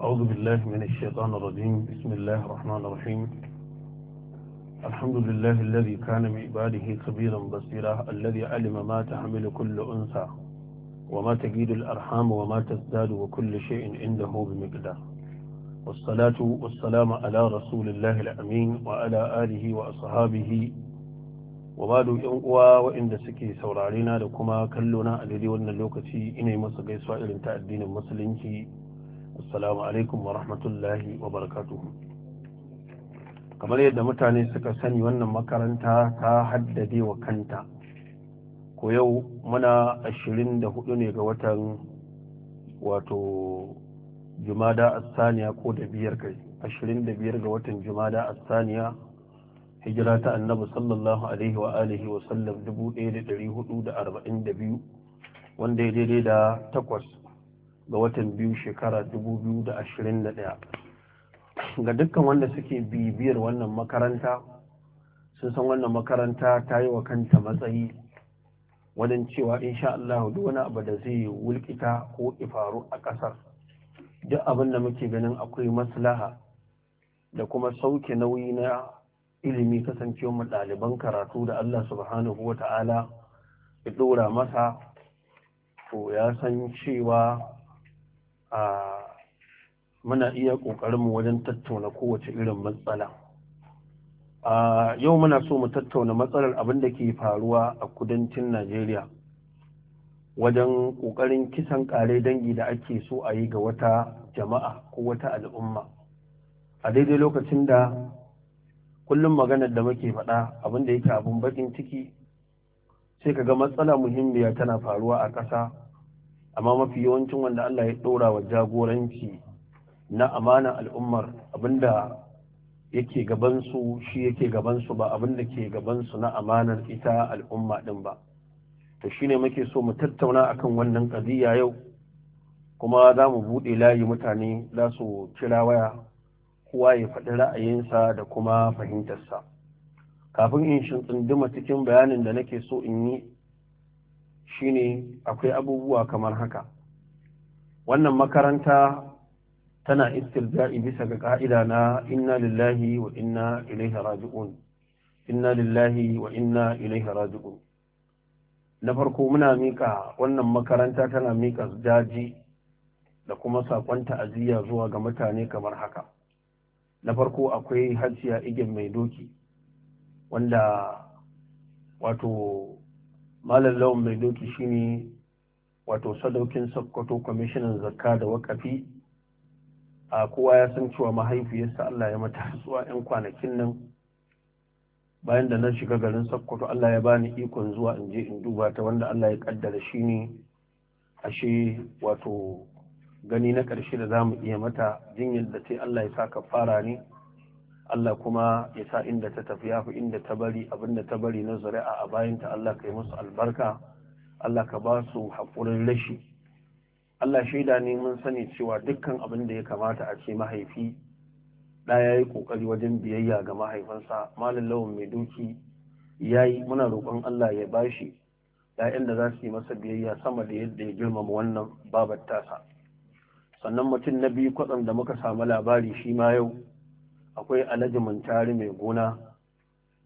أعوذ بالله من الشيطان الرجيم بسم الله الرحمن الرحيم الحمد لله الذي كان بعباده خبيرا بصيرا الذي علم ما تحمل كل أنثى وما تجيد الأرحام وما تزداد وكل شيء عنده بمقدار والصلاة والسلام على رسول الله الأمين وعلى آله وأصحابه وبعد ينقوى وإن سكي سورارينا لكما كلنا الذي ولنا اللوكتي إني مصر قيسوا إلى الدين المسلمين assalamu alaikum wa rahmatullahi wa barakatuh kamar yadda mutane suka sani wannan makaranta ta haddade wa kanta ko yau muna ashirin da hudu ne ga watan wato jumada assaniya ko da biyar kai ashirin da biyar ga watan jumada assaniya hijira ta annabi sallallahu alaihi wa alihi wa sallam dubu daya da dari hudu da arba'in da biyu wanda ya daidai da takwas ga watan biyu shekara 2021 ga dukkan wanda suke bibiyar wannan makaranta sun san wannan makaranta ta yi wa kanta matsayi wajen cewa insha Allah duk wani abu da zai wulkita ko faru a ƙasar duk abin da muke ganin akwai maslaha da kuma sauke nauyi na ilimi kasancewar ɗaliban karatu da Allah subhanahu wa ta'ala ya ɗora masa to ya san cewa a muna iya mu wajen tattauna kowace irin matsala a yau muna so mu tattauna matsalar abin da ke faruwa a kudancin najeriya wajen ƙoƙarin kisan ƙare dangi da ake so a yi ga wata jama'a ko wata al'umma a daidai lokacin da kullum maganar da muke faɗa abin da yake abin baƙin ciki sai ka ga matsala muhimmiya tana faruwa a ƙasa amma mafi yawancin wanda Allah ya ɗora wa jagoranci na amana al'ummar abinda yake gabansu shi yake gabansu ba abinda ke gabansu na amanar ita al'umma ɗin ba to shine muke so mu tattauna akan wannan ƙadiyya yau kuma za mu buɗe layi mutane za su kira waya kowa ya faɗi ra'ayinsa da kuma fahimtarsa kafin in tsunduma cikin bayanin da nake so in yi shine akwai abubuwa kamar haka wannan makaranta tana istilja'i bisa ga ka'ida na inna lillahi wa inna ilaihi raji'un inna lillahi wa inna ilaihi raji'un na farko muna mika wannan makaranta tana mika daji da kuma saƙon ta'aziyya zuwa ga mutane kamar haka na farko akwai hajjiya igin mai doki wanda wato malam lawan mai doki shine wato sadaukin sakkwato kwamishinan zakka da wakafi a kowa ya san cewa mahaifiyarsa Allah ya mata hatsuwa 'yan kwanakin nan bayan da na shiga garin sakkwato Allah ya bani ikon zuwa in je in duba ta wanda Allah ya kaddara shi ne ashe wato gani na ƙarshe da za mu iya mata jinyar da ta Allah ya sa ka fara ne Allah kuma ya sa inda ta tafi yafi inda ta bari abinda ta bari na zuri'a a bayanta Allah ka yi musu albarka Allah ka ba su haƙurin rashi Allah shaida ne mun sani cewa dukkan abin da ya kamata a ce mahaifi Da ya yi ƙoƙari wajen biyayya ga mahaifinsa malin lawan mai doki ya yi muna roƙon Allah ya bashi ‘ya'yan da za su yi masa biyayya sama da yadda ya girmama wannan babar tasa sannan mutum na biyu kwatsam da muka samu labari shi ma yau akwai alhaji muntari mai gona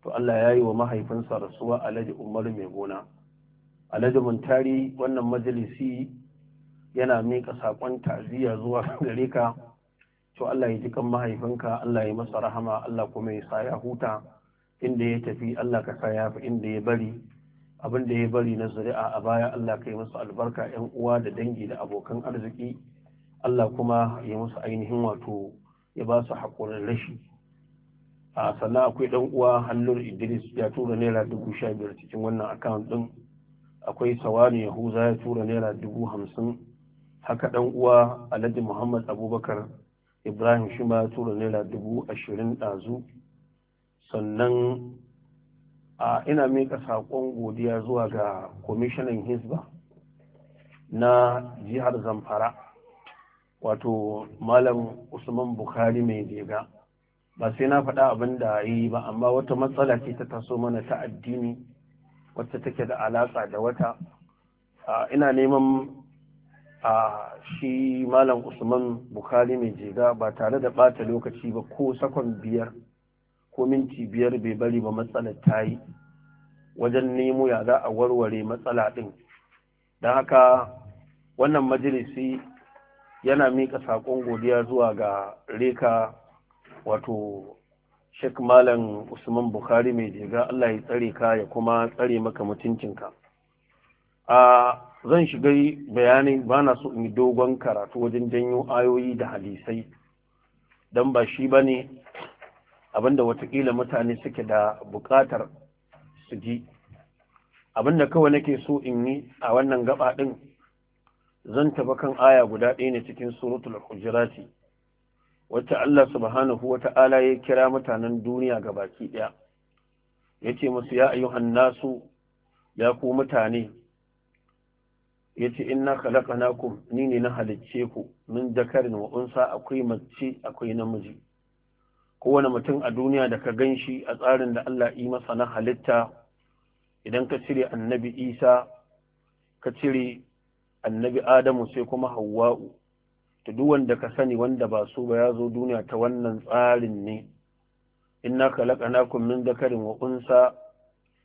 to Allah ya yi wa mahaifinsa rasuwa alhaji umaru mai gona alhaji muntari wannan majalisi yana mika saƙon ta'aziyya zuwa gare ka to Allah ya ji kan mahaifinka Allah ya masa rahama Allah kuma ya sa ya huta inda ya tafi Allah ka sa ya inda ya bari abin da ya bari na zuri'a a baya Allah ka yi masa albarka 'yan uwa da dangi da abokan arziki Allah kuma ya musu ainihin wato ya ba su haƙurin rashi a sannan akwai ɗan uwa hannun idris ya tura naira dubu sha biyar cikin wannan akawun ɗin akwai sawani yahuza ya tura naira dubu hamsin haka ɗan uwa alhaji muhammad abubakar ibrahim shi ma ya tura naira dubu ashirin ɗazu sannan a ina miƙa saƙon godiya zuwa ga kwamishinan hisba na jihar zamfara wato malam usman bukhari mai jega ba sai na faɗa abin da yi ba amma wata matsala ce ta taso mana ta addini wacce take da alaƙa da wata ina neman a shi malam usman bukhari mai jega ba tare da ɓata lokaci ba ko sakon biyar ko minti biyar bai bari ba matsalar ta yi wajen nemo ya za a warware matsala ɗin don haka wannan majalisi yana mika saƙon godiya zuwa ga reka wato Sheikh Malam Usman Bukhari mai jega Allah ya tsare ka ya kuma tsare maka mutuncinka. A zan shiga bayanin ba na so in dogon karatu wajen janyo ayoyi da hadisai don ba shi ba ne abinda watakila mutane suke da buƙatar su ji. Abinda kawai nake so in yi a wannan gaba ɗin zan taba kan aya guda ɗaya ne cikin suratul hujurati wacce Allah subhanahu wa ta'ala ya kira mutanen duniya ga baki ɗaya ya ce musu ya ayyuhan nasu ya ku mutane ya ce inna khalaqnakum ni ne na halicce ku min dakarin wa unsa akwai mace akwai namiji kowane mutum a duniya da ka gan shi a tsarin da Allah yi masa na halitta idan ka cire annabi isa ka cire annabi adamu sai kuma hawa'u ta duk wanda ka sani wanda ba su ba ya zo duniya ta wannan tsarin ne inna khalaqnakum min dhakarin wa unsa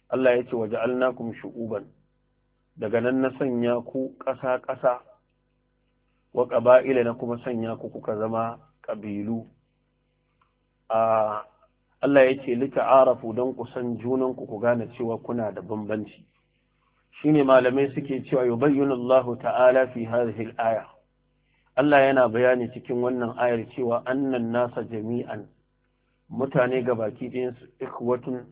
Allah yace waja'alnakum shu'uban daga nan na sanya ku ƙasa ƙasa wa qaba'ila na kuma sanya ku kuka zama ƙabilu a Allah yace lita'arafu don ku san junan ku ku gane cewa kuna da bambanci shine malamai suke cewa yubayyinu Allah ta'ala fi hadhihi al-aya Allah yana bayani cikin wannan ayar cewa annan nasa jami'an mutane baki ɗin su ikhwatun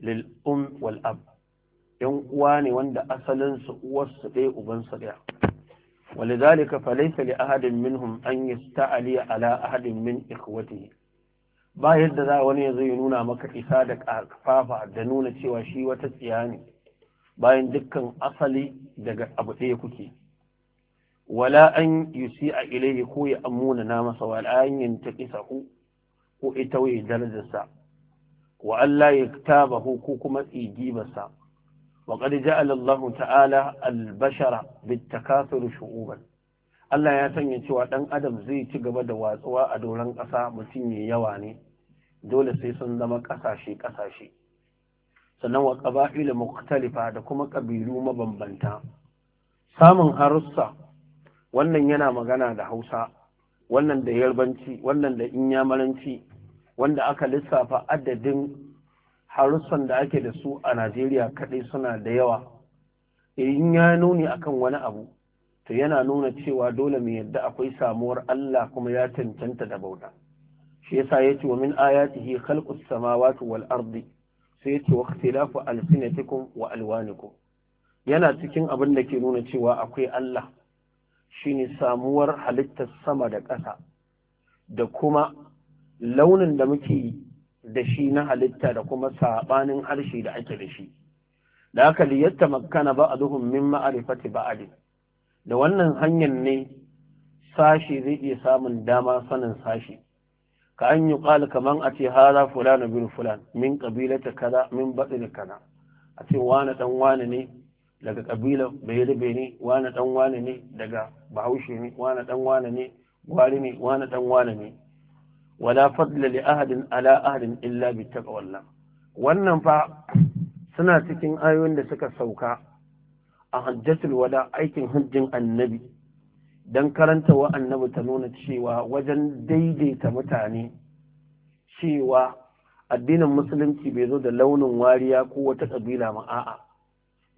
lil um wal ab yan uwa ne wanda asalin su uwar su ɗaya uban su ɗaya ولذلك فليس لأحد منهم أن يستعلي على أحد من إخوته ba yadda za wani ya zai nuna maka isa da kafafa da nuna cewa shi wata tsiya ne bayan dukkan asali daga abu ɗaya kuke wala an yusi a ilaihi ko ya amuna na masa wala ta kisa ku ko ita waye darajarsa wa Allah ya ku ko kuma tsigibarsa wa qad ja'ala Allah ta'ala al-bashara bitakathur shu'uban Allah ya sanya cewa dan adam zai ci gaba da watsuwa a doron ƙasa mutum ya yawa ne dole sai sun zama ƙasashe ƙasashe sannan wa ƙaba'ila mukhtalifa da kuma ƙabilu mabambanta samun harussa wannan yana magana da hausa wannan da yarbanci wannan da inyamaranci wanda aka lissafa adadin harussan da ake da su a najeriya kaɗai suna da yawa eh, in ya nuni akan wani abu to yana nuna cewa dole mu yadda akwai samuwar allah kuma ya cancanta da bauta shi yasa ya ce wa min ayatihi khalqus samawati wal ardi sai ya ce wa khilafu alsinatikum wa alwanikum yana cikin abin da ke nuna cewa akwai Allah shine samuwar halittar sama da ƙasa da kuma launin da muke da shi na halitta da kuma sabanin harshe da ake da shi da aka liyatta ba'a ba'aduhum min ma'rifati da wannan hanyar ne sashi zai iya samun dama sanin sashi ka an yi ƙwal kaman a ce hara fulana bin fulan min ƙabilata kaza min baɗi da kaza a ce wane ɗan wani ne daga ƙabila bai ne wane ɗan wani ne daga bahaushe ne wane ɗan wani ne gwari ne wane ɗan wani ne wala fadla li ahadin ala ahadin illa bi taqwallah wannan fa suna cikin ayoyin da suka sauka a hajjatul wada aikin hajjin annabi don karanta wa ta nuna cewa wajen daidaita mutane cewa addinin musulunci bai zo da launin wariya ko wata kabila ma a'a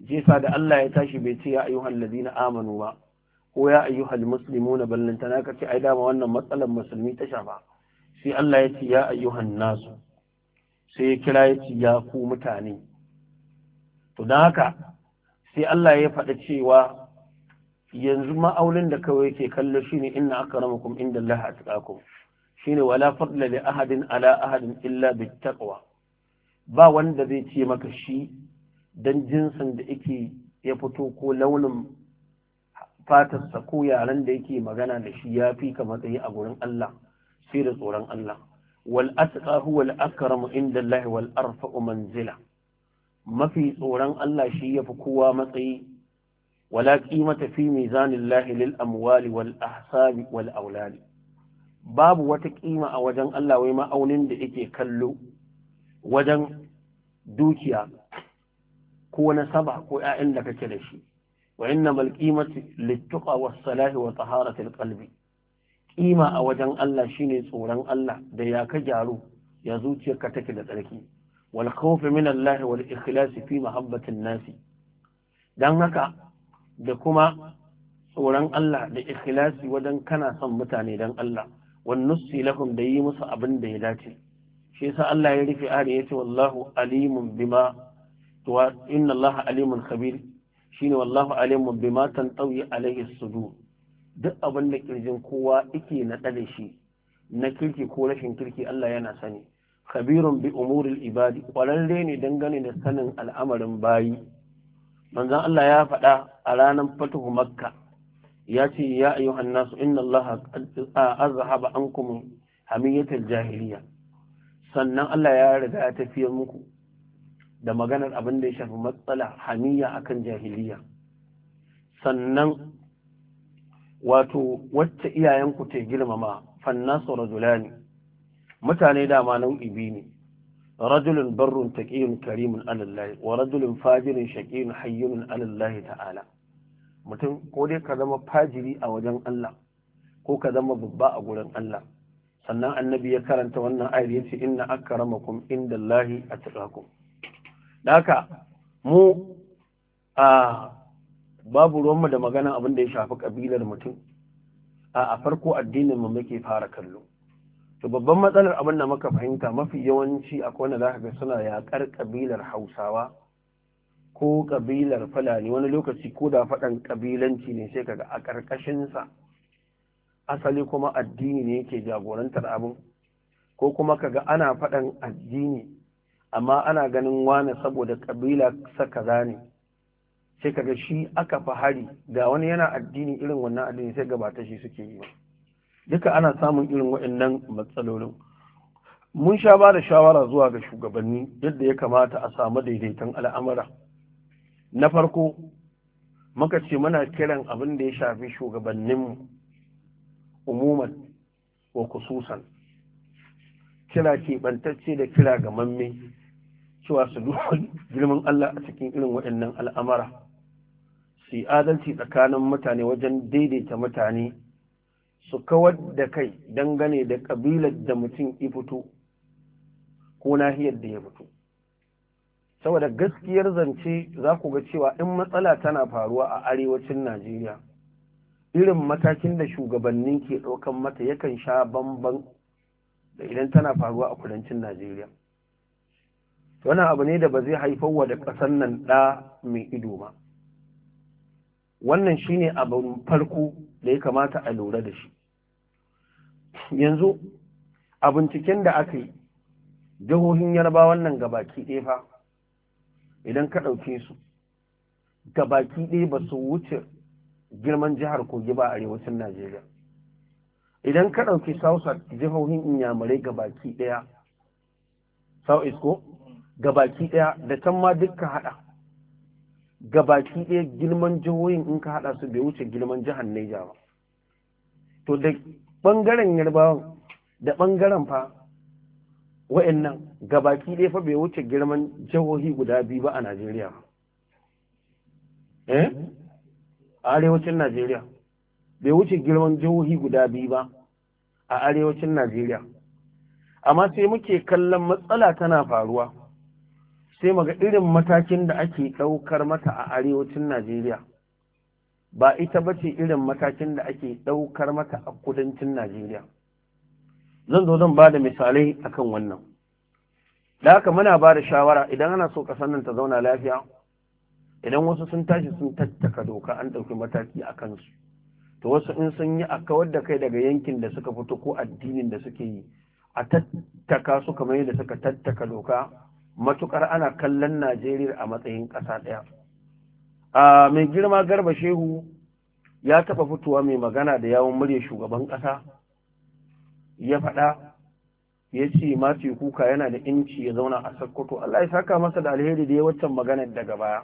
jefa da Allah ya tashi bai ce ya ayyuhal ladina amanu ba ko ya ayyuhal muslimuna ballantana ka ce ai dama wannan matsalar musulmi ta shafa sai Allah ya ce ya ayyuhan nasu sai ya kira ya ce ya ku mutane to dan haka sai Allah ya faɗa cewa yanzu ma'aunin da kawai ke kallo shine inna akramakum inda Allah Shi shine wala fadla da ahadin ala ahadin illa bittaqwa ba wanda zai ce maka shi dan jinsin da yake ya fito ko launin fatarsa ko yaren da yake magana da shi ya fi ka matsayi a gurin Allah sai da tsoron Allah wal atqa huwa al akramu inda Allah wal arfa'u manzila mafi tsoron Allah shi yafi kowa matsayi wala qimata fi mizanillahi lil amwali wal ahsabi wal auladi babu wata ƙima a wajen Allah wai ma'aunin da yake kallo wajen dukiya ko nasaba ko ƴaƴan da kake da shi wa innamal qimatu littuqa was salahi wa taharatil qalbi Ƙima a wajen Allah shine tsoron Allah da ya ka gyaru ya ka take da tsarki wal khawfi min Allah wal ikhlas fi mahabbatin nasi dan haka da kuma tsoron Allah da ikhlasi wajen kana son mutane dan Allah wan nusi lahum da yi musu abin da ya dace shi yasa Allah ya rufe ari yace wallahu alimun bima to inna Allah alimun khabir shine wallahu alimun bima tantawi alaihi sudur duk abin da kirjin kowa yake na da shi na kirki ko rashin kirki Allah yana sani khabirun bi umuril ibadi kwararre ne dangane da sanin al'amarin bayi manzon Allah ya faɗa a ranar fatuhu makka ya ce ya ayyuhan nasu inna Allah azhaba ankum hamiyatul jahiliya sannan Allah ya riga ya tafiyar muku da maganar abin da ya shafi matsala hamiya akan jahiliya sannan wato wacce iyayenku ta girmama fannasu rajulani mutane dama nau'i biyu ne rajulun barrun taqiyun karimun alallahi wa rajulun fajirin shaqiyun hayyun alallahi ta'ala mutum ko dai ka zama fajiri a wajen Allah ko ka zama babba a gurin Allah sannan annabi ya karanta wannan ayar yace inna akramakum indallahi atqakum haka mu a babu ruwanmu da maganar abin da ya shafi kabilar mutum a farko addinin mu muke fara kallo to babban matsalar abin da muka fahimta mafi yawanci a wanda za ka ga suna yaƙar ƙabilar hausawa ko ƙabilar fulani wani lokaci ko da faɗan ƙabilanci ne sai kaga a ƙarƙashinsa asali kuma addini ne yake jagorantar abin ko kuma kaga ana faɗan addini amma ana ganin wani saboda ƙabila za ne sai kaga shi aka fi hari ga wani yana addini irin wannan addini sai gabata shi suke yi ba duka ana samun irin waɗannan matsalolin mun sha ba da shawara zuwa ga shugabanni yadda ya kamata a samu daidaiton al'amura na farko muka ce muna kiran abin da ya shafi shugabanninmu umuman wa kususan kira keɓantacce da kira ga mamme cewa su duba girman Allah a cikin irin waɗannan al'amura. su adalci tsakanin mutane wajen daidaita mutane su kawar da kai dangane da ƙabilar da mutum ya fito ko nahiyar da ya fito saboda gaskiyar zance za ku ga cewa in matsala tana faruwa a arewacin najeriya irin matakin da shugabannin ke ɗaukan mata yakan sha bamban da idan tana faruwa a kudancin najeriya wannan abu ne da ba zai haifar wa da ƙasar nan ɗa mai ido ba wannan shine abin farko da ya kamata a lura da shi yanzu a binciken da aka yi jihohin yarbawan nan gabaki ɗaya fa idan ka ɗauke su gabaki ɗaya ba su wuce girman jihar kogi ba a arewacin najeriya idan ka ɗauke sausa jihohin inyamurai gabaki ɗaya sau isko ga gabaki ɗaya da can ma duka haɗa gabaki ɗaya girman jihohin in ka haɗa su bai wuce girman jihar neja ba to da ɓangaren yarbawan da ɓangaren fa ga baki ɗaya fa bai wuce girman jihohi guda biyu ba a Najeriya. Eh? Arewacin Najeriya. Bai wuce girman jihohi guda biyu ba a arewacin Najeriya. Amma sai muke kallon matsala tana faruwa. Sai maga irin matakin da ake ɗaukar mata a arewacin Najeriya. ba ita ba ce irin matakin da ake ɗaukar maka a kudancin Najeriya. Zan zo zan ba da misalai a kan wannan. Da haka muna ba da shawara idan ana so ƙasar nan ta zauna lafiya, idan wasu sun tashi sun tattaka doka an ɗauki mataki a kansu. To wasu in sun yi a kawar da kai daga yankin da suka fito ko addinin da suke yi, a tattaka su kamar yadda suka tattaka doka, Matuƙar ana kallon Najeriya a matsayin ƙasa ɗaya. a mai girma garba shehu ya taɓa fitowa mai magana da yawon murya shugaban ƙasa ya faɗa ya ce mace kuka yana da inci ya zauna a sakkwato Allah ya saka masa da alheri da ya waccan maganar daga baya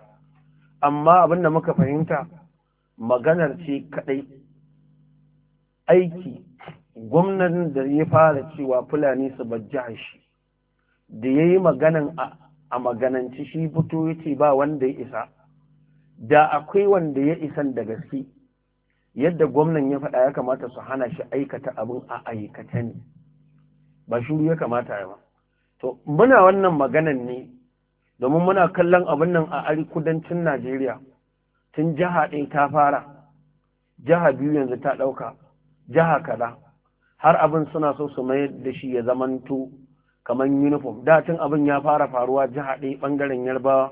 amma abin da muka fahimta maganar ce kaɗai aiki gwamnan da ya fara cewa fulani su bajja shi da ya yi maganan a maganance shi fito ya ce ba wanda ya isa da akwai wanda ya isan da gaske yadda gwamnan ya faɗa ya kamata su hana shi aikata abin a aikata ne ba shiru ya kamata ya ba to muna wannan maganan ne domin muna kallon abin nan a ari kudancin najeriya tun jiha ɗin ta fara jiha biyu yanzu ta ɗauka jiha kaza har abin suna so su mayar da shi ya zamanto kamar uniform da tun abin ya fara faruwa jiha ɗaya ɓangaren yarbawa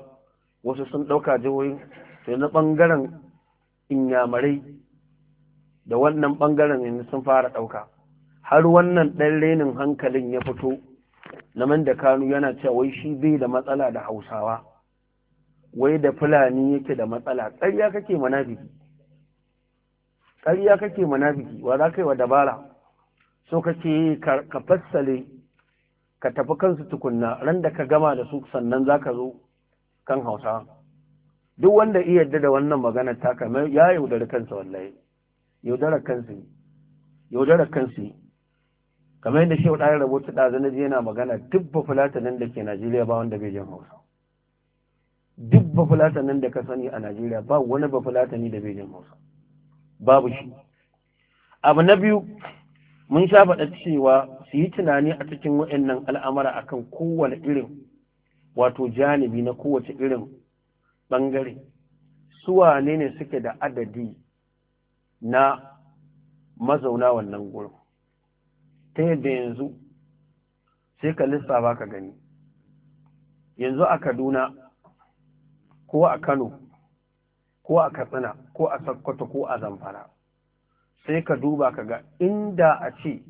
wasu sun ɗauka jihohin sai na ɓangaren inyamurai da wannan ɓangaren yanzu sun fara ɗauka har wannan ɗan renin hankalin ya fito na man da kanu yana cewa wai shi bai da matsala da hausawa wai da fulani yake da matsala ƙarya kake manafiki ƙarya kake manafiki wa za ka yi wa dabara so kake ka fassale ka tafi kansu tukunna ran da ka gama da su sannan za ka zo kan hausawa duk wanda iya yarda da wannan magana ta kamar ya yaudara kansa wallahi yaudara kansa yaudara kansa kamar yadda shehu ɗaya da zana ji yana magana duk bafulatanin da ke najeriya ba wanda bai jin hausa duk nan da ka sani a najeriya ba wani ni da bai jin hausa babu shi abu na biyu mun sha faɗa cewa su yi tunani a cikin waɗannan al'amara akan kowane irin wato janibi na kowace irin ɓangare su ne ne suke da adadi na mazauna wannan gurin ta yadda yanzu sai ka lissafa ka gani yanzu a kaduna ko a kano ko a katsina ko a sakkwato ko a zamfara sai ka duba ka ga inda a ce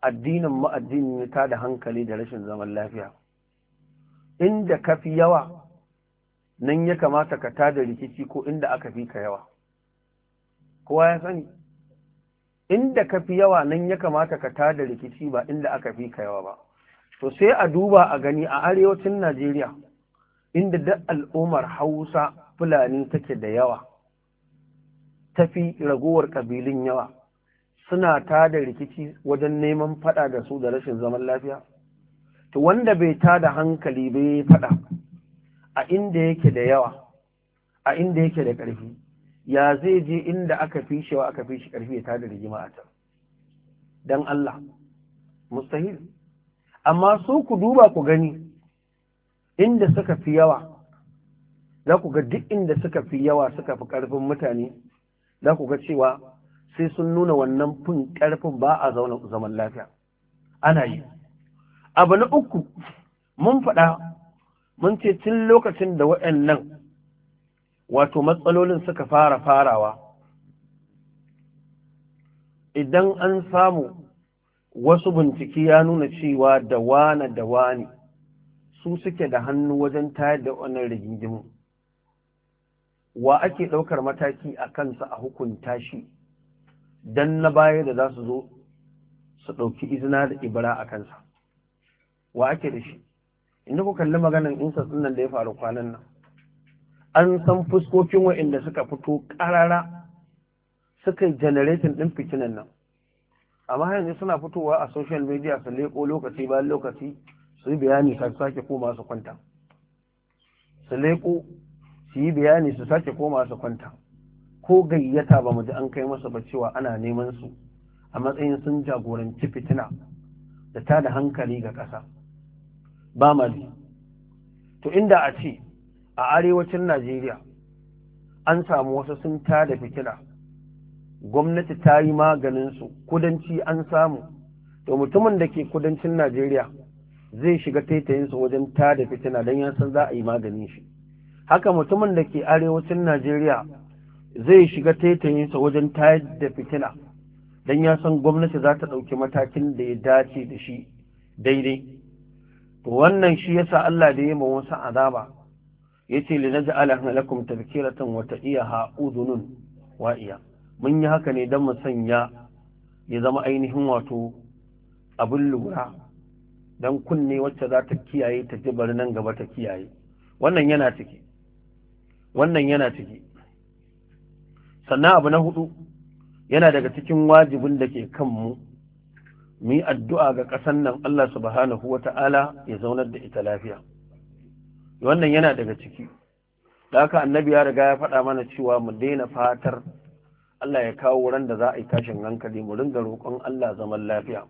addinin ma'addini ta da hankali da rashin zaman lafiya inda ka fi yawa nan ya kamata ka tada rikici ko inda aka fi ka yawa kowa ya sani inda ka fi yawa nan ya kamata ka tada rikici ba inda aka fi ka yawa ba to sai a duba a gani a arewacin najeriya inda da al'ummar hausa fulani take da yawa tafi ragowar ƙabilun yawa suna tada rikici wajen neman fada da su da rashin zaman lafiya to wanda bai tada hankali bai fada a inda yake da yawa a inda yake da ƙarfi ya zai je inda aka fi shi wa aka fi shi ƙarfi ya tada da jima'a ta? don Allah mustahil amma su ku duba ku gani inda suka fi yawa za ku ga duk inda suka fi yawa suka fi ƙarfin mutane za ku ga cewa sai sun nuna wannan fin ƙarfin ba a zaman lafiya ana yi abu na uku mun faɗa mun ce tun lokacin da waɗannan wato matsalolin suka fara farawa idan an samu wasu bincike ya nuna cewa da wane da wane su suke da hannu wajen tayar da wannan rigingimu wa ake ɗaukar mataki a kansa a hukunta shi don na baya da za su zo su ɗauki izina da ibara a kansa wa ake da shi inda ku kalli maganin insa nan da ya faru kwanan nan an san fuskokin wa'inda suka fito ƙarara suka generatin janaretin ɗin fitinan nan amma yanzu suna fitowa a social media su leƙo lokaci bayan lokaci su yi bayani su sake koma su kwanta su leko su yi bayani su sake koma su kwanta ko gayyata ba mu ji an kai masa ba cewa ana neman su a matsayin sun jagoranci fitina da ta da hankali ga ƙasa ba mali to inda a ce a arewacin najeriya an samu wasu sun ta da fitila gwamnati ta yi maganinsu kudanci an samu to mutumin da ke kudancin najeriya zai shiga taitayinsu wajen ta da fitina don ya san za a yi maganin shi haka mutumin da ke arewacin najeriya zai shiga taitayinsa wajen ta da fitina don ya san gwamnati za ta ɗauki matakin da ya dace da shi daidai to wannan shi yasa Allah da yayi ma wasu azaba yace li naj'ala lakum tadhkiratan wa ta'iha udunun wa iya mun yi haka ne dan mu sanya ya zama ainihin wato abin lura dan kunne wacce za ta kiyaye ta jibar nan gaba ta kiyaye wannan yana ciki wannan yana ciki sannan abu na hudu yana daga cikin wajibin da ke kanmu mu yi addu'a ga ƙasar nan Allah subhanahu wa ta'ala ya zaunar da ita lafiya. Wannan yana daga ciki, da haka annabi ya riga ya faɗa mana cewa mu daina fatar Allah ya kawo wurin da za a yi tashin hankali mu ringa roƙon Allah zaman lafiya.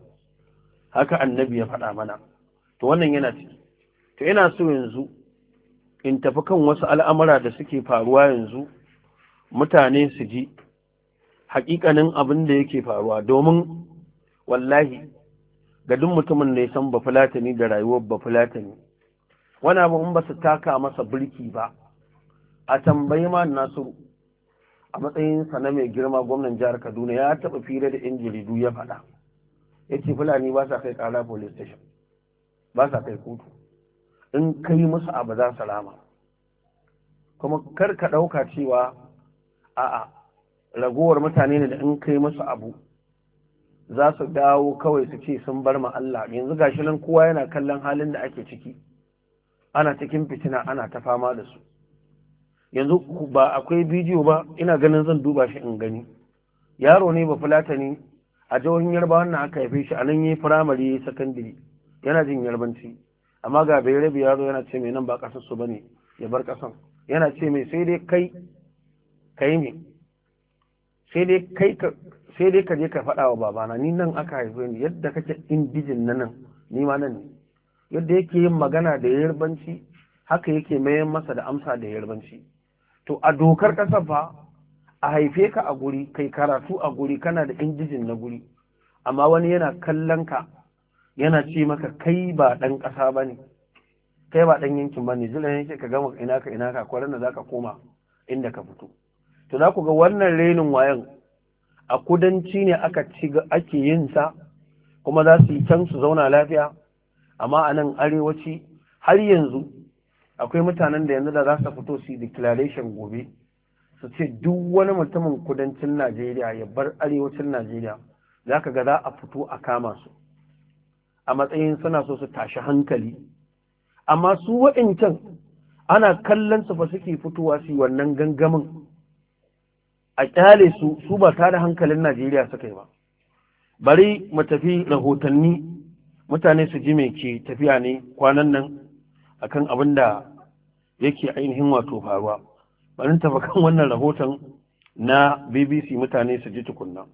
Haka annabi ya faɗa mana, to wannan yana ciki. To ina so yanzu in tafi kan wasu al'amura da suke faruwa yanzu mutane su ji haƙiƙanin abin da yake faruwa domin wallahi ga duk mutumin da ya san bafulatani da rayuwar bafulatani wani abu in ba su taka masa birki ba a tambayi ma nasiru a sa na mai girma gwamnan jihar kaduna ya taɓa fira da yan jaridu ya faɗa ya ce fulani ba sa kai ƙara police station ba sa kai kotu in kai musu abu za su rama kuma kar ka ɗauka cewa a'a ragowar mutane ne da in kai musu abu za su dawo kawai su ce sun bar ma Allah yanzu gashi nan kowa yana kallon halin da ake ciki ana cikin fitina ana ta fama da su yanzu ba akwai bidiyo ba ina ganin zan duba shi in gani yaro ne ba Fulata ne? a jihohin yarba wannan aka haife shi a nan yi firamare yi sakandare yana jin yarbanci amma ga bai rabi yaro yana ce mai nan ba kasar su bane ya bar kasan yana ce mai sai dai kai kai me sai dai ka je ka faɗa wa babana ni nan aka haife ni yadda kake indijin na nan ni ma nan ne yadda yake yin magana da yarbanci haka yake mayan masa da amsa da yarbanci to a dokar ƙasa fa a haife ka a guri kai karatu a guri kana da indijin na guri amma wani yana kallon ka yana ce maka kai ba ɗan ƙasa ba ne kai ba ɗan yankin ba ne jiran yake ka gama ina ka ina ka kwarar da za ka koma inda ka fito to za ku ga wannan renin wayan a kudanci ne aka ci ake yin sa kuma za su yi can su zauna lafiya amma a nan arewaci har yanzu akwai mutanen da yanzu da za su fito su yi declaration gobe su ce duk wani mutumin kudancin najeriya ya bar arewacin najeriya za ka ga za a fito a kama su a matsayin suna so su tashi hankali amma su waɗancan ana kallon su fa suke fitowa su yi wannan gangamin a kyale su su ba tare hankalin Najeriya suka yi ba bari mu tafi rahotanni mutane su ji me ke tafiya ne kwanan nan akan abin da yake ainihin wato faruwa bari tafi kan wannan rahoton na BBC mutane su ji tukunna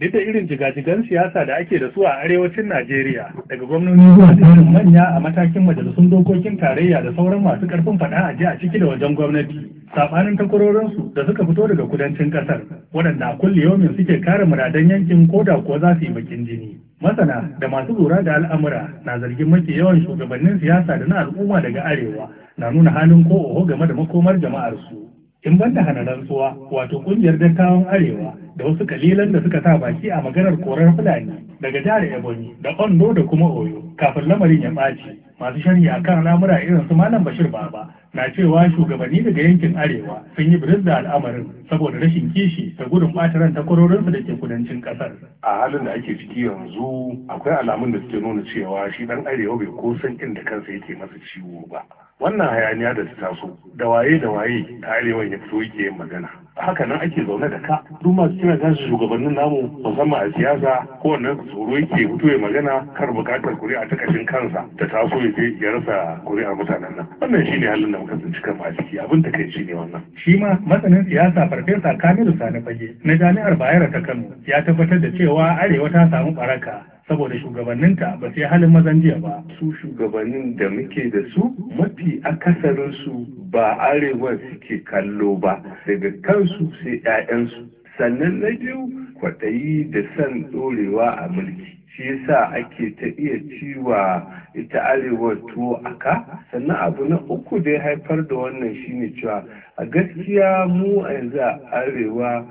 duk da irin jigajigan siyasa da ake da su a arewacin Najeriya daga gwamnoni zuwa manya a matakin majalisun dokokin tarayya da sauran masu karfin fada a ji a ciki da wajen gwamnati sabanin takwarorinsu da suka fito daga kudancin kasar waɗanda a kulle yomin suke kare muradan yankin koda kuwa za su yi bakin jini masana da masu lura da al'amura na zargin mafi yawan shugabannin siyasa da na al'umma daga arewa na nuna halin ko oho game da makomar jama'arsu in banda hana rantsuwa wato kungiyar dattawan arewa da wasu kalilan da suka sa baki a maganar korar fulani daga jihar ebonyi da ondo da kuma oyo kafin lamarin ya ɓaci masu sharhi akan lamura irin su malam bashir baba na cewa shugabanni daga yankin arewa sun yi biris da al'amarin saboda rashin kishi da gudun takwarorin takwarorinsu da ke kudancin ƙasar a halin da ake ciki yanzu akwai alamun da suke nuna cewa shi dan arewa bai ko san inda kansa yake masa ciwo ba wannan hayaniya da ta taso da waye da waye ta arewa ya fito yake magana haka nan ake zaune da ka duk masu suna su shugabannin namu musamman a siyasa wannan tsoro yake fito ya magana kar bukatar kuri'a ta kashin kansa ta taso ya je ya rasa kuri'ar mutanen nan wannan shine halin da muka tsinci kan a ciki abin da kai ne wannan shi ma masanin siyasa farfesa Kamilu Sani Fage na jami'ar Bayero ta Kano ya tabbatar da cewa arewa ta samu baraka saboda shugabanninta ba sai halin mazan jiya ba. Su shugabannin da muke da su mafi akasarinsu ba arewa suke kallo ba daga kansu sai 'ya'yansu sannan na biyu kwaɗayi da san ɗorewa a mulki shi yasa ake ta iya ciwa ita arewa tuwo a ka sannan abu na uku da ya haifar da wannan shine cewa a gaskiya mu a yanzu a arewa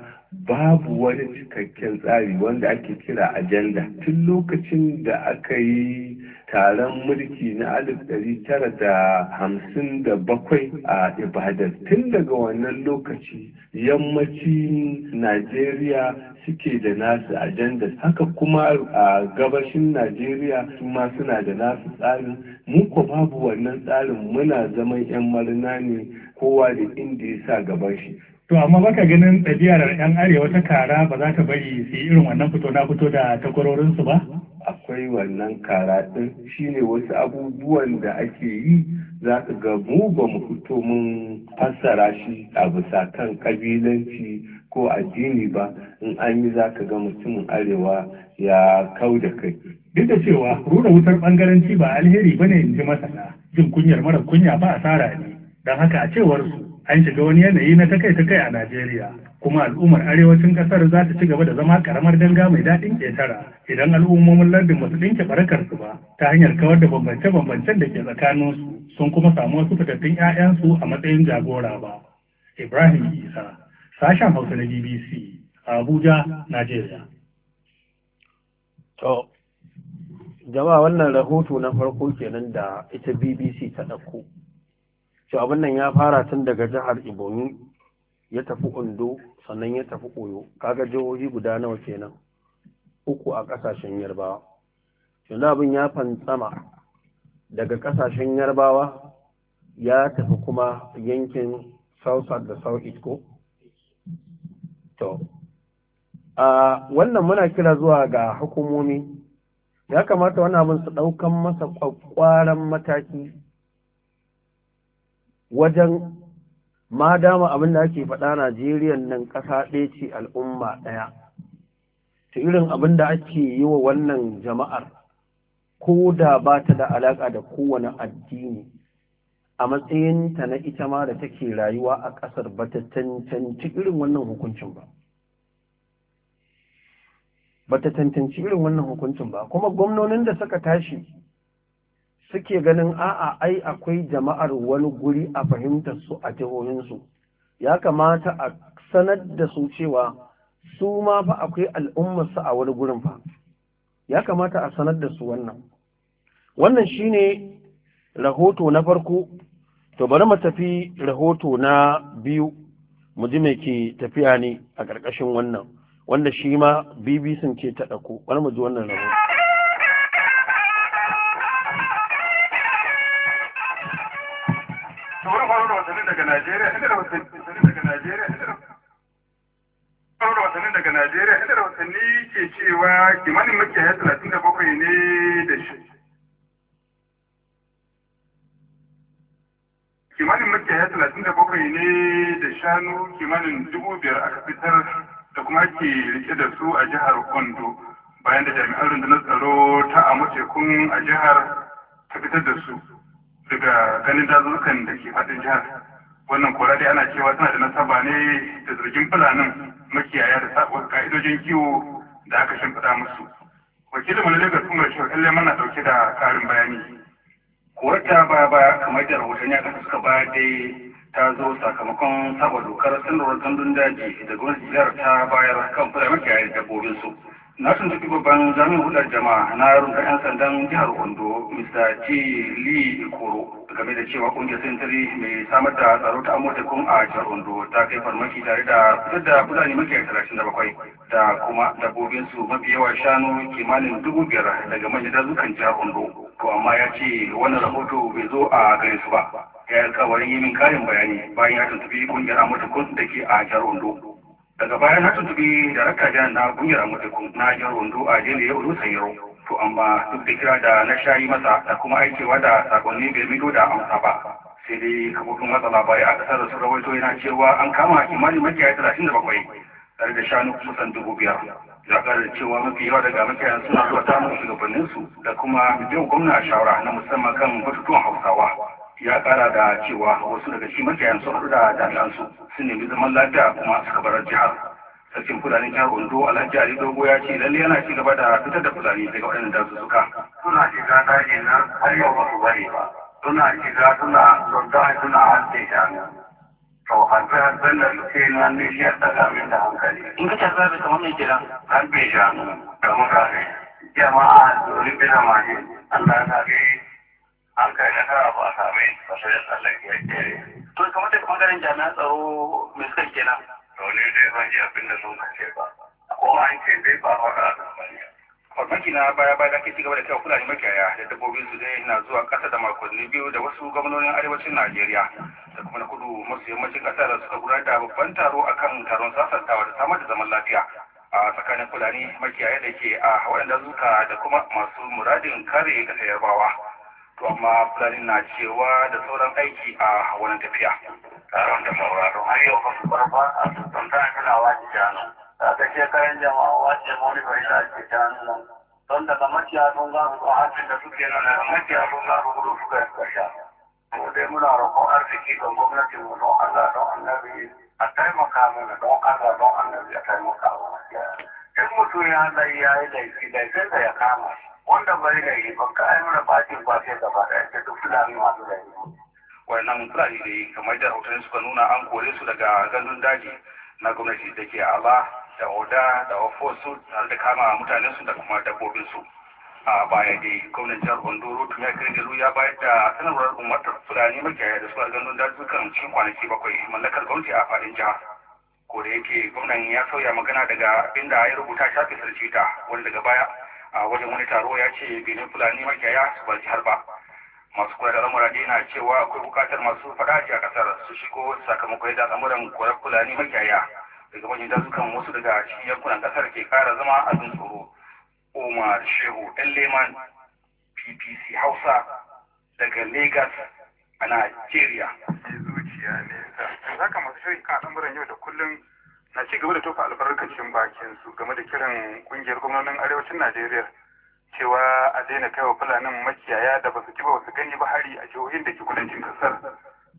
babu wani cikakken tsari wanda ake kira ajanda tun lokacin da aka yi taron mulki na alif ɗari tara da hamsin da bakwai a ibadan tun daga wannan lokaci yammacin najeriya suke da nasu ajanda haka kuma a gabashin najeriya su ma suna da nasu tsarin mu ko babu wannan tsarin muna zaman 'yan marina ne kowa da inda ya sa gaban shi To amma baka ganin ɗabi'ar 'yan arewa ta kara ba za ta bari su yi irin wannan fito na fito da takwarorinsu ba? kai wannan karatun shine wasu abubuwan da ake yi za ka ga mu ba mu fito mun fassara shi a bisa kan kabilanci ko addini ba in an yi za ka ga mutumin arewa ya kau da kai duk da cewa rura wutar bangaranci ba alheri ba ne in ji masana jin kunyar mara kunya ba asara ne don haka a cewar an shiga wani yanayi na takai takai a najeriya kuma al'ummar arewacin kasar za ta ci gaba da zama karamar danga mai daɗin ƙetara idan al'ummomin lardin ba su ɗinke barakar ba ta hanyar kawar da bambance-bambancen da ke tsakaninsu sun kuma samu wasu fitattun 'ya'yansu a matsayin jagora ba ibrahim isa sashen hausa na bbc abuja najeriya to jama'a wannan rahoto na farko kenan da ita bbc ta ɗauko to abin nan ya fara tun daga jihar Ibonyi ya tafi ondo sannan ya tafi oyo kaga jihohi guda nawa kenan uku a ƙasashen yarbawa yanzu abin ya fantsama daga ƙasashen yarbawa ya tafi kuma yankin south da south east ko to a wannan muna kira zuwa ga hukumomi ya kamata wani abin su ɗaukan masa ƙwaƙwaran mataki wajen ma dama abin da ake faɗa Najeriya nan ƙasa ɗaya ce al'umma ɗaya ta irin abin da ake yi wa wannan jama'ar ko da ba ta da alaƙa da kowane addini a matsayinta na ita ma da take rayuwa a ƙasar ba ta tantanci irin wannan hukuncin ba ba ta tantanci irin wannan hukuncin ba kuma gwamnonin da suka tashi suke ganin a'a ai akwai jama'ar wani guri a fahimtar su a jihohinsu ya kamata a sanar da su cewa su ma fa akwai al'ummarsu a wani gurin fa ya kamata a sanar da su wannan wannan shine rahoto na farko to bari mu tafi rahoto na biyu mu ji me ke tafiya ne a ƙarƙashin wannan wanda shi ma BBC ke ta ɗauko bari mu ji wannan rahoto daga Najeriya, inda da wasanni daga Najeriya, da daga Najeriya, ke cewa kimanin makiyaya talatin da bakwai ne da shi. Kimanin talatin da bakwai ne da shanu kimanin dubu biyar aka fitar da kuma ke rike da su a jihar Ondo bayan da jami'an rundunar tsaro ta amince kun a jihar ta fitar da su. daga ganin dazukan da ke faɗin jihar wannan kora dai ana cewa tana da nasaba ne da zargin fulanin makiyaya da sabuwar ka'idojin kiwo da aka shimfiɗa musu wakilin mu na lagos kuma shi lallai na dauke da ƙarin bayani Kowar ta baya baya kamar da rahotanni aka suka baya dai ta zo sakamakon saba dokar sanarwar gandun daji da gwamnati jihar ta bayar kan fulanin makiyaya da dabbobin na duk babban jami'in hular jama'a na rungar 'yan sandan jihar ondo mr t lee ikoro game da cewa kungiyar sentiri mai samar da tsaro ta kun a jihar ondo ta kai farmaki tare da fitar da fulani a talatin da bakwai da kuma dabbobinsu mafi yawa shanu kimanin dubu biyar daga manyan dazukan jihar ondo to amma ya ce wannan rahoto bai zo a gare su ba ya yi alkawarin yi min karin bayani bayan ya tuntubi kungiyar kun da ke a jihar ondo daga bayan na tuntuɓi da raka jan na kungiyar amurkun na ajiyar wando a jini ya ulu sayo to amma duk da kira da na shayi masa da kuma aikewa da sakonni bai mito da amsa ba sai dai kafofin watsa labarai a kasar da su rawaito yana cewa an kama kimanin makiyaya talatin da bakwai tare da shanu kusan dubu biyar ya kara cewa mafi yawa daga makiyayan suna zuwa tamu shugabanninsu da kuma biyan gwamna shawara na musamman kan batutuwan hausawa ya kara da cewa wasu daga cikin mace sun haɗu da jami'ansu sun nemi zaman lafiya kuma suka bar jihar sarkin fulani jihar ondo alhaji ali dogo ya ce lalle yana ci gaba da fitar da fulani daga waɗannan dazuzzuka suna shiga daji nan har yau ba su bari ba suna shiga suna zonta suna haske shanu to harbe harben da suke nan ne shi ya tsaga min da hankali in ka tarza bai kamar mai kira harbe shanu da mutane jama'a da rubin amani allah ya zaɓe an kai nasara ba a same ba sai ya tsallake ya kere. To kamar da bangaren jami'an tsaro mai suka kenan. To ne dai ban ji abin da sun kace ba. Ko an ce dai ba faɗa da sani. Farmaki na baya baya ake cigaba da cewa Fulani makiyaya da dabbobin su dai na zuwa ƙasa da makonni biyu da wasu gwamnonin arewacin Najeriya da kuma na kudu masu yammacin ƙasar suka gudanar da babban taro akan taron sasantawa da samar da zaman lafiya a tsakanin Fulani makiyaya da ke a waɗanda zuka da kuma masu muradin kare ƙasar Yarbawa. to amma fulani na cewa da sauran aiki a wani tafiya taron da sauraron har yau kan su barba a ta tana tana wace jano ta ta shekaran jama'a wace mawani bai ta ake jano nan don daga maciya sun za su hajjin da suke nan daga maciya sun za su gudu suka yi kasha ko dai muna roƙon arziki don gwamnati mu don Allah don annabi a taimaka mana don Allah don annabi a taimaka mana in mutum ya zai ya yi laifi laifin da ya kama shi wanda bari da yi ba ai mura bacin kwafe da ita duk fulani masu da yi wannan fulani da yi kamar da hoton suka nuna an kore su daga gandun daji na gwamnati da ke aba da oda da ofosu har da kama mutanen su da kuma dabbobin su a baya dai gwamnan jihar ondo rotu ya kai da ya bayar da sanarwar umartar fulani makiyaya da suka gandun daji suka ci kwanaki bakwai mallakar gwamnati a fadin jihar ko da yake gwamnan ya sauya magana daga inda ya rubuta shafin sarjita wani daga baya a wajen wani taro ya ce benin fulani makiyaya su bar harba ba masu kula da al'amura dai na cewa akwai bukatar masu fadaji a kasar su shigo sakamakon yadda al'amuran kwarar fulani makiyaya daga wajen dazukan wasu daga cikin yankunan kasar ke kara zama abin tsoro umar shehu dan leman ppc hausa daga lagos a nigeria zuciya ne zaka masu shirin kan al'amuran yau da kullum na ci gaba da tofa albarkacin bakin su game da kiran kungiyar gwamnonin arewacin Najeriya cewa a daina kai wa fulanin makiyaya da basu ci ba basu gani ba hari a jihohin da ke kudancin kasar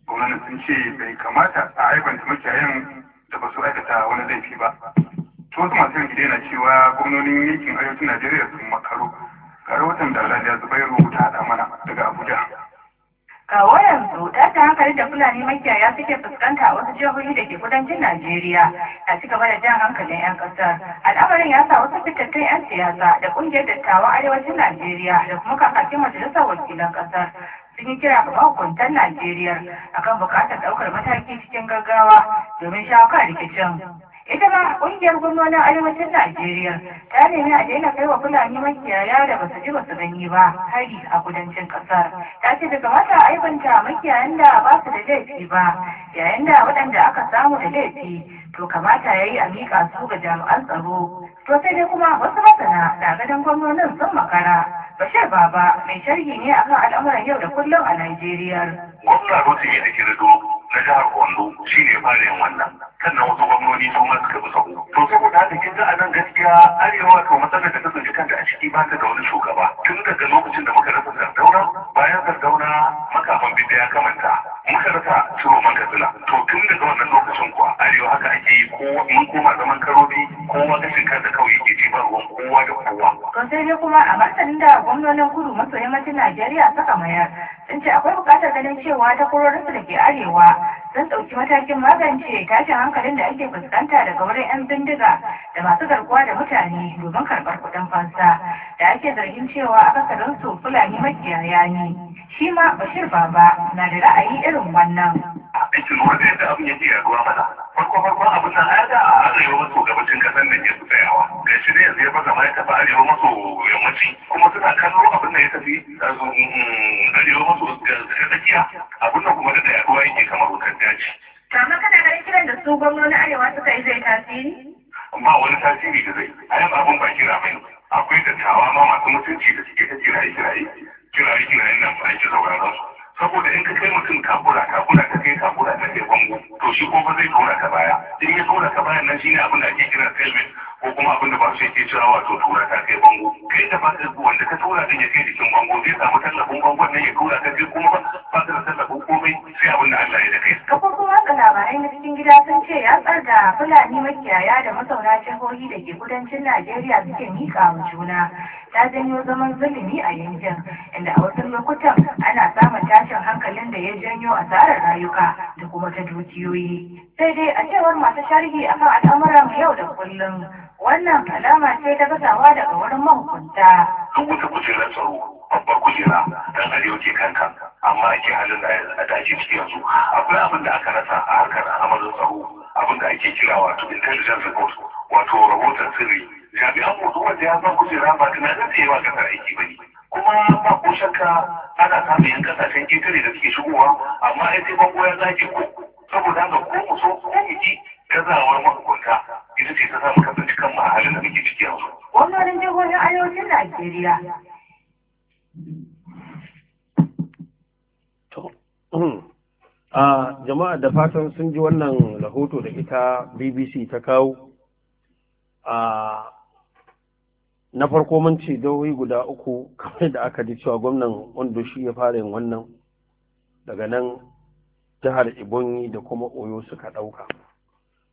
gwamnonin sun ce bai kamata a aibanta makiyayan da ba su aikata wani laifi ba to wasu masu yanki daina cewa gwamnonin yankin arewacin Najeriya sun makaro ga rahoton da Alhaji Zubairu ta haɗa mana daga Abuja. kawo yanzu tashin hankali da fulani makiyaya suke fuskanta a wasu jihohi da ke kudancin najeriya na ci gaba da jan hankalin 'yan ƙasar. al'amarin ya sa wasu fitattun 'yan siyasa da kungiyar dattawan arewacin najeriya da kuma kakakin majalisar wakilan ƙasar sun yi kira ga mahukuntan najeriya akan buƙatar ɗaukar mataki cikin gaggawa domin shawo kan rikicin ita ma ƙungiyar gwamnonin arewacin najeriya ta nemi a daina kai wa fulani makiyaya da basu ji ba su gani ba hari a kudancin kasar ta ce daga mata aibanta makiyayan da ba su da laifi ba yayin da waɗanda aka samu da laifi to kamata ya yi a miƙa su ga jami'an tsaro to sai dai kuma wasu masana da gadon gwamnonin sun makara Bashir Baba mai sharhi ne akan al'amuran yau da kullum a Najeriya. Gwamna Rotimi da Kirdo na jihar Ondo shi ne fara wannan. sannan wasu gwamnoni su ma suka bi sau to saboda haka kin ga anan gaskiya arewa to matsalar da ta tsinci kanta a ciki ba ta da wani shugaba tun daga lokacin da muka rasa Zardauna bayan Zardauna makaman bidda ya kamanta muka rasa ciro man katsina to tun daga wannan lokacin kuwa arewa haka ake yi ko mun koma zaman karobi kowa gashin kansa kawai yake ji ruwan kowa da kowa. to sai dai kuma a martanin da gwamnonin kudu maso yammacin najeriya suka mayar sun ce akwai buƙatar ganin cewa takwarorinsu da ke arewa sun ɗauki matakin magance tashin hankali hankalin da ake fuskanta daga wurin 'yan bindiga da masu garkuwa da mutane domin karɓar kuɗin fansa da ake zargin cewa su fulani makiyaya ne shi ma bashir baba na da ra'ayi irin wannan aikin wanda yadda abin yake yaduwa mana farko farkon abin nan ada a arewa maso gabashin kasar nan ya fi tsayawa ga shi ne yanzu ya fasa ma ya tafi arewa maso yammaci kuma suna kallo abin da ya tafi um, arewa maso tsakiya abin nan kuma da yaduwa yake kamar wutar daji Kama kana ganin kiran da su gwamnoni Arewa suka yi zai tasiri? Ba wani tasiri da zai. A yanzu abin ba kira bane. Akwai dattawa ma masu mutunci da suke ta kiraye kiraye. Kiraye kiraye nan ba ki sauraron su. Saboda in ka kai mutum takura takura ka kai takura ta kai bango to shi ko ba zai tura ka baya. In ya tura ka baya nan shine abin da ake kira tailwind. ko kuma abin da ba su ke cewa wato tura ta kai bango kai da ba wanda ka tura din ya kai jikin bango zai samu tallafin bangon nan ya tura ta kai kuma ba su da tallafin komai sai abin da Allah ya da kai. kuma watsa labarai na cikin gida sun ce ya da Fulani makiyaya da masauna hoyi da ke kudancin Najeriya suke mika wa juna. ta janyo zaman zulumi a yankin inda a wasu lokutan ana samun tashin hankalin da ya janyo asarar rayuka da kuma ta dukiyoyi sai dai a cewar masu sharhi akan al'amuran yau da kullum wannan alama ce ta gasawa daga wurin mahukunta. Duk wata kujerar tsaro babbar kujera dan arewa amma ake halin da a daji ciki yanzu akwai abin da aka rasa a harkar al'amarin tsaro abin da ake kira wato intelligence report wato rahoton sirri jami'an hukumar wanda ya san kujera ba tunanin da yawa kasar aiki ba kuma ba ko shakka ana samun yan kasashen ƙetare da suke shigowa amma ya sai bango ya zage ku saboda haka ko mu so ko mu ki gazawar mahukunta ita ce ta samu kasance kan mu a halin da muke ciki yanzu. Gwamnonin jihohin arewacin Najeriya. Um, a jama'a da fatan sun ji wannan rahoto da ita bbc ta kawo a na farko mun ce dawoyi guda uku kamar da aka ji cewa gwamnan wanda shi ya fara yin wannan daga nan jihar ibonyi da kuma oyo suka ɗauka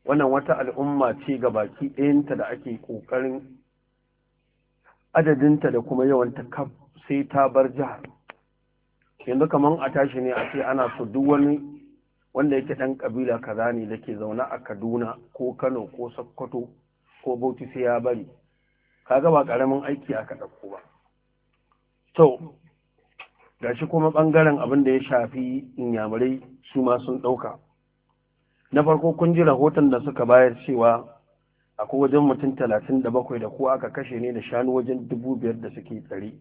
wannan wata al'umma ce ga baki ɗayanta da ake ƙoƙarin adadinta da kuma yawanta kaf sai ta bar jihar yanzu kamar a tashi ne a ce ana so duk wani wanda yake ɗan ƙabila kaza ne da ke zaune a kaduna ko kano ko sokoto ko bauchi sai ya bari kaga ba karamin aiki aka ɗauko ba to gashi kuma ɓangaren abin da ya shafi inyamurai su ma sun ɗauka na farko kun ji rahoton da suka bayar cewa akwai wajen mutum talatin da bakwai da ko aka kashe ne da shanu wajen dubu biyar da suke tsare.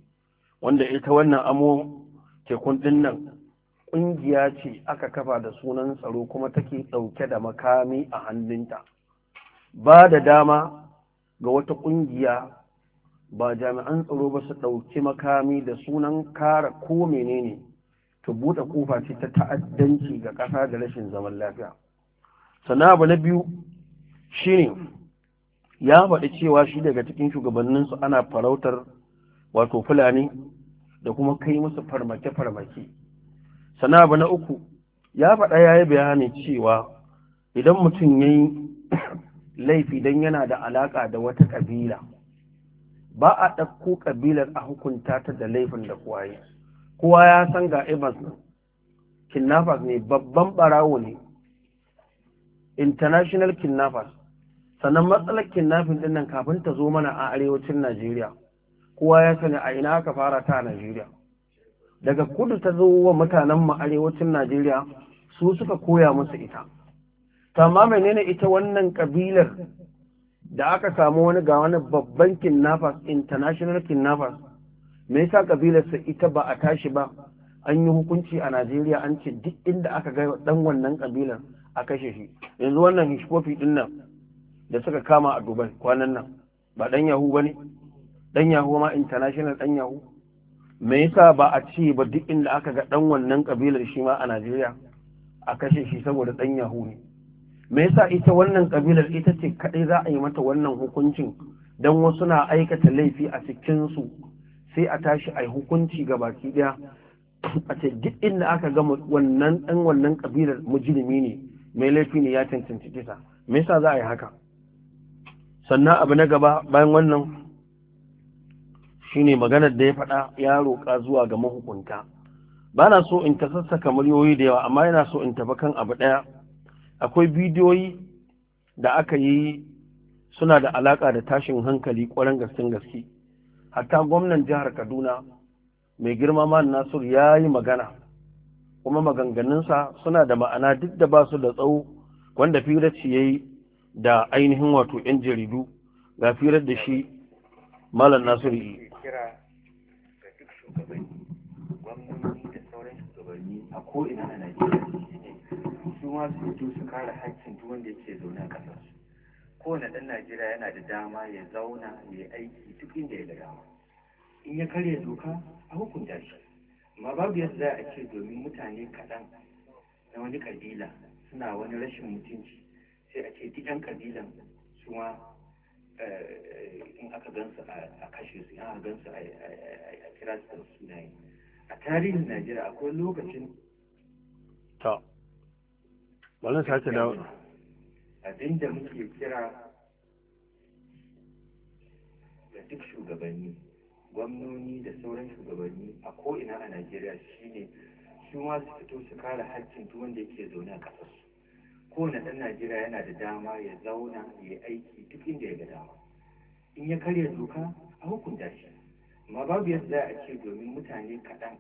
wanda ita wannan amo tekun ɗin nan ƙungiya ce aka kafa da sunan tsaro kuma take ɗauke da makami a hannunta ba da dama ga wata ƙungiya ba jami'an tsaro ba su ɗauki makami da sunan kara ko menene ta buɗe kofa ce ta ta'addanci ga ƙasa da rashin zaman lafiya sana abu na biyu ne, ya faɗi cewa shi daga cikin shugabanninsu ana farautar wato fulani da kuma kai musu farmake-farmake sana abu na uku ya faɗa ya yi bayani cewa idan mutum ya yi laifi don yana da alaƙa da wata ƙabila ba a ɗauko ƙabilar a hukunta ta da laifin da kowa yi kowa ya san ga Evans nan kidnappers ne babban ɓarawo ne international kidnappers sannan matsalar kidnapping ɗin nan kafin ta zo mana a arewacin najeriya kowa ya sani a ina aka fara ta a najeriya daga kudu ta zo wa mutanen mu arewacin najeriya su suka koya musu ita tamma menene ita wannan kabilar da aka samu wani ga wani babban kinnafas international kinnafas me yasa kabilarsa ita ba a tashi ba an yi hukunci a Najeriya an ce duk inda aka ga dan wannan kabilar a kashe shi yanzu wannan hishkofi din nan da suka kama a Dubai kwanan nan ba dan yahu bane dan yahu ma international dan yahu me yasa ba a ce ba duk inda aka ga dan wannan kabilar shi ma a Najeriya a kashe shi saboda dan yahu ne me yasa ita wannan kabilar ita ce kadai za a yi mata wannan hukuncin dan wasu na aikata laifi a cikinsu sai a tashi a yi hukunci ga baki daya a ce duk inda aka gama wannan dan wannan kabilar mujrimi ne mai laifi ne ya cancanci kisa me yasa za a yi haka sannan abu na gaba bayan wannan shine maganar da ya faɗa ya roƙa zuwa ga mahukunta ba na so in ta sassaka muryoyi da yawa amma yana so in tafi kan abu ɗaya akwai bidiyoyi da aka yi suna da alaƙa da tashin hankali ƙwarar gaskin gaske hatta gwamnan jihar kaduna mai girma man nasur ya yi magana kuma maganganunsa suna da ma'ana duk da ba su da tsawo wanda firar ya yi da ainihin wato 'yan jaridu ga firar da shi malam nasur yi a na Najeriya su ma su fito su kare haƙƙin duk wanda yake zaune a ƙasar su kowane ɗan najeriya yana da dama ya zauna ya aiki duk inda ya ga dama in ya karya doka a hukunta shi amma babu yadda za a ce domin mutane kaɗan na wani ƙabila suna wani rashin mutunci sai a ce duk 'yan kabilan su ma eh, in aka gansu a kashe su in aka gansu a kira su da sunaye a tarihin najeriya akwai lokacin Bala sake dawo. Abinda muke kira da duk shugabanni, gwamnoni da sauran shugabanni a ko'ina a Najeriya shine su ma su fito su kare haƙƙin duk wanda yake zaune a ƙasarsu. Kowane ɗan Najeriya yana da dama ya zauna ya aiki duk inda ya ga dama. In ya karya doka a hukunta shi. Amma babu yadda za a ce domin mutane kaɗan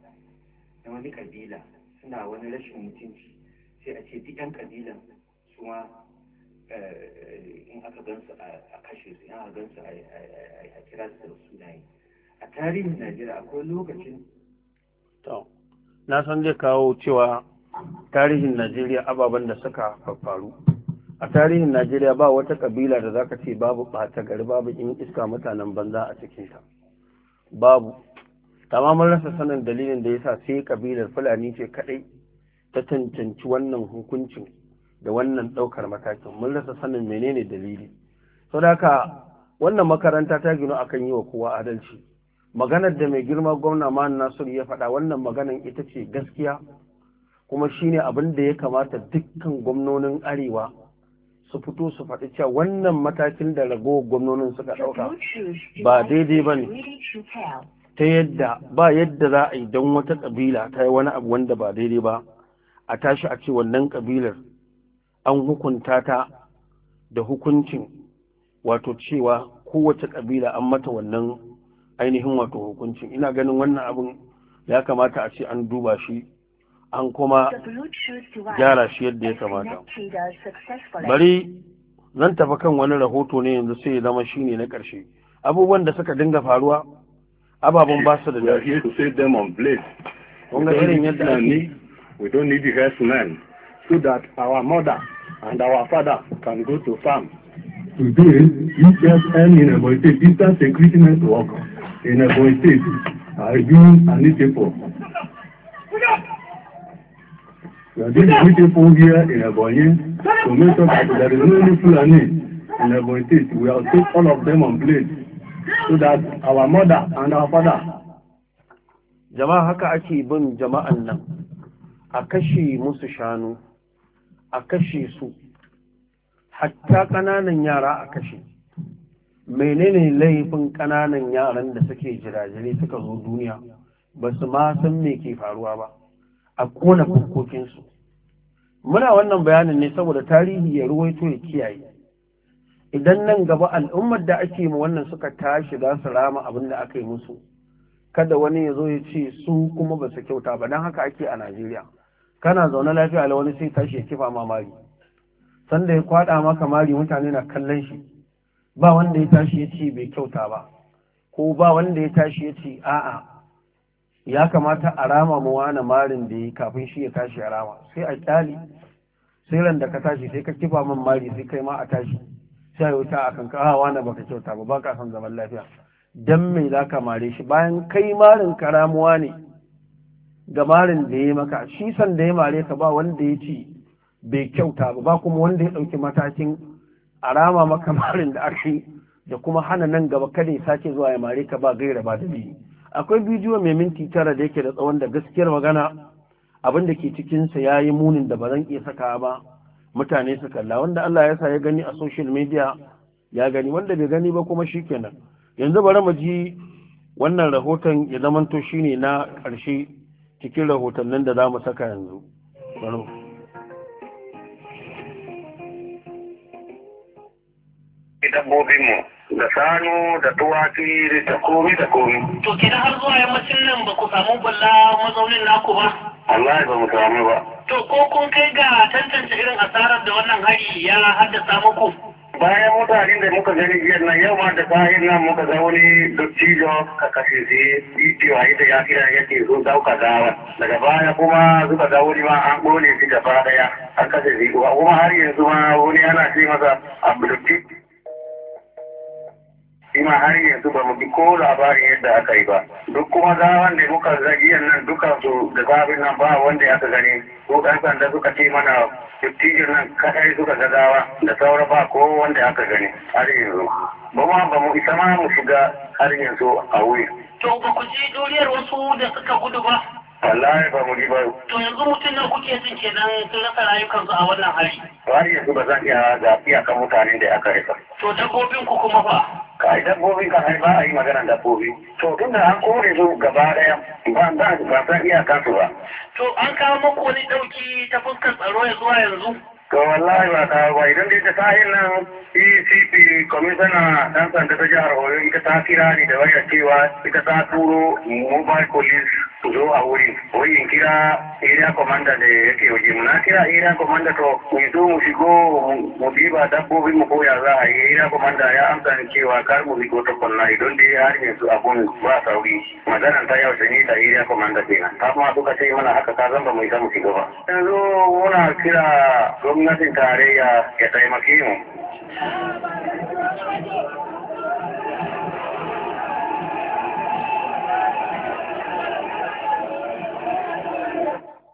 na wani ƙabila suna wani rashin mutunci sai a ce duk yan kabilan su ma eh, in aka gansu a kashe su yan gansu a kira su da sunaye a tarihin najeriya akwai lokacin na san zai kawo cewa tarihin najeriya ababen da suka faru a tarihin najeriya ba wata kabila da zaka ce babu bata gari babu in iska mutanen banza a cikinta babu tamamin rasa sanin dalilin da yasa sai kabilar fulani ce kadai ta cancanci wannan hukuncin da wannan ɗaukar matakin mun rasa sanin menene dalili sau da haka wannan makaranta ta gino akan yi wa kowa adalci maganar da mai girma gwamna ma nasiru ya faɗa wannan maganan ita ce gaskiya kuma shine abin da ya kamata dukkan gwamnonin arewa su fito su faɗi cewa wannan matakin da ragowar gwamnonin suka ɗauka ba daidai ba ne ta yadda ba yadda za a yi don wata ƙabila ta yi wani abu wanda ba daidai ba a tashi a ce wannan ƙabilar an hukunta ta da hukuncin wato cewa kowace ƙabila an mata wannan ainihin wato hukuncin ina ganin wannan abin ya kamata a ce an duba shi an kuma gyara shi yadda ya kamata bari zan tafi kan wani rahoto ne yanzu sai ya zama shi ne na ƙarshe abubuwan da suka dinga faruwa ababen ba su da daɗi yadda We don't need the rest men so that our mother and our father can go to farm. Today, you just earn in Ebonyi State. Distance security network in Ebonyi State are you and these people. We are doing three people here in Ebonyi to make sure that there is no any Fulani in Ebonyi State. We will take all of them on place so that our mother and our father. Jama'a haka ake bin jama'an nan. a kashe musu shanu a kashe su hatta ƙananan yara a kashe menene laifin ƙananan yaran da suke jirajire suka zo duniya ba su ma san me ke faruwa ba a kona su muna wannan bayanin ne saboda tarihi ya ruwaito ya kiyaye idan nan gaba al'ummar da ake ma wannan suka tashi za su rama abin da aka yi musu kada wani ya zo ya ce su kuma ba su kyauta ba don haka ake a Najeriya kana zaune lafiya da wani sai tashi ya kifa ma mari sanda ya kwaɗa maka mari mutane na kallon shi ba wanda ya tashi ya ce bai kyauta ba ko ba wanda ya tashi ya ce a'a ya kamata a rama mu wani marin da ya kafin shi ya tashi a rama sai a kyali sai ran da ka tashi sai ka kifa man mari sai kai ma a tashi sai yi wuta a kan a wani baka kyauta ba ba ka son zaman lafiya dan me za ka mare shi bayan kai marin karamuwa ne ga marin da ya maka shi san da ya mare ka ba wanda ya ci bai kyauta ba ba kuma wanda ya ɗauki matakin arama maka marin da aka da kuma hana nan gaba kada ya sake zuwa ya mare ka ba gaira ba da biyu akwai bidiyo mai minti tara da yake da tsawon da gaskiyar magana abin da ke cikinsa ya yi munin da ba zan iya saka ba mutane su kalla wanda Allah ya sa ya gani a social media ya gani wanda bai gani ba kuma shi shikenan yanzu bari mu ji wannan rahoton ya zamanto shine na ƙarshe cikin rahotannin da za mu saka yanzu dabbobinmu da sanu da tuwaki da komi da komi. To kina har zuwa yammacin nan ba ku samu balla mazaunin naku ba? Allah ba mu samu ba. To ko kun kai ga tantance irin asarar da wannan hari ya haddasa muku? bayan mutanen da muka gani jiya nan yau ma da bayan nan muka ga wani dottijo ka kashe zai yi cewa ita ya kira yake zo dauka gawa daga baya kuma suka ga wani ma an kone shi gaba daya an kashe zai kuma har yanzu ma wani ana ce masa abdulki ima har yanzu ba mu bi ko labarin yadda aka yi ba duk kuma gawan da muka ga jiya nan dukansu da babin nan ba wanda aka gani ko kan da suka ce mana Fiftijo nan kadai suka ga gawa da saura ba ko wanda aka gani har yanzu. Ba ma ba mu isa ma mu shiga har yanzu a wuri. To ba ku je duniyar wasu da suka gudu ba? wallahi ba mu ji ba to yanzu mutum na kuke jin kenan sun rasa rayukansu a wannan hari har yanzu ba zan iya zafi kan mutanen da aka rasa to dabbobin ku kuma fa yi dabbobin kan haifa, a yi maganar dabbobi to tun da an kore su gaba daya ba zan ba san iyakan su ba to an kawo muku wani ɗauki ta fuskar tsaro ya zuwa yanzu to wallahi ba ka ba idan dai ta sahin nan ecp Commissioner dan sanda ta jihar oyo ita ta kira ni da wayar cewa ita ta turo mobile police zo a wuri wayin kira area commander da yake waje mu na kira area commander to mu zo mu shigo mu biba dabbobi mu koya za a yi ya amsa ni cewa kar mu shigo ta kunna idan hari har yanzu abun ba sauri maganar ta yau ne da area commander kenan ta kuma suka ce mana haka ka zan ba mu isa mu kira gwamnatin tarayya ya taimake mu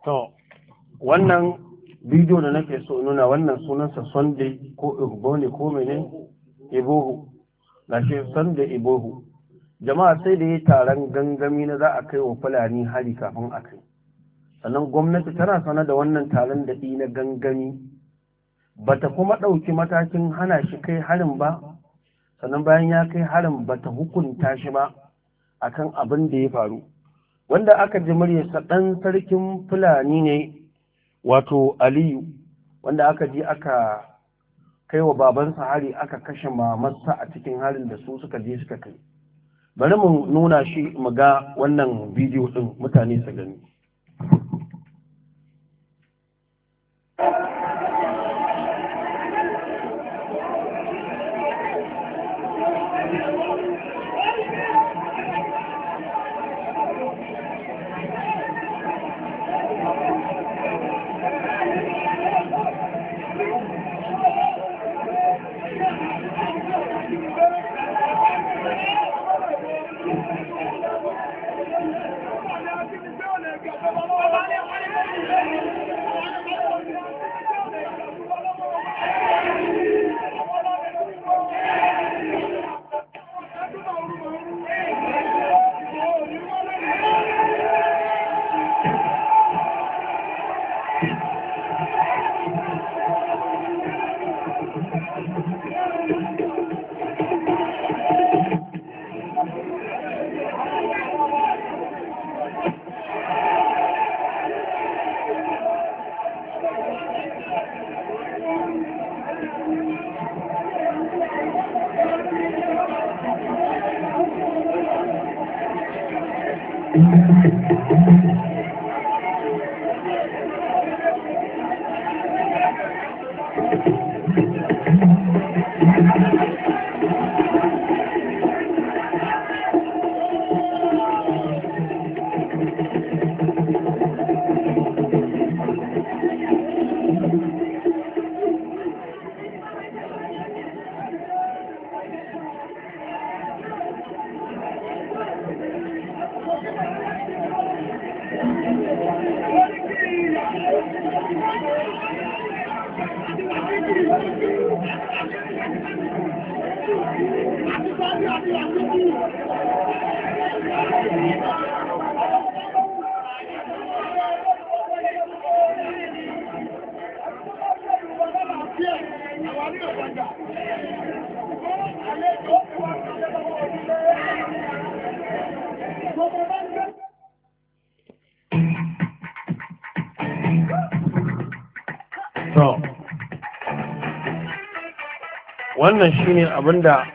to wannan bidiyo da nake so nuna wannan sunansa sunday ko igbo ne ko mene ibohu ce sunday ibohu jama'a sai da ya taron gangami na za a kai wa fulani hari kafin a kai sannan gwamnati tana sana da wannan taron da na gangami ba ta kuma ɗauki matakin hana shi kai harin ba sannan bayan ya kai harin ba ta hukunta shi ba akan abin da ya faru wanda aka ji muryarsa ɗan sarkin fulani ne wato aliyu wanda aka ji aka kai wa babansa hari aka kashe mamarsa a cikin harin da su suka je suka kai bari mu nuna shi mu ga wannan bidiyo ɗin mutane su gani wannan shine abinda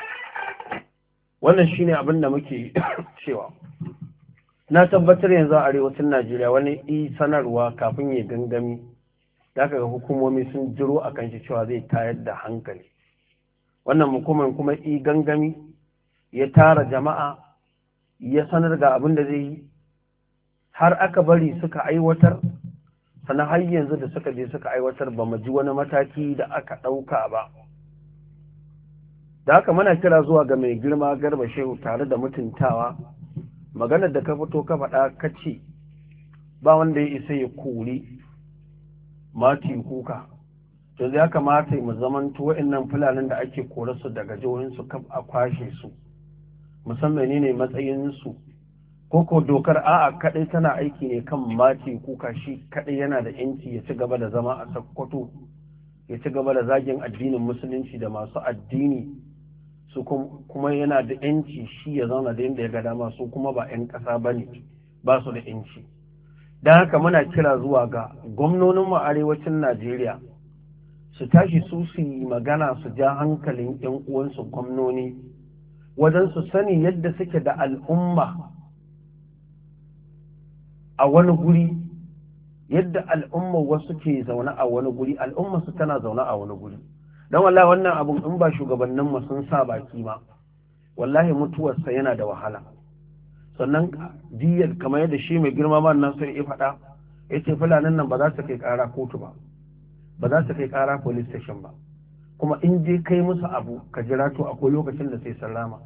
wannan shine abinda muke cewa na tabbatar yanzu a arewacin Najeriya wani sanarwa kafin ya gangami da aka ga hukumomi sun jiro a kan shi cewa zai tayar da hankali wannan hukumar kuma i gangami ya tara jama'a ya sanar ga abin da zai yi har aka bari suka aiwatar sana har yanzu da suka je suka aiwatar ba mu ji wani mataki da aka ɗauka ba da haka mana kira zuwa ga mai girma garba shehu tare da mutuntawa maganar da ka fito ka faɗa ka ce ba wanda ya isa ya kori mati kuka to ya kamata mu zamanto waɗannan fulanin da ake korarsu daga jihohinsu kaf a kwashe su musamman ne ne matsayinsu koko dokar a'a kadai tana aiki ne kan mati kuka shi kadai yana da yanci ya ci gaba da zama a sakkwato ya ci gaba da zagin addinin musulunci da masu addini su kuma yana da yanci shi ya zauna da yadda ya ga dama su kuma ba 'yan ƙasa ba ne ba su da yanci don haka muna kira zuwa ga gwamnonin mu arewacin najeriya su tashi su su yi magana su ja hankalin 'yan uwansu gwamnoni wajen su sani yadda suke da al'umma a wani guri yadda al'umma wasu ke zaune a wani guri al'umma su tana zaune a wani guri don wallahi wannan abun in ba shugabannin mu sun sa baki ma wallahi mutuwarsa yana da wahala sannan diyar kamar yadda shi mai girma ma nan sai ya faɗa ya ce fulanin nan ba za su kai ƙara kotu ba ba za su kai ƙara police station ba kuma in je kai musu abu ka jira to akwai lokacin da sai sallama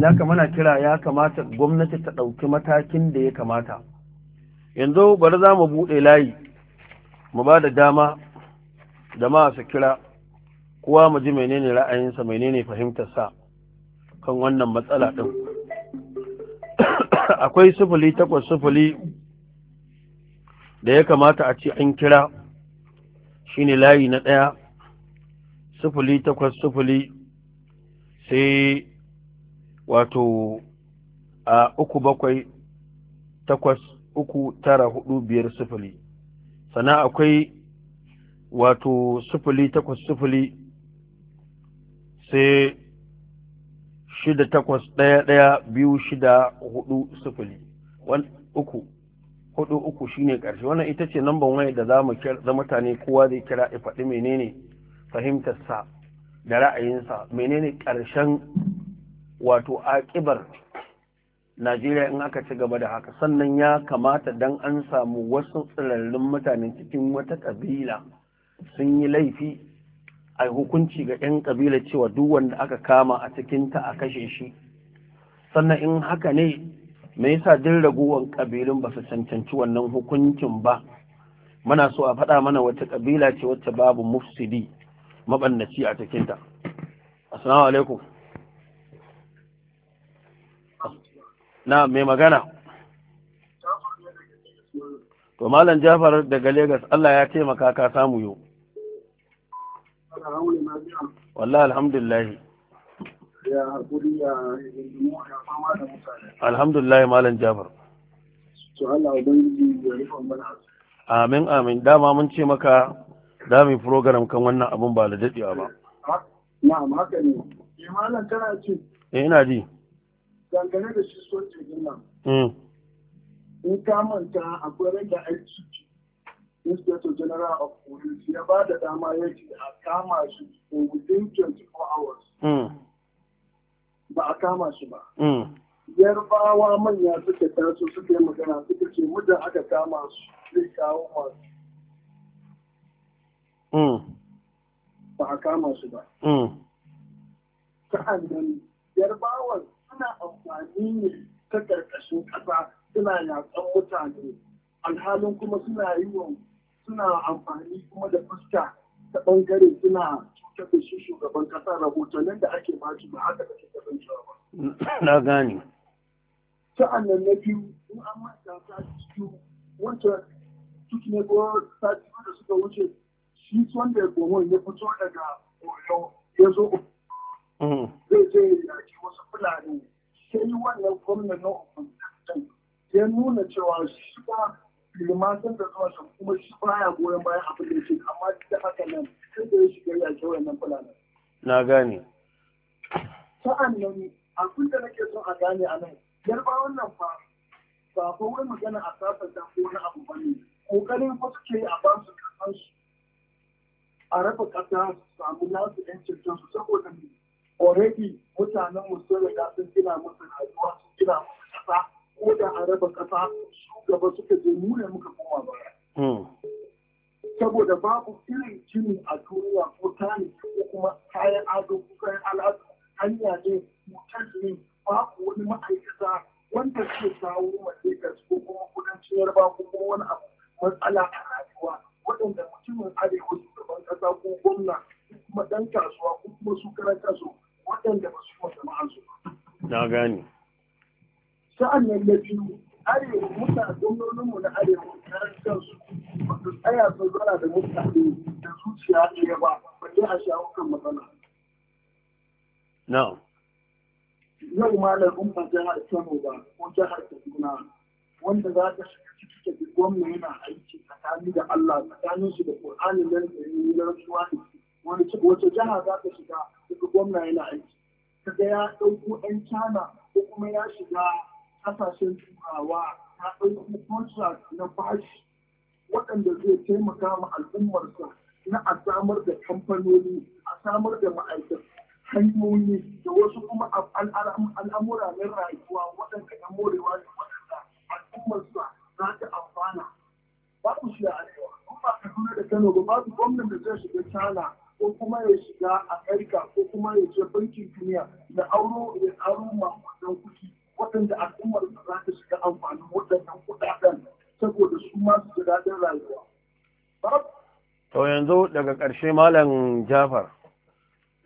na mana kira ya kamata gwamnati ta ɗauki matakin da ya kamata yanzu bari za mu buɗe layi mu ba da dama jama'a su kira kowa mu ji menene ra'ayinsa menene fahimtarsa kan wannan matsala ɗin akwai sufuli takwas sufuli da ya kamata a ce an kira shine layi na ɗaya sufuli takwas sufuli sai wato a uku bakwai takwas uku tara hudu biyar sufuli sana akwai wato sufuli takwas sufuli sai shida takwas ɗaya ɗaya biyu shida hudu sufuli uku hudu uku shine ƙarshe wannan ita ce namban one da za mutane kowa zai kira ya faɗi menene fahimtarsa da ra'ayinsa menene ƙarshen wato aƙibar Najeriya in aka ci gaba da haka sannan ya kamata don an samu wasu tsirarrun mutane cikin wata ƙabila sun yi laifi a hukunci ga 'yan ƙabila cewa duk wanda aka kama a cikinta a kashe shi sannan in haka ne me yasa duk ragowar ƙabilun ba su cancanci wannan hukuncin ba muna so a faɗa mana wata ƙabila ce wacce babu mufsidi mabannaci a cikinta assalamu alaikum na mai magana to malam jafar daga Legas Allah ya taimaka ka samu yau wallahi alhamdulillah ya hakuri ya ya fama da mutane alhamdulillah malam Jafar to Allah ubangiji ya rufa mana amin amin dama mun ce maka da mu program kan wannan abun ba da dadewa ba na'am haka ne eh, malam kana ce eh ina ji dangane da shi ce nan hmm. in ka manta akwai rage aiki Inspector General of Police ya ba da dama ya ce a kama shi for within 24 hours. Hmm. Ba a kama shi ba. Hmm. Yarbawa manya suka taso suka yi magana suka ce muda aka kama su zai kawo masu. Hmm. Ba a kama su ba. Sa'an nan yarbawan suna amfani ne ta ƙarƙashin ƙasa suna yatsan mutane alhalin kuma suna yi wa suna amfani kuma da fuska ta bangare suna cutar da shi shugaban kasa rahotannin da ake ba ba haka da ke ba. Na gane. Sa'an nan na biyu in an mata ta cikin wancan cikin ne ko ta cikin da suka wuce shi wanda ya gomon ya fito daga koyo ya zo mm. zai je ya yaki wasu fulani sai wannan gwamnan na ofin ya nuna cewa shi ba liman sun da zuwa sa kuma shi baya goyon bayan abin da yake amma duk da haka nan sai da ya shiga ya ce wannan fulani na gane sa'an nan abin da nake son a gane a nan yarba wannan fa ba ko wai magana a da ko wani abu ba kokarin fa suke a ba su kasan su a raba kasa su samu nasu yancin su saboda already mutanen mu sun riga sun gina musu rayuwa sun gina musu ko da a raba ƙasa su gaba suka je nuna muka koma ba. Hmm. Saboda babu irin jini a duniya ko tani ko kuma kayan ado ko kayan al'adu hanya ne mutum ne babu wani ma'aikata wanda ke kawo ma Lagos ko kuma kudancin Yarba ko kuma wani abu matsala a rayuwa waɗanda mutumin arewa shugaban ƙasa ko gwamna kuma ɗan kasuwa ko kuma su karan kasuwa waɗanda ba su kuma su. Na gane. sa'annan na biyu arewa Muta mutane gwamnoninmu na arewa karantar su ba su tsaya sun zara da mutane da zuciya ɗaya ba ba sai a shawo kan matsala. No. Yau malam in ba jihar Kano ba ko jihar Kaduna wanda za ta shiga ciki da gwamna yana aiki tsakani da Allah tsakanin shi da Qur'ani nan da yi rantsuwa ne wani wace jiha za ta shiga daga gwamna yana aiki kaga ya ɗauko ɗan cana ko kuma ya shiga ƙasashen turawa ta ɗauki contract na bashi waɗanda zai taimaka ma al'ummarsa na a samar da kamfanoni a samar da ma'aikata hanyoyi da wasu kuma al'amura na rayuwa waɗanda na morewa da waɗanda al'ummarsa za ta amfana babu shi a arewa kuma ba kaduna da kano ba babu gwamnan da zai shiga tana ko kuma ya shiga amerika ko kuma ya je bankin duniya da auro ya aro ma wannan kuɗi waɗanda al'ummar da za ta shiga amfanin waɗannan kuɗaɗen saboda su ma su daɗin rayuwa. To yanzu daga ƙarshe Malam Jafar,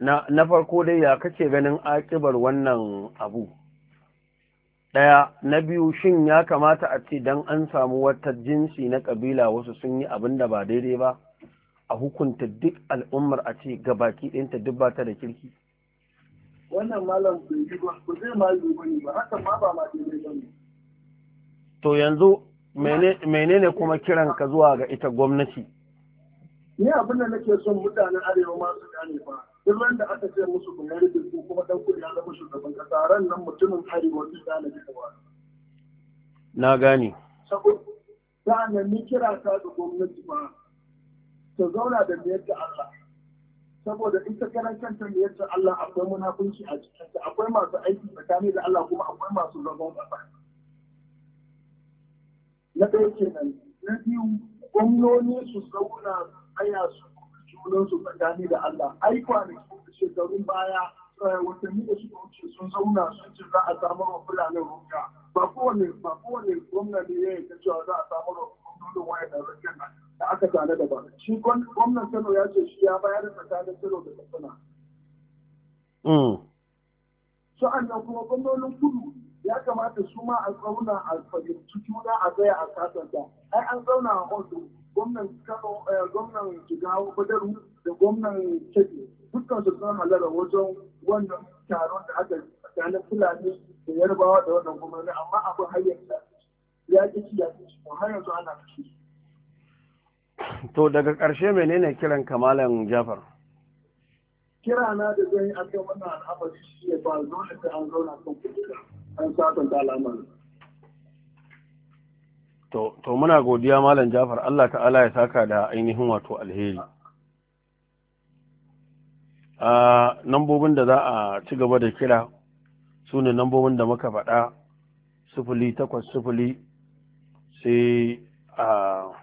na farko dai ya kake ganin akibar wannan abu. Ɗaya, na biyu shin ya kamata a ce don an samu wata jinsi na ƙabila wasu sun yi abin da ba daidai ba, a hukunta duk al'ummar a ce baki ɗinta duk ba ta da kirki. wannan malam bai yi ba ba zai ma ba ne ba hakan ma ba ma daidai ba to yanzu menene kuma kiran ka zuwa ga ita gwamnati ni abin da nake son mutanen arewa masu gane ba duk aka ce musu kuma yi ko kuma ɗan kuɗi ya zama shugaban kasa ran nan mutumin arewa zai gane jikawa. na gane saboda ni kira ta ga gwamnati ba ta zauna da niyyar Allah saboda ita karan kanta ne yadda Allah akwai munafunci a cikinta akwai masu aiki tsakani da Allah kuma akwai masu zagon ƙasa na ɗaya kenan na biyu gwamnoni su zauna aya su junan su tsakani da Allah ai kwanaki da shekarun baya eh, watanni da suka wuce sun zauna sun ce za a samar wa fulanin ruka ba kowane ba kowane gwamnati ya yi ta cewa za a samar wa fulanin wayan da da aka tare da ba shi gwamnan Kano ya ce shi ya bayar da tsakanin Kano da Katsina mm. sa'an nan kuma gwamnonin kudu ya kamata su ma a tsauna a fahimci juna a gaya a kasanta ai an zauna a ondo gwamnan Kano eh, gwamnan Jigawa Badaru da gwamnan Kebbi dukkan su sun halara wajen wannan taron da aka tsakanin Fulani da Yarbawa da wannan gwamnati amma abin har ya ƙi ya ƙi har yanzu ana kashi to daga ƙarshe menene kiran kamalan jafar kira na da zai yi an gama na al'amari shi ya ba zo da an zauna kan kuɗi an satan da al'amari to to muna godiya malam jafar Allah ta'ala ya saka da ainihin wato alheri a nambobin da za a ci gaba da kira su ne nambobin da muka faɗa sufuli takwas sufuli sai a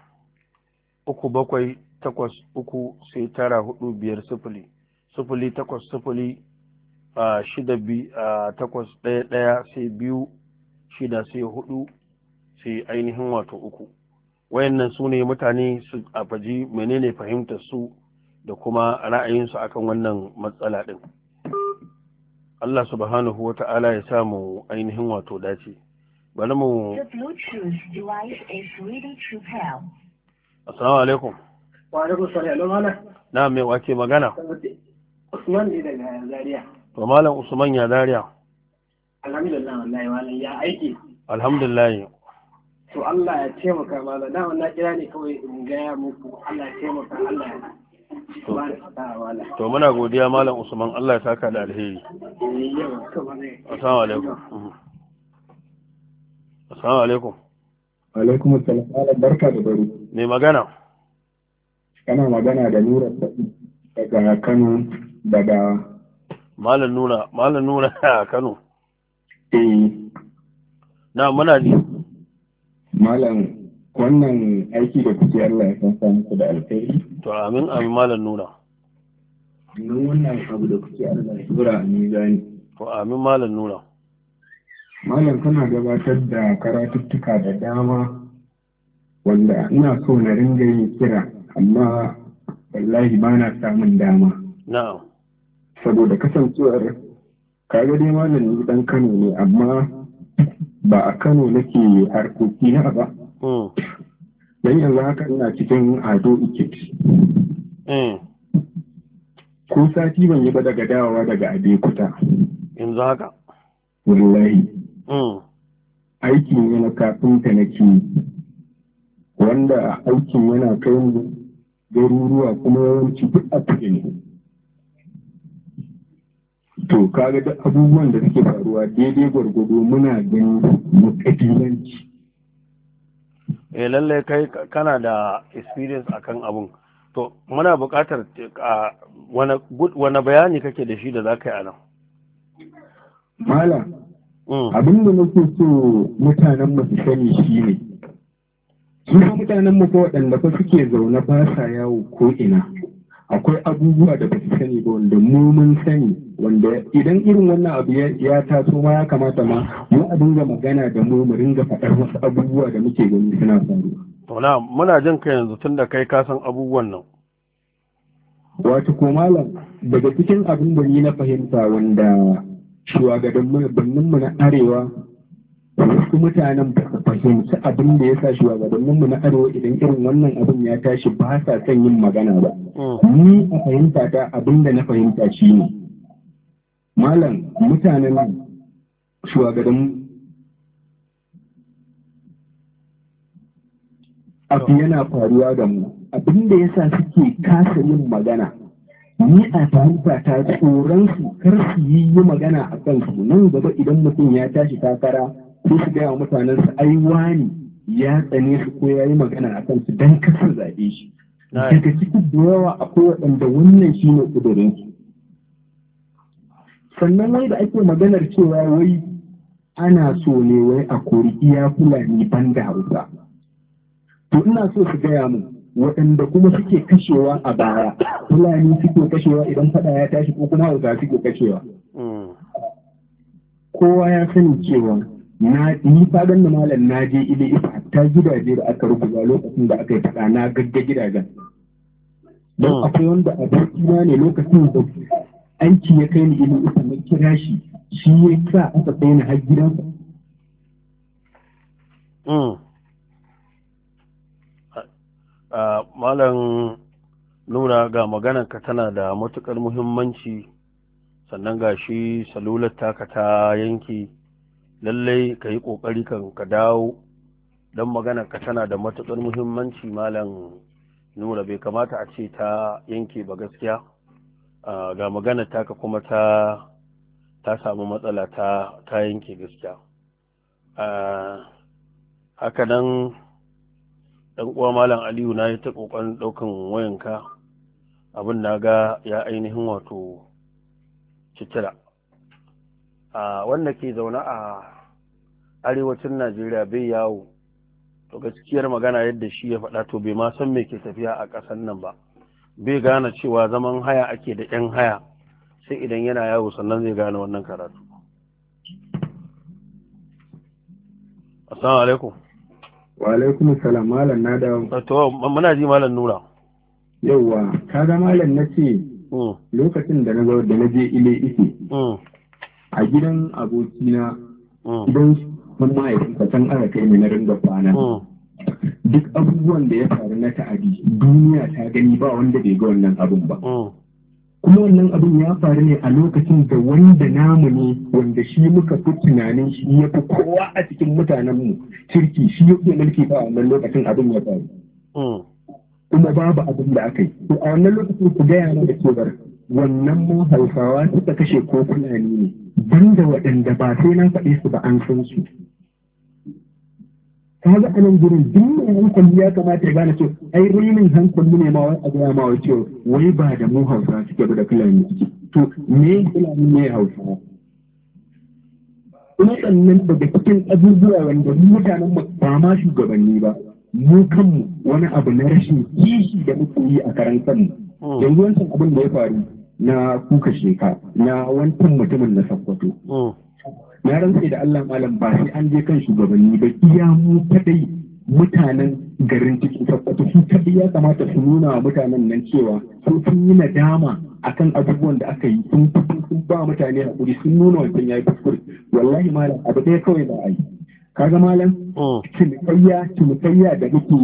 uku bakwai takwas uku sai tara hudu biyar sifili sifili takwas sifili a shida bi a takwas ɗaya ɗaya sai biyu shida sai hudu sai ainihin wato uku wayannan su ne mutane su a faji menene fahimtar su da kuma ra'ayinsu akan wannan matsala ɗin Allah subhanahu wa ta'ala ya samu ainihin wato dace bari mu The Bluetooth device is ready to pair. Assalamu alaikum. Wa alaikum salam malam. Na me wace magana? Usman ne daga Zaria. To malam Usman ya Zaria. Alhamdulillah wallahi malam ya aiki. Alhamdulillah. To Allah ya taimaka malam na wannan kira ne kawai in gaya muku Allah ya taimaka Allah ya To muna godiya malam Usman Allah ya saka da alheri. Eh, Assalamu alaikum. Mhm. Assalamu alaikum. alaikum assalam barka da bari mai magana kana magana da nura daga kano daga malam nura malam nura a kano eh na muna ji malam wannan aiki da kuke Allah ya san samu ku da alkhairi to amin amin malam nura Nan wannan abu da kuke Allah ya tura a mizani to amin malam nura malam kana gabatar da karatuttuka da dama wanda ina so na ringa yin kira amma wallahi ba na samun dama saboda kasancewar kaga dai malam ni dan kano ne amma ba a kano nake harkoki na ba mm. don yanzu haka ina cikin ado ikit mm. ko sati ban yi ba daga dawowa daga abekuta yanzu haka wallahi aiki ne na kafinta wanda aikin yana kai mu garuruwa kuma yawanci duk a ne to kaga da abubuwan da suke faruwa daidai gwargwado muna ganin mu kabilanci eh lalle kai kana da experience akan abun to muna buƙatar wani bayani kake da shi da za ka yi a nan mala Mm. abin da nake so mutanen mu su sani ne. su mutanen mu ko waɗanda fa suke zaune ba sa yawo ko ina akwai abubuwa da ba su sani ba wanda mu mun sani wanda idan irin wannan abu ya taso ma ya kamata ma mu a dinga magana da mu mu ringa faɗar wasu abubuwa da muke gani suna faruwa. To na muna jin ka yanzu tun da kai ka san abubuwan nan. Wato ko malam daga cikin abin da ni na fahimta wanda shugabanninmu na arewa wasu mutanen fahimci abin da ya sa shugabanninmu na arewa idan irin wannan abin ya tashi ba sa son yin magana ba mm. ni a fahimta ta abin da na fahimta shi ne malam mutanen shugaban abu yana faruwa da mu abin da ya sa suke kasa yin magana ni a fahimta ta tsoron su kar su yi magana a kansu nan gaba idan mutum ya tashi takara ko su gaya mutanen su ai wani ya tsane su ko ya yi magana a kansu don kasa zaɓe shi daga cikin da yawa akwai waɗanda wannan shi ne ƙudurin su sannan wai da ake maganar cewa wai ana so ne wai a kori iya fulani ban da hausa to ina so su gaya mun waɗanda kuma suke kashewa a baya fulani suke kashewa idan faɗa ya tashi ko kuma hausa suke kashewa kowa ya sani cewa na ni fadan da malam na je ile ifa ta gidaje da aka rubuta lokacin da aka yi faɗa na gagga gidajen don hmm. akwai wanda na ne lokacin da aiki ya kai ni ile ifa na kira shi shi ya sa aka sai ni har gidansa hmm. malam nuna ga maganarka tana da matukar muhimmanci sannan ga shi salular taka ta yanki lallai ka yi ƙoƙari kan ka dawo don ka tana da matukar muhimmanci malam nuna bai kamata a ce ta yanke ba gaskiya ga maganar taka kuma ta ta samu matsala ta yanke gaskiya haka nan ɗan uwa malam aliyu na yi ta ƙoƙarin ɗaukan wayanka abin na ga ya ainihin wato cicira a wanda ke zaune a arewacin najeriya bai yawo to gaskiyar magana yadda shi ya faɗa to bai ma san me ke tafiya a ƙasar nan ba bai gane cewa zaman haya ake da 'yan haya sai idan yana yawo sannan zai gane wannan karatu assalamu alaikum wa alaikum salam malam na dawo to muna ji malam nura yauwa kaga malam na ce mm. lokacin da na da na je ile ike mm. a gidan abokina mm. idan mun mahaifinsa can ara kai ne na ringa kwana duk abubuwan da ya faru na ta'adi duniya ta gani ba wanda bai ga wannan abun ba kuma wannan abin ya faru ne a lokacin da wanda namu ne wanda shi muka fi tunanin shi ya fi kowa a cikin mutanenmu kirki shi ya ke mulki ba wannan lokacin abin ya faru hmm. kuma babu abin da aka yi to a wannan lokacin ku gaya mana da cewar wannan mu hausawa suka kashe ko fulani ne banda waɗanda ba sai nan faɗi su ba an san su ka ga anan gurin duk mai hankali ya kamata ya gane cewa ai rainin hankali ne ma wai a gaya ma wai wai ba da mu hausa suke ba da fulani suke to me fulani ne hausa kuma sannan daga cikin abubuwa wanda mutanen mu ba ma shugabanni ba mu kanmu wani abu na rashin kishi da muke yi a karan kanmu hmm. yanzu wancan abin da ya faru na kuka sheka na wancan mutumin na sakkwato hmm. ya rantse da Allah malam ba sai an je kan shugabanni ba iya mu kadai mutanen garin cikin sakkwato su kadai ya kamata su nuna wa mutanen nan cewa sun sun yi nadama akan abubuwan da aka yi sun sun ba mutane hakuri sun nuna wancan yi kuskure wallahi malam abu ɗaya kawai ba a yi kaga malam mu hmm. cinikayya da muke yi da su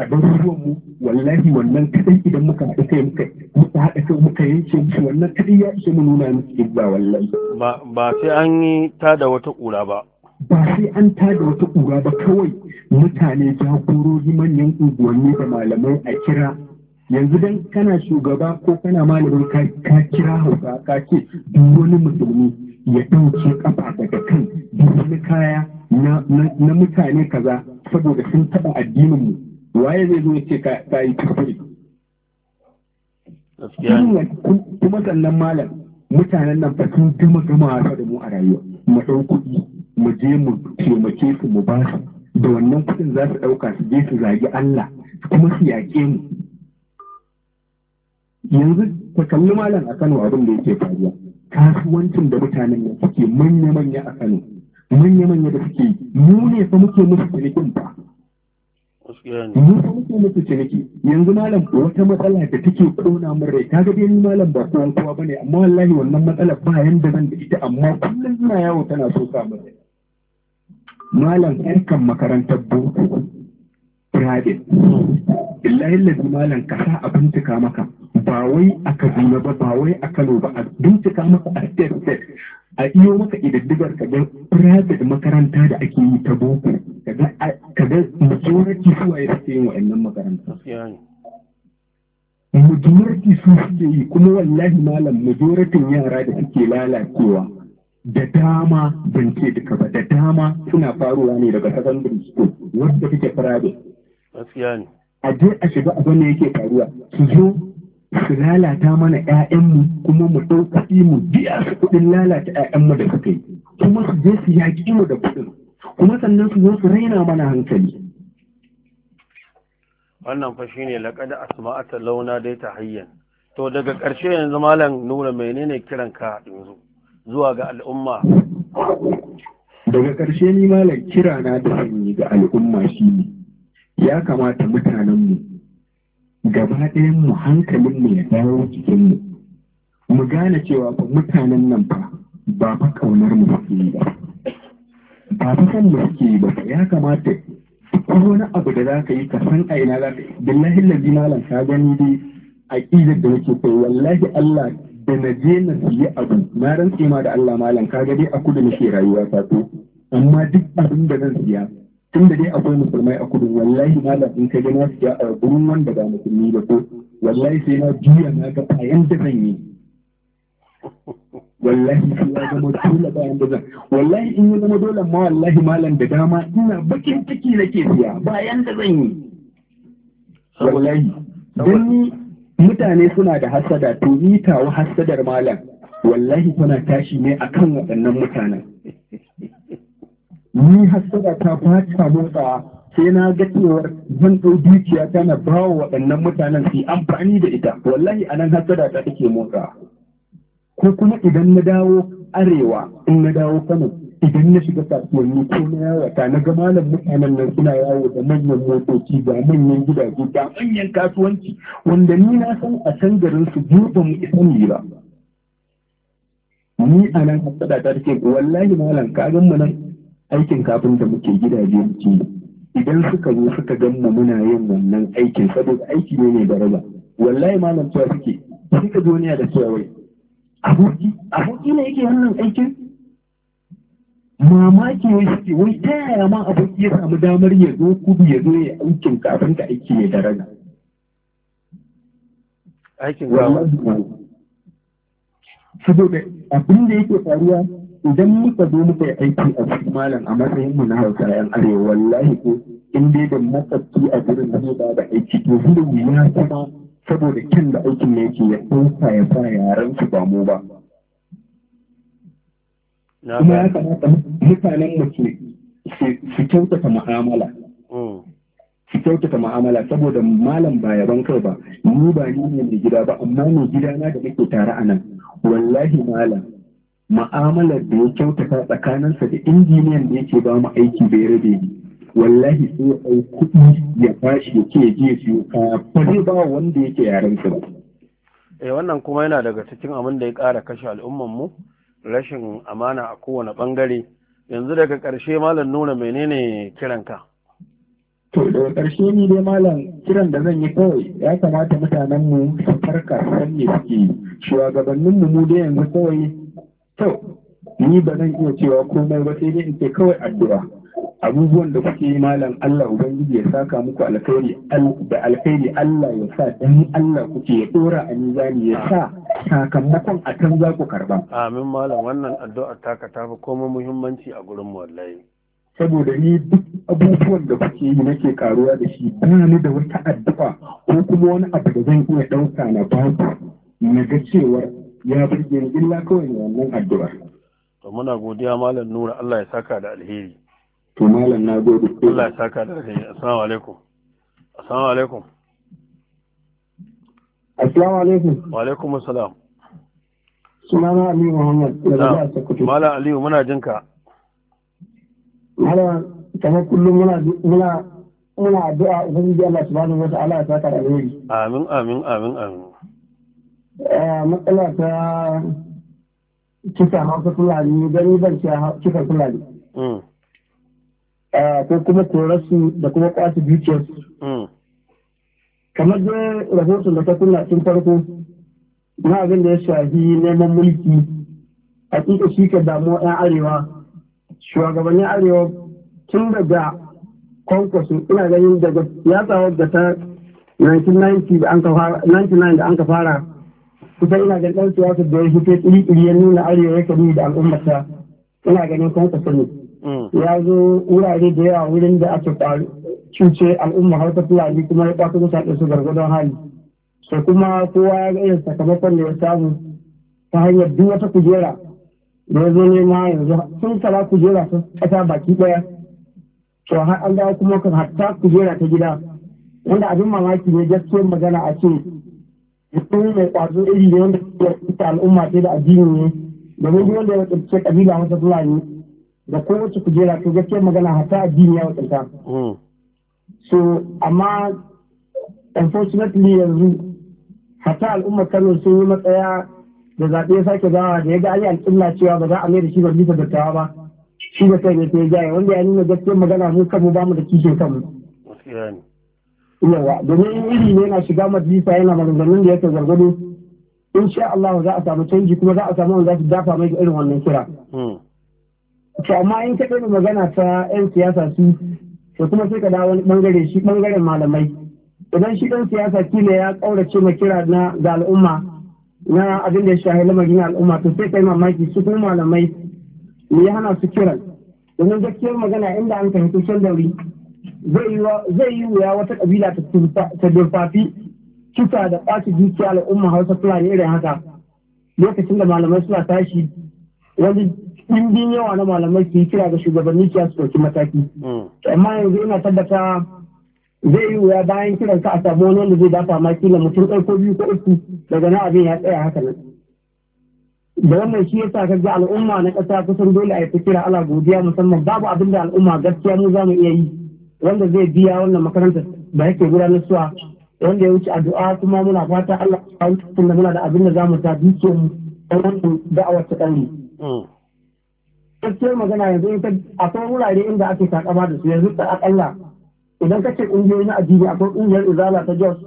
a garuruwan mu wallahi wannan kadai idan muka haɗa kai muka muka haɗa kai muka yanke musu wannan kadai ya ishe mu nuna musu ba wallahi ba ba sai an yi ta da wata kura ba ba sai an ta da wata kura ba kawai mutane jagorori manyan unguwanni da malamai a kira yanzu dan kana shugaba ko kana malamin ka kira hausa ka ce duk wani musulmi ya dauke kafa daga kan duk wani kaya na mutane kaza saboda sun taɓa mu waye zai zo ce ka yi kuskure kuma sannan malam mutanen nan fa sun gama gama da mu a rayuwa mu ɗau kuɗi mu je mu taimake su mu ba su da wannan kuɗin za su ɗauka su je su zagi Allah kuma su yaƙe mu yanzu ku kalli malam a Kano abin da yake faruwa kasuwancin da mutanen nan suke manya-manya a Kano manya-manya da suke mu ne fa muke musu cinikin ba mu fa muke musu ciniki yanzu malam wata matsala da take kona min rai kaga dai ni malam ba kowa kowa bane amma wallahi wannan matsalar ba yanda zan da ita amma kullum ina yawo tana so ka min rai malam kan makarantar boko private billahi lazi malam ka sa a bincika maka ba wai a Kaduna ba ba wai a Kano ba a bincika maka a state a iyo maka idaddigar ka ga private makaranta da ake yi ta boko ka ga majority su ya suke yin wa'annan makaranta majority su suke yi kuma wallahi malam majoratin yara da suke lalacewa da dama ban ce duka ba da dama suna faruwa ne daga secondary school wadda suke private a je a shiga abin da yake faruwa su zo su lalata mana 'ya'yanmu kuma mu ɗau kuɗi mu biya su kuɗin lalata 'ya'yanmu da suka yi kuma su je su yaƙi mu da kuɗin kuma sannan su zo su raina mana hankali wannan fa a suma ta launa dai ta hayyan, to daga ƙarshe yanzu malam nura menene kiran ka yanzu zuwa ga al'umma daga ƙarshe ni malam kira na da sanyi ga al'umma shine ya kamata mutanenmu gaba ɗayan mu hankalin mu ya dawo cikin mu mu gane cewa fa mutanen nan fa ba fa kaunar mu suke yi ba ba fa san mu suke yi ba ya kamata ko wani abu da za ka yi ka san a ina za ka yi billahi malam ka gani dai aqidar da nake kai wallahi Allah da na je na siye abu na rantse ma da Allah malam ka ga dai a kudu nake rayuwa ta amma duk abin da zan siya tun da dai akwai musulmai a kudu wallahi malam in kai gani su a gurin wanda ba musulmi ba ko wallahi sai na juya na ga bayan da zan yi wallahi sai ya zama dole bayan da zan wallahi in ya zama dole ma wallahi malam da dama ina bakin ciki nake siya bayan da zan yi wallahi don ni mutane suna da hasada to ni tawa hasadar malam wallahi tana tashi ne akan waɗannan mutanen ni hasada ta ba ta motsa sai na ga cewar zan ɗau dukiya tana ba wa waɗannan mutanen su amfani da ita wallahi a nan hasada ta take motsa ko kuma idan na dawo arewa in na dawo kano idan na shiga kasuwanni ko na yawata na ga malam mutanen nan suna yawo da manyan motoci ga manyan gidaje ga manyan kasuwanci wanda ni na san a can garin su biyu ba mu isa ni ba ni a nan hasada ta take wallahi malam ka gan nan aikin kafin da muke gidaje muke idan suka zo suka gan mu muna yin wannan aikin saboda aiki ne mai daraja wallahi malam cewa suke sai ka duniya da cewa wai aboki aboki ne yake wannan aikin mamaki ne suke wai ta yaya ma aboki ya samu damar ya zo kudu ya zo ya aikin kafin ka aiki ne daraja aikin saboda abin da yake faruwa idan muka zo muka yi aiki a cikin malam a matsayin mu na hausa yan arewa wallahi ko in dai da makwabci a gurin zai ba da aiki to gudun ya kuma saboda kyan da aikin ne yake ya ɗauka ya sa yaran su ba mu ba. Kuma ya kamata mutanen mu su kyautata mu'amala. Mm. Su kyautata mu'amala saboda malam ba yaban kai ba, ni ba ni ne mai gida ba, amma mai gida na da nake tare a nan. Wallahi malam, ma'amalar da ya kyautata tsakaninsa da injiniyan da yake ba mu aiki bai rabe ni wallahi sai ya ɗau kuɗi ya bashi ya ce je siyo yi ba zai ba wanda yake yaren ba. Eh wannan kuma yana daga cikin abin da ya ƙara kashe al'umman mu rashin amana a kowane ɓangare yanzu daga ƙarshe malam nuna menene kiranka. To daga ƙarshe ni dai malam kiran da zan yi kawai ya kamata mutanenmu su farka san me suke shugabanninmu mu dai yanzu kawai to ni ba zan iya cewa komai ba sai dai in ce kawai addu'a abubuwan da kuke yi malam Allah ubangiji ya saka muku alkhairi da alkhairi Allah ya sa dan Allah kuke ya dora a mizani ya sa sakamakon a kan za ku karba amin malam wannan addu'a ta ta tafi komai muhimmanci a gurin mu wallahi saboda ni duk abubuwan da kuke yi nake karuwa da shi ba ni da wata addu'a ko kuma wani abu da zan iya ɗauka na babu na ga cewar ya burge ni illa kawai ne wannan addu'a to muna godiya malam nura Allah ya saka da alheri to malam na gode Allah ya saka da alheri assalamu alaikum assalamu alaikum assalamu alaikum wa alaikum assalam sunana Aliyu Muhammad malam Aliyu muna ka. malam kamar kullum muna muna muna addu'a ubangiji Allah subhanahu wa ta'ala ya saka da alheri amin amin amin amin Eh, matsala ta kisa hausa fulani gani ban kisa fulani mm. eh, ko kuma korarsu da kuma kwasu dukiyarsu mm. kamar da rahoton da ta kunna tun farko na abin da ya shafi neman mulki hakika shi ka damuwa 'yan arewa shugabannin arewa tun daga kwankwasu ina ganin daga siyasa wadda ta 1999 da an ka fara kusan ina ganin ɗan siyasa da ya fi ta ƙiri-ƙiri ya nuna arewa ya kari da al'ummata ina ganin kan ka sani mm. ya zo wurare da yawa wurin da aka cuce al'umma har ta fulani kuma ya ɓata mutane su gargadon hali sai kuma kowa ya ga irin sakamakon da ya samu ta hanyar duk wata kujera da ya zo nema yanzu sun kala kujera ta ƙasa baki ɗaya to har an dawo kuma kan hatta kujera ta gida wanda abin mamaki ne gaskiyar magana a ce mutum mai kwazo iri da wanda ya ita al'umma ce da addini ne domin duk wanda ya tsarki kabila masa fulani da kowace kujera to gaskiyar magana hatta addini ya wakilta hmm. so amma unfortunately yanzu hatta al'umma kano sun yi matsaya da zaɓe sake zawa da ya ga ayi al'umma cewa ba za a mai da shi ba bisa dattawa ba shi da kai ne ta ya wanda ya nuna gaskiyar magana mu kanmu ba mu da kishin kanmu yawa domin iri ne yana shiga majalisa yana maganganun da yake gargado in sha Allah za a samu canji kuma za a samu wanda za su dafa mai irin wannan kira. Hmm. To amma in ka ɗaya magana ta 'yan siyasa su to kuma sai ka dawo wani ɓangare shi ɓangaren malamai. Idan shi ɗan siyasa kila ya ƙaurace ma kira na ga al'umma na abin da ya shahi lamarin al'umma to sai kai mamaki su kuma malamai ne ya hana su kiran. Domin gaskiyar magana inda an fahimci can dauri zai yi wuya wata kabila ta durfafi cuta da ɓaci dukiya al'umma hausa fulani irin haka lokacin da malamai suna tashi wani ɗimbin yawa na malamai su kira ga shugabanni kiya su ɗauki mataki mm. amma yanzu ina tabbata zai yi wuya bayan kiran ka a samu wani wanda zai dafa ma kila mutum ɗaya ko biyu ko uku daga na abin ya tsaya haka nan da wannan shi yasa ka ga al'umma na ƙasa kusan dole a yi ta kira ala godiya musamman babu abin da al'umma gaskiya mu za mu iya yi wanda zai biya wannan makaranta da yake gudanar suwa wanda ya wuce addu'a kuma muna fata Allah ya wuce da muna da abin da zamu ta duke mu dan wannan da'awar ta kanni hmm. gaskiyar magana yanzu ita akwai wurare inda ake takama da su yanzu ta akalla idan ka ce ƙungiyoyi na addini akwai ƙungiyar izala ta Jos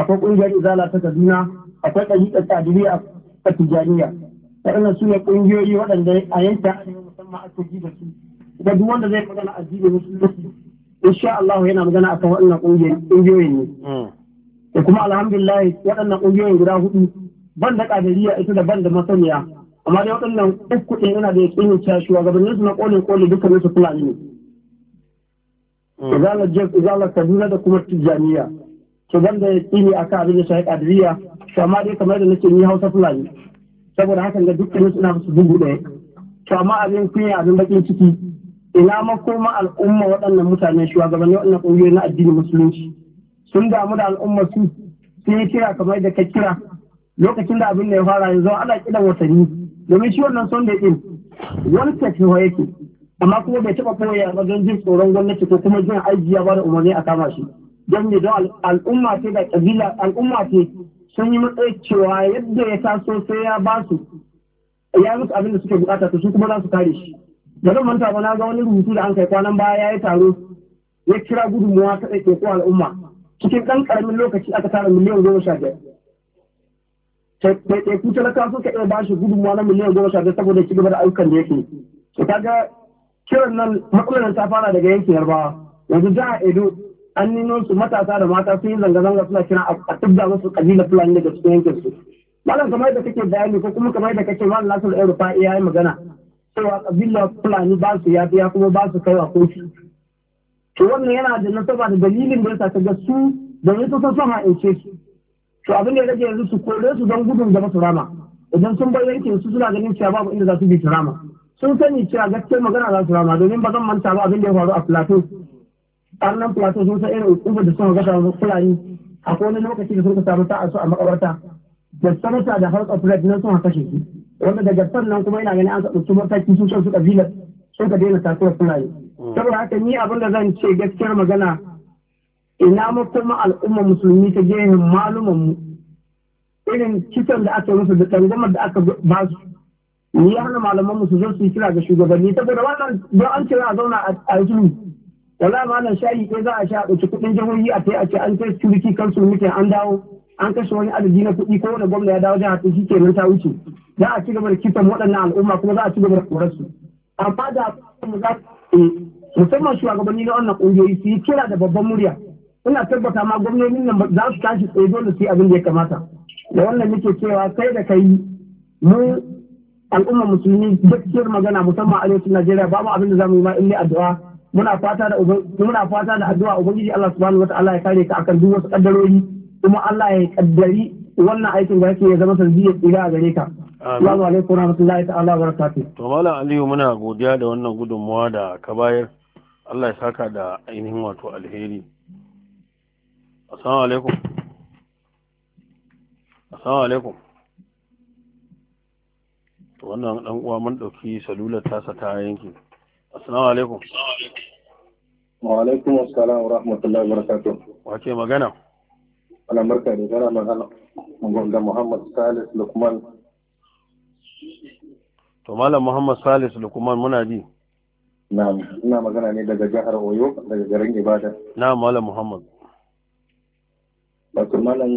akwai ƙungiyar izala ta Kaduna akwai ɗariƙar Kadiriya a Tijaniya waɗannan su ne ƙungiyoyi waɗanda a yanka musamman ake ji da su ga duk wanda zai magana addini musulunci insha Allah yana magana akan waɗannan ƙungiyoyin ne hmm. da kuma alhamdulillah waɗannan ƙungiyoyin guda hudu ban da ƙadiriya ita da ban da masaniya amma dai waɗannan uku ɗin yana da yaƙini cewa shugabannin su na ƙolin ƙoli dukkan su fulani ne hmm. izala Jeff, izala kaduna da kuma tijjaniya to ban da a kan abin da shahi ƙadiriya to amma dai kamar yadda nake ni hausa fulani saboda hakan da dukkan su ina musu dubu ɗaya to amma abin kunya abin baƙin ciki ina makoma al'umma waɗannan mutane shugabanni waɗannan ƙungiyoyi na addini musulunci sun damu da al'umma su sun yi kira kamar da ka kira lokacin da abin da ya fara yanzu ana kiran watanni domin shi wannan son da ɗin wani tafiya yake amma kuma bai taɓa koya ba don jin tsoron gwamnati ko kuma jin ajiya ba da umarni a kama shi don ne don al'umma ce da ƙabila al'umma ce sun yi matsayi cewa yadda ya taso sai ya ba su ya musu abin da suke bukata to su kuma za su kare shi da zan manta ba na ga wani rubutu da an kai kwanan baya ya yi taro ya kira gudunmuwa ta ɗauke ko al'umma cikin ɗan ƙaramin lokaci aka tara miliyan goma sha biyar ku talaka suka iya ba shi gudunmuwa na miliyan goma sha biyar saboda ci gaba da ayyukan da yake ta kaga kiran nan matsalar ta fara daga yankin yarbawa yanzu jiha edo an nino su matasa da mata sun yi zanga-zanga suna kira a tubda musu kabila fulani daga cikin yankin su malam kamar da kake bayani ko kuma kamar da kake malam nasir ɗan rufa iya yi magana cewa kabila fulani ba su yafiya kuma ba su kaiwa kotu to wannan yana da nasaba da dalilin da ya ta ga su da ya ta son ha'ince su to abin da ya rage yanzu su kore su don gudun da su rama idan sun bar yankin su suna ganin cewa babu inda za su bi su rama sun sani cewa gaske magana za su rama domin ba zan manta ba abin da ya faru a plateau ƙarnan filato sun san irin ƙufar da suka gasa fulani a wani lokaci da suka samu sa'a su a makabarta da sanata da harkar of na nan sun haka shi wanda daga sannan kuma ina ganin an ka su mataki su can su ƙabilar sun ka daina suna yi. Mm. saboda haka ni abin da zan ce gaskiyar magana ina ma kuma al'ummar musulmi ta gehen maluman mu irin kitan da aka musu da tsangwamar da aka ba su ni ya hana malaman musu zo su yi kira ga shugabanni saboda wannan ba an kira a zauna a zuru wala ma nan, shayi ɗaya za a sha a ɗauki kuɗin jihohi a kai a ce an kai security kansu mutum an dawo an kashe wani adadi na kuɗi ko wani gwamna ya dawo jihar ta shi kenan ta wuce za a ci gaba da kisan waɗannan al'umma kuma za a ci gaba da su amma da mu za musamman shugabanni na wannan ƙungiyoyi su yi kira da babban murya ina tabbata ma gwamnonin nan za su tashi tsaye dole su yi abin da ya kamata da wannan muke cewa sai da kai mu al'ummar musulmi gaskiyar magana musamman arewacin Najeriya ba mu abin da za mu yi ma in addu'a muna fata da muna fata da addu'a ubangiji Allah subhanahu wataala ya kare ka akan duk wasu kaddarori kuma Allah ya kaddari wannan aikin da kake ya zama sanadiyar tsira a gare ka Assalamu alaikum warahmatullahi ta'ala barakatuh. To Malam Aliyu muna godiya da wannan gudunmawa da ka bayar. Allah ya saka da ainihin wato alheri. Assalamu alaikum. Assalamu alaikum. To wannan dan uwa mun dauki salular tasa ta yanki. Assalamu alaikum. Wa alaikum assalam wa rahmatullahi wa barakatuh. Wa ke magana? Ana barka da gara magana. Mun ga Muhammad Salis Lukman to malam muhammad salis lukman muna ji na'am ina magana ne daga jihar oyo daga garin ibadan na'am malam muhammad wato malam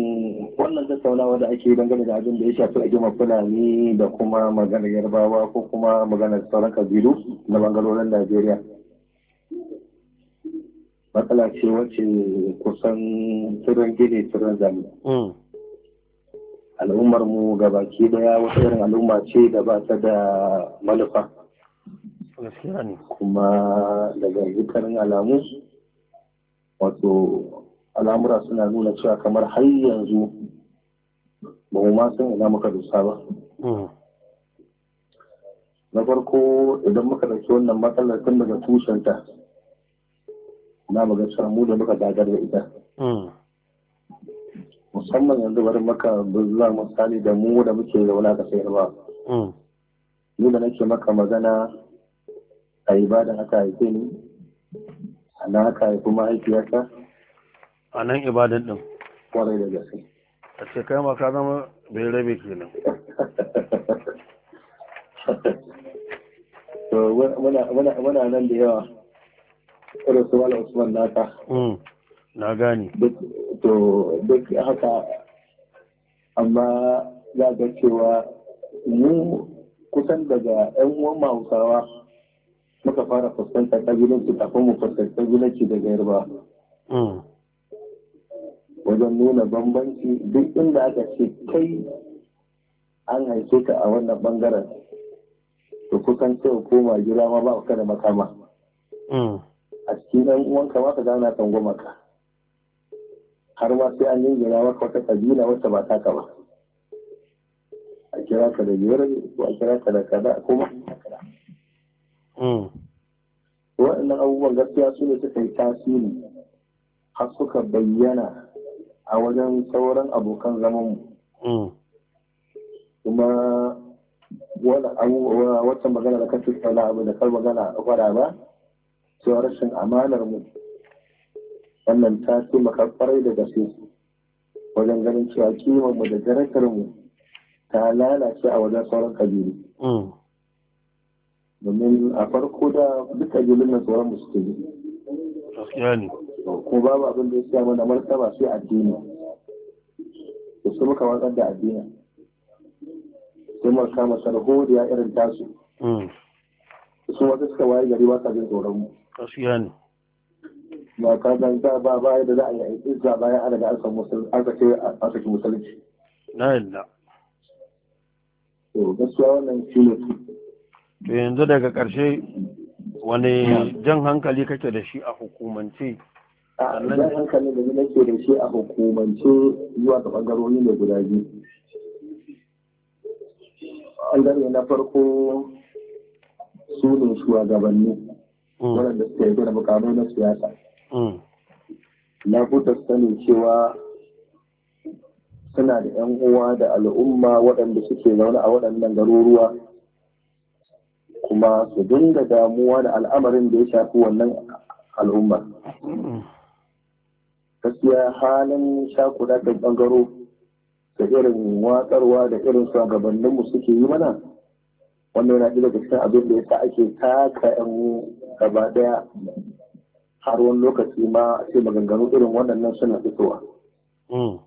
wannan tattaunawa da ake dangane da abin da ya shafi ajima fulani da kuma maganar yarbawa ko kuma maganar sauran kabilu na bangarorin najeriya matsala ce wacce kusan turan gini turan zamani. Mm. al'ummar mu ga baki daya wata irin al'umma ce da ba ta da manufa kuma daga dukkanin alamu wato al'amura suna nuna cewa kamar har yanzu ba mu ma san ina muka dusa ba hmm. na farko idan muka ɗauki wannan matsalar tun daga tushenta na mu ga mu da muka dagar da ita hmm. musamman yanzu bari maka zuwa misali da mu da muke zaune ka sayar ba. Mm. ni da nake maka magana a bada aka haife ni a nan aka haifi mahaifiyata a nan ibadan ɗin. kwarai da gaske a ce kai ma ka zama bai rabe kenan nan. muna nan da yawa irin su wala usman naka mm. na gane to duk haka amma za ga cewa mu kusan daga 'yan uwan hausawa muka fara fuskantar kabilanci kafin mu fuskanci kabilanci daga yarba mm. wajen nuna bambanci duk inda aka ce kai an haife ka a wannan bangaren to kusan sai koma gida ma ba ka da makama mm. a cikin 'yan uwanka ma ka gana kan gwamaka. har ma sai an jingira maka wata kabila wacce ba taka ba a kira ka da yorabe ko a kira ka da kaza ko ma kaza hmm. waɗannan abubuwan gaskiya su ne suka yi tasiri har suka bayyana a wajen sauran abokan zaman mu hmm. kuma wani abubuwa wata magana da kafin tsala abu da kar magana a kwada ba cewa rashin amanar mu wannan ta taimaka kwarai da gaske wajen ganin cewa kimar mu da darajar mu ta lalace a wajen sauran kabilu mm. domin a farko da duk kabilun na tsoron mu suke yi. ko babu abin da ya siya mana martaba sai addini da su muka watsar da addini sai muka kama sarhodiya irin tasu mm. su wata suka waye gari ba sa jin tsoron mu ba ka zan za ba ba da za a yi izza bayan an riga an samu an saki musulunci la illa to gaskiya wannan shi ne to yanzu daga karshe wani jan hankali kake da shi a hukumance jan hankali da nake da shi a hukumance zuwa ga bangarori ne guda biyu ɓangare na farko su ne shugabanni mm. waɗanda suke da mukamai na siyasa Na mm. labuta sani cewa suna da 'yan uwa da al'umma waɗanda suke zaune a waɗannan garuruwa kuma su dinga damuwa da al'amarin da ya shafi wannan al'umma mm. gaskiya halin shakuda kan ɓangaro da irin watsarwa da irin shugabanninmu suke yi mana wannan yana daga cikin abin da ya sa ake taka 'yan gaba daya har wani lokaci ma a ce maganganu irin waɗannan suna fitowa. Hmm.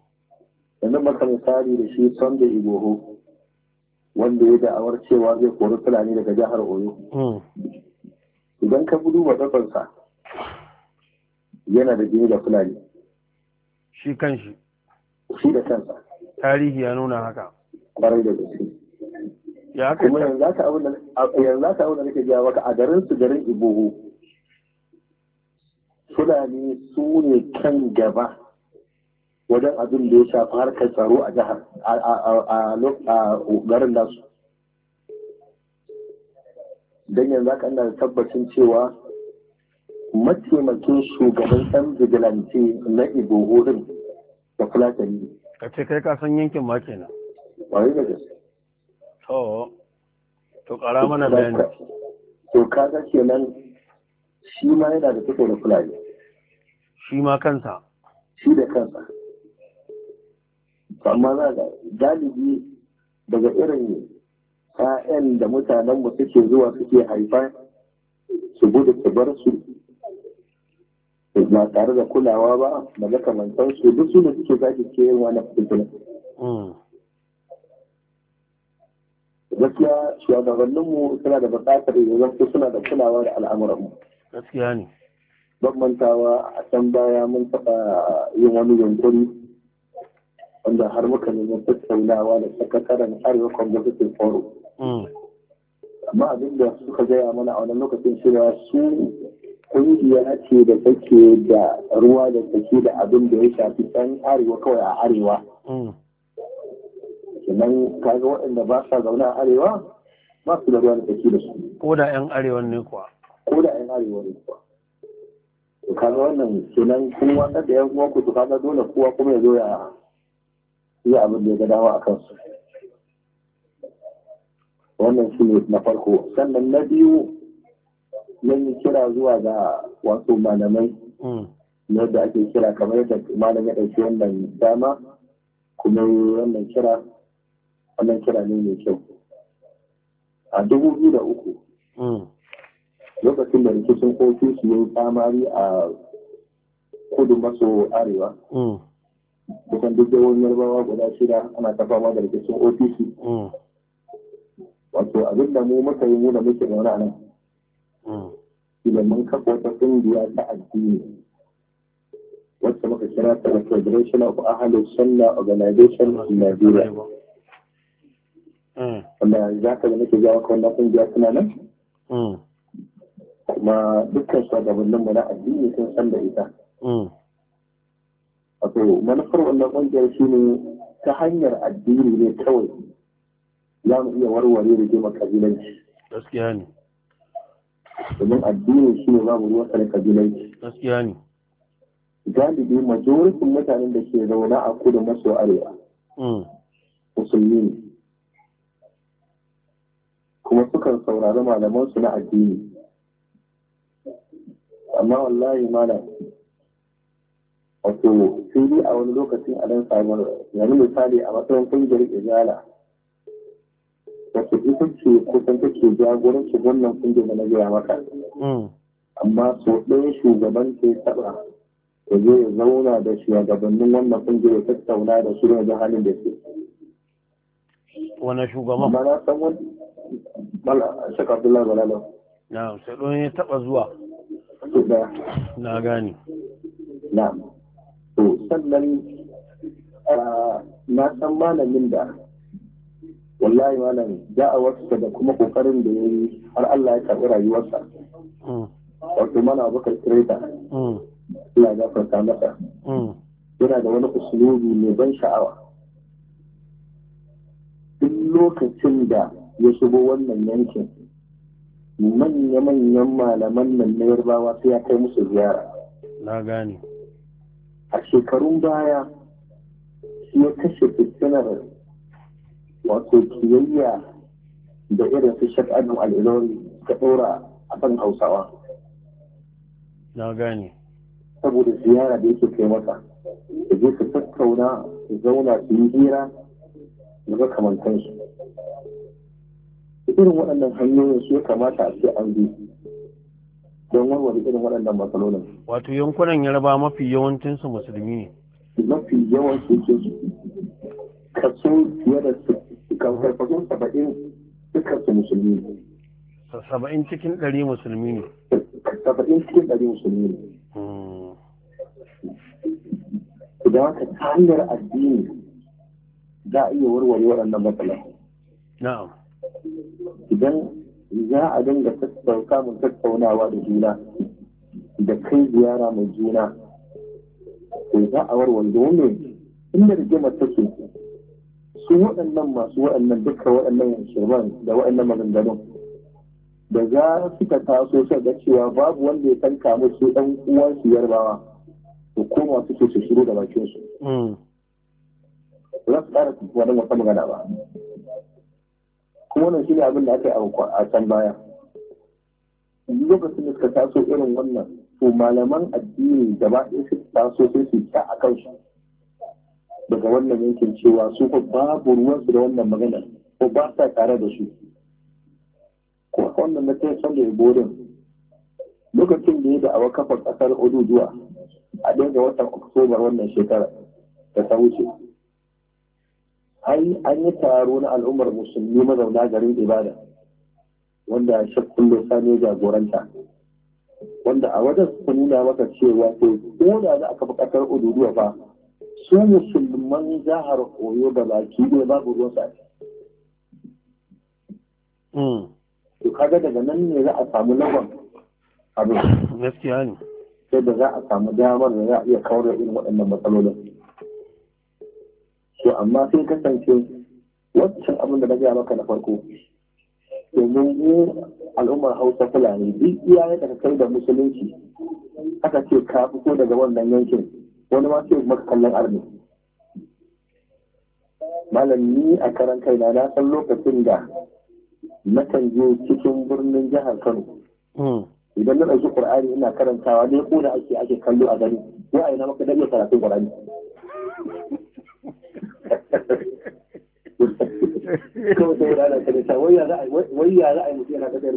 Yanzu maka misali da shi Sunday Igboho wanda ya da'awar cewa zai kori Fulani daga jihar Oyo. Hmm. Idan ka gudu wa dafansa yana da jini da Fulani. Shi kanshi. Shi da kansa. Tarihi ya nuna haka. Kwarai da gaske. Ya kuma yanzu za ka abu da nake jawa maka a garin su garin Igboho. fulani su ne kan gaba wajen abin da ya shafi harkar tsaro a jihar a garin nasu don yanzu aka ana tabbacin cewa mataimakin shugaban ɗan vigilante na ibo din da fulatani ka ce kai ka san yankin ma kenan wani da gaske to to ƙara mana bayani to kaga kenan shi ma yana da fito da fulani shi ma kansa shi da kansa amma za ga galibi daga irin ƴaƴan da mutanen mu suke zuwa suke haifa su gudu su bar su ba tare da kulawa ba da makamantar su duk su ne suke zaki ke yin wani fitina hmm. gaskiya shugabanninmu suna da buƙatar yanzu suna da kulawa da al'amuranmu gaskiya ne ban mantawa a can baya mun taɓa yin wani yankuri wanda har muka nemi tattaunawa da sakataren arewa conservative forum mm. amma abin da suka gaya mana a wani lokacin cewa su kungiya ce da take da ruwa da take da abin da ya shafi ɗan arewa kawai a arewa Sannan mm. kaga waɗanda ba sa zaune a arewa ba su da ruwa da take da su ko da 'yan arewa ne kuwa ko da 'yan arewa ne kuwa to wannan sunan kuma watsar da yan ku kaga dole kowa kuma ya zo ya yi abin da ya ga dawo a kansu wannan shi ne na farko sannan na biyu zan yi kira zuwa ga wato malamai yadda hmm. ake kira kamar yadda malamai ya ɗauki wannan dama kuma wannan kira wannan kira ne mai kyau a dubu biyu da uku hmm. lokacin da rikicin ofishi ya yi kamari a kudu maso arewa mm. kusan duk yawan yarbawa guda shida ana ta fama da rikicin ofishi mm. wato abin da mu muka yi mu da muke zaune a nan mm. idan mun kafa wata kungiya ta addini wacce muka kira ta da Federation of Ahlul Sunnah Organization of Nigeria wanda za ka da nake jawo kawai wannan biya suna nan kuma dukkan shugabannin mu na addini sun san da ita mm. wato manufar wannan ƙungiyar ne ta hanyar addini ne kawai za mu iya warware jima kabilanci gaskiya ne domin addini shi ne za mu ruwa da kabilanci gaskiya ne galibi majoritin mutanen da ke zaune a kudu maso arewa mm. musulmi ne kuma sukan saurari malamansu na addini amma wallahi malam wato sai a wani lokacin a dan samu yanzu misali a matsayin kungiyar ijala wato ita ce kusan take jagoranci wannan kungiyar da na gaya maka mm. amma so ɗaya shugaban ke taɓa ya zo ya zauna da shugabannin wannan kungiyar ya tattauna da su da halin da ke wani shugaban ma na san wani shakar dula balalo na sai ɗaya ya taɓa zuwa na gani. na to sannan ah, na san malamin da wallahi malam da'awarsa da kuma kokarin da ya yi har Allah ya karɓi rayuwarsa mm. wato mana bakar kireta mm. Allah ya gafarta masa mm. yana da wani usulubi mai ban sha'awa duk lokacin da ya shigo wannan yankin manya-manyan malaman nan na yarbawa sai ya kai musu ziyara na gane a shekarun baya shi ya kashe fitinar wato kiyayya da irin su shek adu al'ilori ta ɗora a kan hausawa na gane saboda ziyara da yake kai mata da je su tattauna su zauna su yi hira kamar kansu irin waɗannan hanyoyin su ya kamata a ce an bi don warware irin waɗannan matsalolin. Wato yankunan yarba mafi yawancinsu musulmi ne. Mafi yawancin su kaso fiye da kaso saba'in dukkan su musulmi ne. Saba'in cikin ɗari musulmi ne. Saba'in cikin ɗari musulmi ne. Idan hmm. haka ta hanyar addini za a iya warware waɗannan matsalolin. Na'am. idan za a dinga samun tattaunawa da juna da kai ziyara mai juna to za a warware domin inda rigimar take su waɗannan masu waɗannan duka waɗannan shirman da waɗannan maganganun da za suka taso sai ga cewa babu wanda ya tanka musu ɗan uwansu yarbawa to koma suke su shiru da bakinsu. Hmm. Za su ƙara kuma wata magana ba. kuma wannan shine abin da aka yi a can baya lokacin da suka taso irin wannan to malaman addini gaba ɗaya su taso sai su ta a kansu daga wannan yankin cewa su ko babu ruwansu da wannan magana ko ba sa tare da su ko wannan na san da ya borin lokacin da ya da awa kafa ƙasar oduduwa a ɗaya ga watan oktoba wannan shekara da ta wuce Ai, an yi taro na al'ummar musulmi mazauna garin ibada wanda shakkun kullum sani jagoranta wanda a wajen su nuna maka cewa ko da za a kafa buƙatar ududuwa fa su musulman jihar Oyo da baki ne babu ruwan sa hmm. to kaga daga nan ne za a samu lagon abin gaskiya ne sai da za a samu damar da za a iya kawar da irin waɗannan matsalolin to amma sun kasance wancan abin da na gaya maka na farko domin mu al'ummar hausa fulani duk iya da ka kai da musulunci aka ce ka fito daga wannan yankin wani ma ce maka kallon arni malam ni a karan kai na san lokacin da nakan je cikin birnin jihar kano hmm. idan na ɗauki ƙur'ani ina karantawa ne ko da ake ake kallo a gani. ko a ina maka daɗe karatun ƙur'ani kawai saboda a yi da wannan abin da take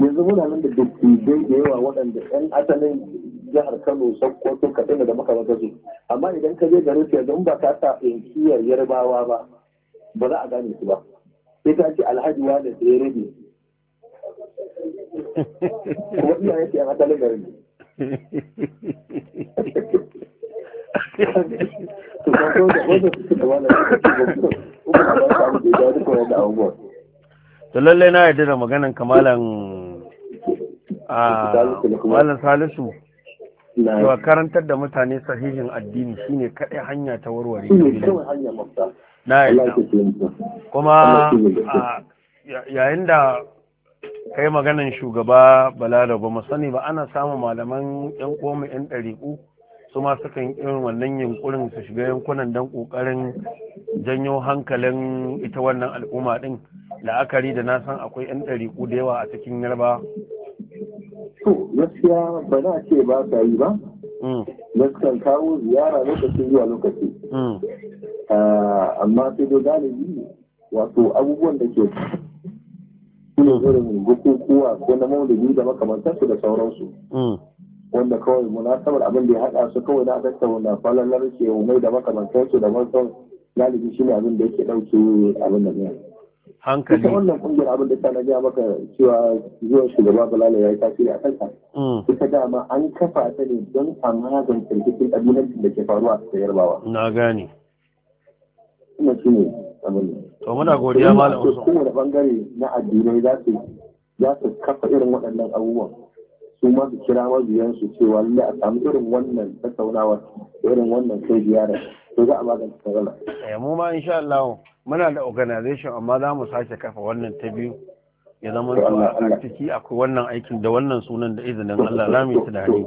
yanzu muna nan da da yawa waɗanda 'yan asalin jihar Kano Sokoto Katsina da makamantar su amma idan ka je garin su yanzu ba ka sa yarbawa ba ba za a gane su ba sai ce alhaji wa da tsere ne kuma iyayen su ƴan asalin garin ne to lallai na yarda da maganan kamalan malam salisu cewa karantar da mutane sahihin addini shine kaɗai hanya ta warware na yarda kuma yayin da kai maganan shugaba bala ba mu sani ba ana samun malaman yan uwanmu yan ɗariƙu su ma sukan irin wannan yunkurin su shiga yankunan dan ƙoƙarin janyo hankalin ita wannan al'umma ɗin la'akari da na san akwai yan ɗariƙu da yawa a cikin yarba. gaskiya ba za ce ba ka yi ba gaskiyan mm. kawo ziyara lokacin zuwa lokaci mm. ah, amma sai dai galibi wato abubuwan da ke ne irin bukukuwa ko na maulidi da makamantarsu da sauransu mm. wanda kawai munasabar abin da ya haɗa su kawai na wanda falon larke umai da makamantarsu da mansan galibi shi ne abin da yake ɗauke abin da ne hankali ita wannan kungiyar abin da ta na gaya maka cewa zuwan shugaba balala ya yi tasiri a kanta mm. ita dama an kafa ta ne don a magance rikicin ƙabilancin da ke faruwa a yarbawa na gane ina shi ne to muna godiya malam usman kuma da bangare na addinai za su za su kafa irin waɗannan abubuwan su ma su kira su cewa lallai a samu irin wannan tattaunawa da irin wannan kai ziyara to za a magance matsala eh mu ma insha Allah muna da organization amma za mu sake kafa wannan ta biyu ya zama a ciki akwai wannan aikin da wannan sunan da izinin Allah za mu yi tunani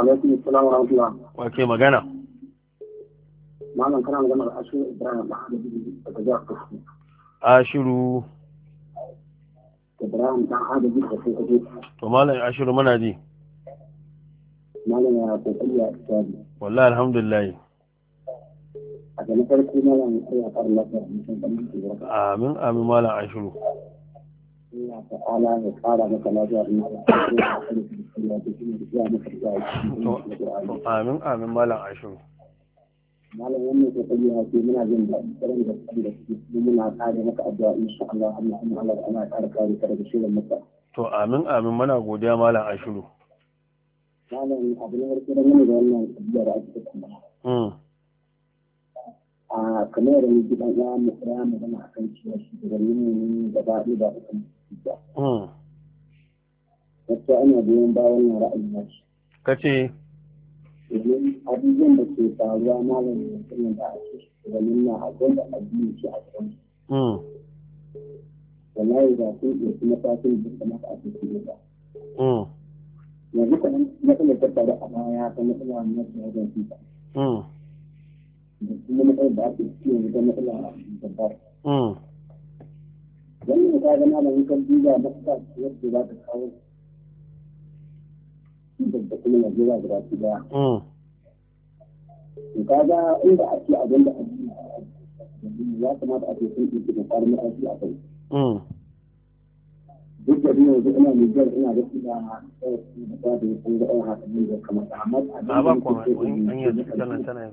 alaikum assalam wa rahmatullah wa ke magana malam kana magana da ashiru ibrahim ahmadu daga jihar kasu ashiru ibrahim dan ahmadu daga kasu to malam ashiru muna ji malam ya kokari ya tsari wallahi alhamdulillah a ga na farko malam ya fara lafiya amin amin malam ashiru Allah ya kara maka lafiya amin amin malam ashiru malam wannan kokari ya ce muna jin daɗi da da muna kare maka addu'a insha Allah Allah Allah ana kara kare shirin maka to amin amin muna godiya malam malam abu na farko da da wannan kabiya da ake kuma hmm. a kamar da ni gidan ya mu ya magana akan cewa kuma shida. ana goyon bayan na ra'ayi na shi. Domin abubuwan da ke faruwa malamin mutumin da ake ganin na akwai da addini ke a kan. Hmm. Wallahi ba sun iya kuma fasin da kuma ka ake kuma ba. Hmm. Yanzu kamar matsalar ta faru a baya ta matsalar na shi wajen fita. Da kuma matsalar da ake cikin wajen a da ba. Hmm. wannan ta ga malamin kan duba mafita yadda za ta kawo da kuma najeriya da baki daya to kaga inda ake abin da ya kamata a ce sun ɗauki da fara na aiki a kai duk da duniya yanzu ina mai jar ina da su da ɗauki da ba da yanzu ɗan haka da kamata amma a ba kuma an yi tana tana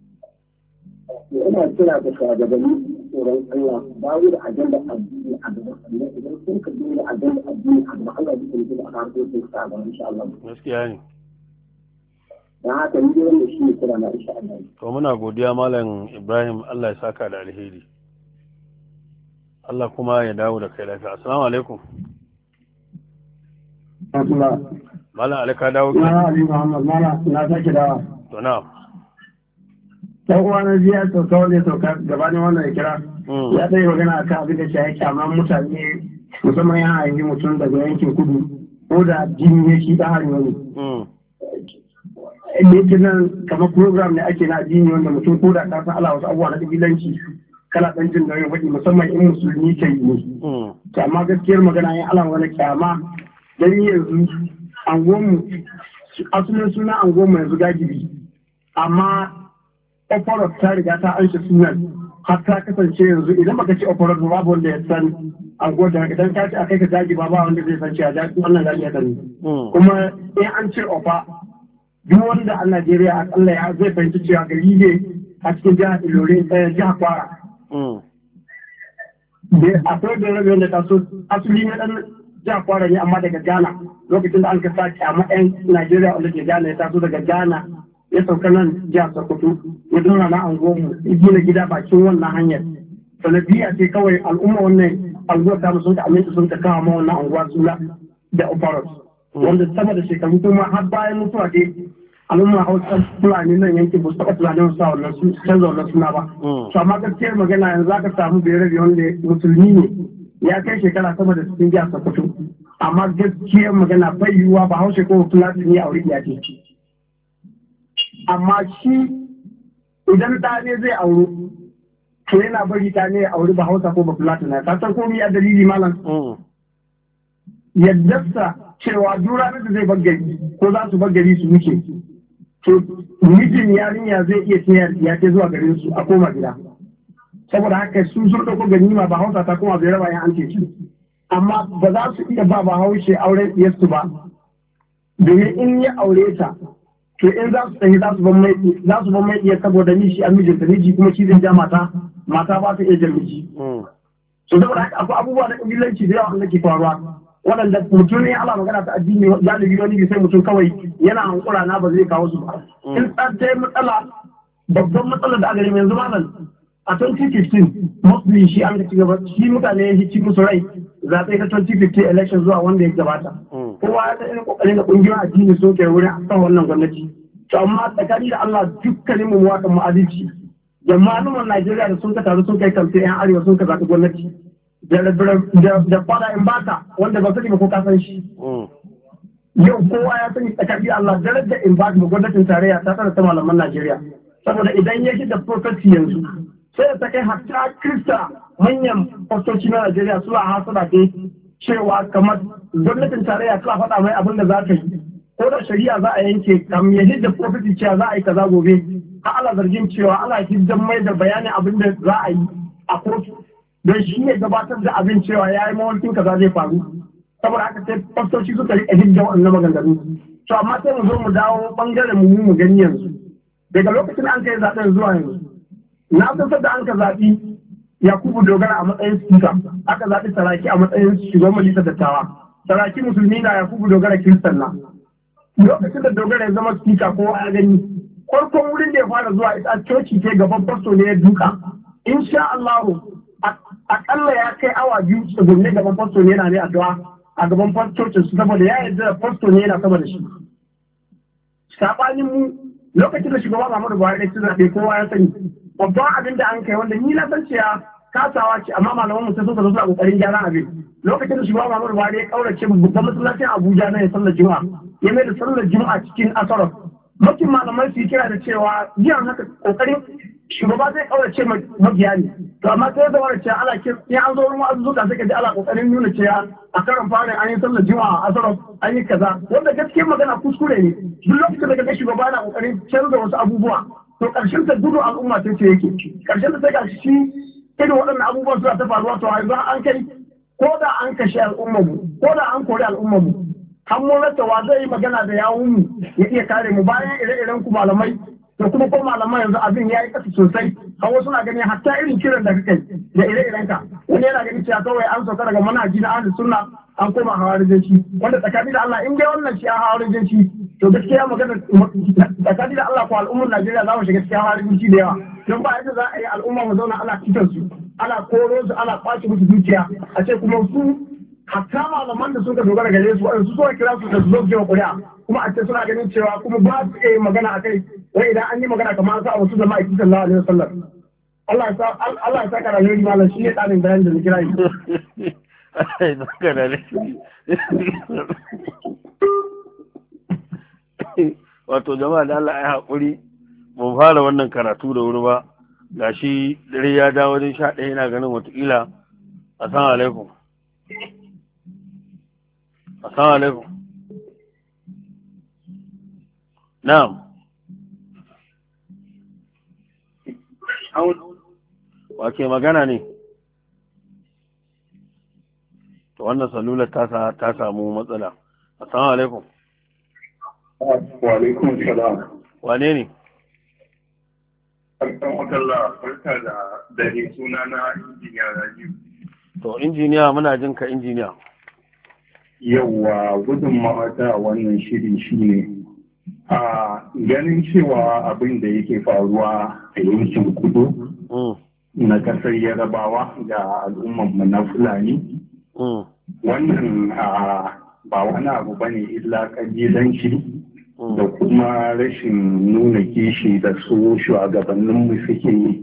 ina kira ga shugabanni tsoron Allah dawo da ajanda addini a gaba sannan idan sun ka dole da addini a gaba Allah zai yi da harkokin sa ga insha Allah gaskiya ne dan haka ni dai wannan shi ne kira na insha Allah to muna godiya malam Ibrahim Allah ya saka da alheri Allah kuma ya dawo da kai lafiya assalamu alaikum Malam Alika dawo. Na Ali Muhammad Malam na sake dawa. To na'am. dan uwa na jiya sauka wanda ya sauka gabanin wannan hmm. ya kira ya tsaye magana akan abin da shi kama mutane musamman ya haifi mutum daga yankin kudu ko da jini ya shi dan arewa ne hmm. yake nan kamar program ne ake na addini wanda mutum ko da ka Allah wasu abubuwa na kabilanci kana dan jin da faɗi musamman in musulmi ta yi ne hmm. amma gaskiyar magana ya Allah wani kyama dan yanzu mu asalin suna angonmu yanzu gagibi amma oporot ta riga ta an shi sunan har ta kasance yanzu idan baka ci oporot ba babu wanda ya san anguwar idan ka ci a kai ka daji ba ba wanda zai san cewa daji wannan zaki ya hmm. kuma in an ci ofa duk wanda a Najeriya a akalla ya zai fahimci cewa gari ne a cikin jihar Ilori eh, jihar Kwara. Hmm. Akwai da rabin da taso asali na ɗan jihar Kwara ne amma daga Ghana lokacin da an ka sa kyama 'yan Najeriya wanda ke Ghana ya taso daga Ghana ya sauka nan jihar Sokoto ya dora na angonmu ya gina gida bakin wannan hanyar sanadiyya ce kawai al'umma wannan anguwar ta sun ta aminta sun ta kawo ma wannan anguwa suna da Oparos. wanda sama da shekaru kuma har bayan mutuwa dai al'umma hausa fulani nan yankin ba su taɓa tunanin sa wannan su canza wannan suna ba to amma gaskiyar magana yanzu za ka samu da wanda musulmi ne ya kai shekara sama da cikin jihar Sokoto amma gaskiyar magana bai yiwuwa ba haushe ko fulani ne a wuri ya ce amma shi idan ɗa ne zai auro to yana bari ta ne auri ba hausa ko ba na ta san komi a dalili malam mm. yaddarsa cewa jura ranar da zai bagari ko za su bagari su wuce to mijin yarinya zai iya tayar ya ke zuwa garin su a koma gida saboda haka sun sun dauko ganima ba hausa ta koma bai raba ya an teku amma ba za su iya ba ba haushe auren ɗiyarsu ba domin in ya aure ta to in za su tsaye za su ban mai za su ban mai iya saboda ni shi an mijinta miji kuma shi zai ja mata mata ba ta iya jan miji to hmm. saboda haka akwai abubuwa na kabilanci da yawa wanda ke faruwa waɗanda mutum ne ala magana ta addini lubi wani sai mutum kawai yana hankula na ba zai kawo su ba hmm. in ta yi matsala babban matsala da agarimin yanzu malam a 2015 muslim shi an ga cigaba shi mutane ya ci musu rai zaɓe ta 2050 election zuwa wanda ya gabata hmm. kowa ya ta irin kokarin da kungiyar addini sun kai wurin a wannan gwamnati to amma tsakani da Allah dukkanin mu waka mu adalci Jama'an Najeriya da sun ka taru sun kai kamfe yan arewa sun ka zaɓi gwamnati da fara in baka wanda ba sani ba ko ka san shi hmm. yau kowa ya sani tsakani da Allah darajar in baka gwamnatin tarayya ta tsara ta malaman Najeriya saboda idan shi da prophecy yanzu sai da ta kai hatta kirista manyan fastoci na Najeriya su a hasada ke cewa kamar gwamnatin tarayya a faɗa mai abin da za ta yi ko da shari'a za a yanke kam ya hidda profiti cewa za a yi kaza gobe har ala zargin cewa ana hiddan mai da bayani abin da za a yi a kotu don shi ne gabatar da abin cewa ya yi mawarkin kaza zai faru saboda haka sai fastoci suka riƙa hidda wannan maganganu to amma sai mu zo mu dawo bangaren mu mu gani yanzu daga lokacin an kai zaɓen zuwa yanzu na san da an ka zaɓi yakubu dogara a matsayin spika aka zaɓi saraki a matsayin shugaban majalisar dattawa saraki musulmi na yakubu dogara kiristan na lokacin da dogara ya zama spika kowa a gani farkon wurin da ya fara zuwa ita coci ke gaban fasto ne ya duka insha Allah akalla ya kai awa biyu tsugunne gaban fasto ne yana ne addu'a a gaban fastocin su saboda ya yarda da fasto ne yana sama da shi sabanin mu lokacin da shugaba Muhammadu Buhari ya ci zaɓe kowa ya sani babban abin da an kai wanda ni na san cewa kasawa ce amma malaman mu sai suka zo a kokarin gyara abin lokacin da shugaba Muhammadu Buhari ya kaurace babban masallacin Abuja na ya sallar Juma'a ya mai da sallar Juma'a cikin asarar mutum malamai su kira da cewa jiya haka kokarin shugaba zai kaurace magiya ne to amma sai da wani cewa ala kin ya an zo ruwa da sai ka ji ala kokarin nuna cewa a karan fara an yi sallar juma'a a an yi kaza wanda gaskiyar magana kuskure ne duk lokacin da kaga shugaba na kokarin canza wasu abubuwa to ƙarshen ta dudu al'umma ta ce yake ƙarshen ta sai ga shi irin waɗannan abubuwan suna ta faruwa to yanzu an kai ko da an kashe al'ummar mu ko da an kori al'ummar mu har mun rasa wa zai yi magana da yawun mu ya iya kare mu bayan ire-iren ku malamai da kuma ko malamai yanzu abin ya yi ƙasa sosai hawa suna ganin hatta irin kiran da kai da ire-iren ka wani yana ganin cewa kawai an sauka daga manhaji na ahlus sunna an koma hawarijin shi wanda tsakanin da Allah in dai wannan shi a hawarijin shi to gaskiya magana tsakani da Allah ko al'ummar Najeriya za mu shiga cikin harin da yawa don ba yadda za a yi al'umma mu zauna ana cutar su ana koro su ana kwace musu dukiya a ce kuma su hatta malaman da suka dogara gare su waɗanda su suka kira su da su zo su jewa kuma a ce suna ganin cewa kuma ba su iya magana a kai wai idan an yi magana kamar sa a wasu zama a kisan lawa alaihi wasallam Allah ya sa Allah ya sa ka rayuwar malam shi ne tsarin bayan da na kira yi. Ai, na sa ne. wato jama'a da Allah ya haƙuri ba fara wannan karatu da wuri ba ga shi dare ya dawo wajen sha ɗaya yana ganin watakila a alaikum assalamu alaikum na'am wake magana ne ta wannan salula ta samu matsala assalamu alaikum Wa Wane ne? da dare suna na To injiniya muna jin ka injiniya. Yawwa gudunmawa ta wannan shiri shi ne. A ganin cewa abin da yake faruwa a yankin kudu mm. na kasar yarabawa ga al'ummanmu na Fulani. Mm. Wannan ba wani abu bane illa kabilanci. da kuma rashin nuna kishi da su shugabanninmu suke yi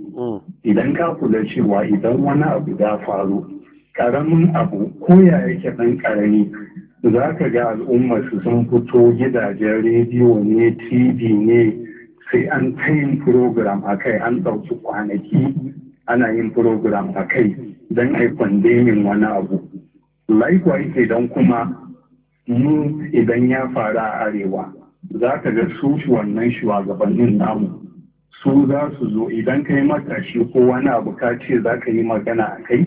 idan ka kula cewa idan wani abu ya faru karamin abu koya yake ɗan karami za ka ga su sun fito gidajen rediyo ne tv ne sai an ta yin program a kai an ɗauki kwanaki ana yin program a kai don a kwandemin wani abu likewise idan kuma mu idan ya faru a arewa za ka ga su wannan shugabannin namu su za su zo idan ka yi matashi ko wani abu ka ce za ka yi magana a kai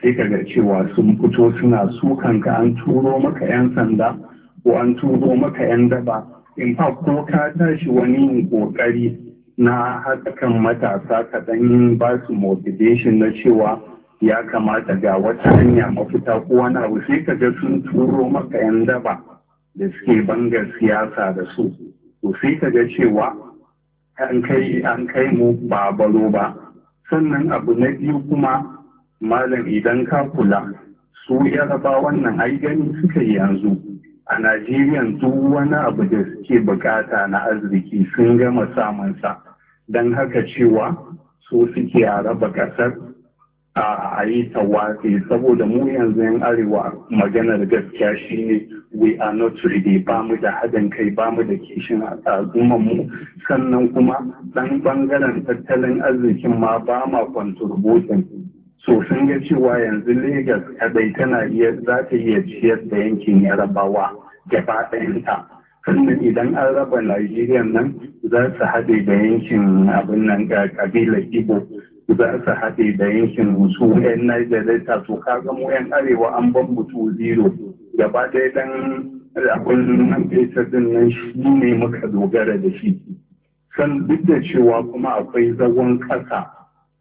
sai ka ga cewa sun fito suna su ka an turo maka 'yan sanda ko an turo maka 'yan daba in fa ko ka tashi wani yin kokari na kan matasa ka ɗan ba su motivation na cewa ya kamata ga wata hanya mafita ko wani abu sai ka ga sun turo maka 'yan daba da suke bangar siyasa da su to sai ka ga cewa an kai an kai mu ba baro ba sannan abu na biyu kuma malam idan ka kula su yaraba wannan ai gani suka yi yanzu a najeriya duk wani abu da suke bukata na arziki sun gama samunsa don haka cewa su suke a raba kasar a yi tawafi saboda mu yanzu yan arewa maganar gaskiya shi ne. we are not ready ba mu da haɗin kai ba mu da kishin al'umman mu sannan kuma ɗan bangaren tattalin arzikin ma ba ma contribution so sun ga cewa yanzu Legas kadai tana iya za ta iya ciyar da yankin Yarabawa gaba ɗayanta sannan idan an raba Najeriya nan za su haɗe da yankin abin nan ga kabilar Igbo za su haɗe da yankin su 'yan Niger Delta to kaga mu 'yan Arewa an bambu mutu zero gaba ɗaya dan abin nan fetur nan shi ne muka dogara da shi san duk da cewa kuma akwai zagon ƙasa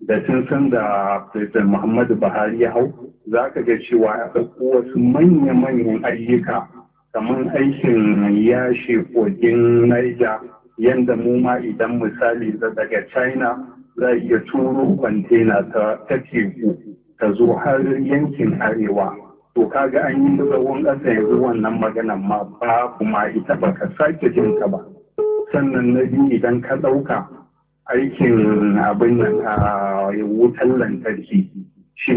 da tun san da President Muhammadu Buhari ya hau za ka ga cewa ya ɗauko wasu manya-manyan ayyuka kamar aikin yashe kogin Niger yadda mu ma idan misali daga China za a iya turo kwantena ta teku ta zo har yankin arewa to kaga an yi tsawon ƙasa yanzu wannan maganan ma ba kuma ita ba ka sake jin ka ba sannan na biyu idan ka ɗauka aikin abin nan a wutan lantarki shi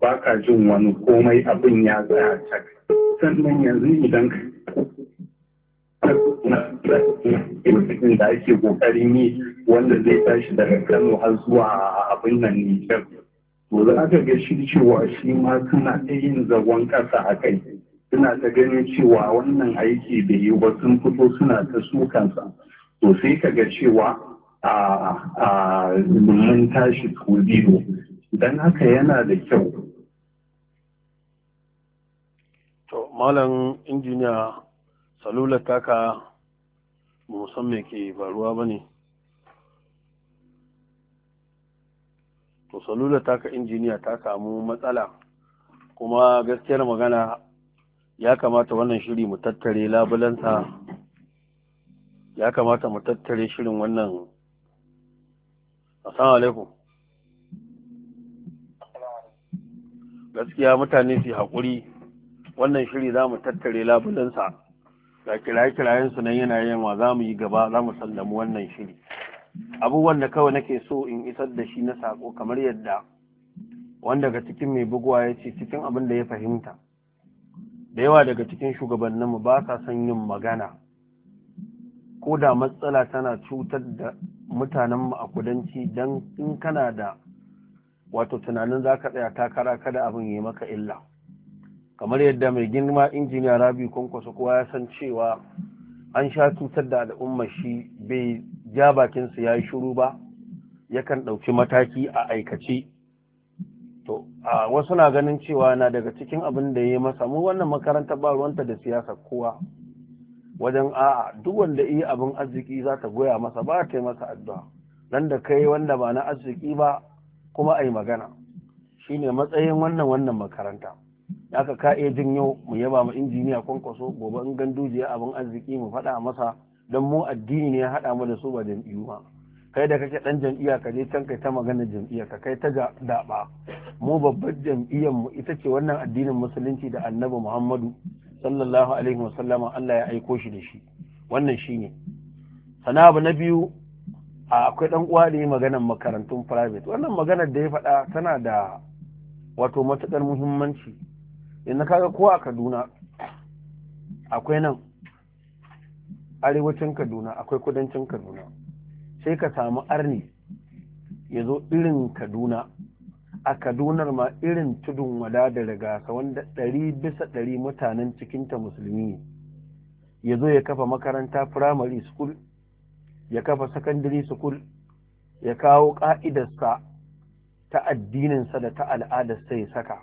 ba ka jin wani komai abin ya tsaya cak sannan yanzu idan ka da ake kokarin yi wanda zai tashi daga kano har zuwa abin nan nijar to aka ka ga shi cewa shi ma suna ta yin zagon ƙasa a kai suna ta ganin cewa wannan aiki da yi ba sun fito suna ta kansa to sai ka ga cewa a mun tashi tudido don haka yana da kyau to malam injiniya salula taka musamman ke faruwa ba ne to salula taka injiniya ta samu matsala kuma gaskiyar magana ya kamata wannan shiri mu tattare labulansa ya kamata mu tattare shirin wannan assalamu alaikum gaskiya mutane su haƙuri wannan shiri za mu tattare labulansa da kiraye-kirayensu nan yana yin wa za mu yi gaba za mu sallamu wannan shiri abubuwan da kawai nake so in isar da shi na sako kamar yadda wanda daga cikin mai buguwa ya ce cikin abin da ya fahimta da yawa daga cikin shugabanninmu ba sa son yin magana ko da matsala tana cutar da mutanen mutanenmu a kudanci don in kana da wato tunanin za ka tsaya takara kada abin yi maka illa kamar yadda mai girma injiniya rabi kwankwaso kowa ya san cewa an sha cutar da al'ummar shi bai ja bakinsa ya yi shuru ba yakan ɗauki mataki a aikace to a wasu na ganin cewa na daga cikin abin da ya masa mu wannan makaranta ba ruwanta da siyasa kowa wajen a'a duk wanda iya abin arziki za ta goya masa ba ta yi masa addu'a nan da kai wanda ba na arziki ba kuma a yi magana shine matsayin wannan wannan makaranta aka ka iya jin yau mu yaba ma injiniya kwankwaso gobe in jiya abin arziki mu faɗa masa don mu addini ne ya haɗa mu da su ba jam'iyyu ba kai da kake ɗan jam'iyya ka je can kai ta magana jam'iyya ka kai ta daɓa mu babbar jam'iyyar mu ita ce wannan addinin musulunci da annabi muhammadu sallallahu alaihi Allah ya aiko shi da shi wannan shine sana abu na biyu akwai ɗan uwa da yi maganar makarantun private wannan maganar da ya faɗa tana da wato matuƙar muhimmanci yanzu kaga kowa a kaduna akwai nan arewacin kaduna akwai kudancin kaduna sai ka samu arni ya zo irin kaduna a kadunar ma irin tudun wada da ka wanda ɗari bisa ɗari mutanen cikinta musulmi ya zo ya kafa makaranta firamare school ya kafa secondary school ya kawo ƙa'idarsa ta addininsa da ta al'adarsa ya saka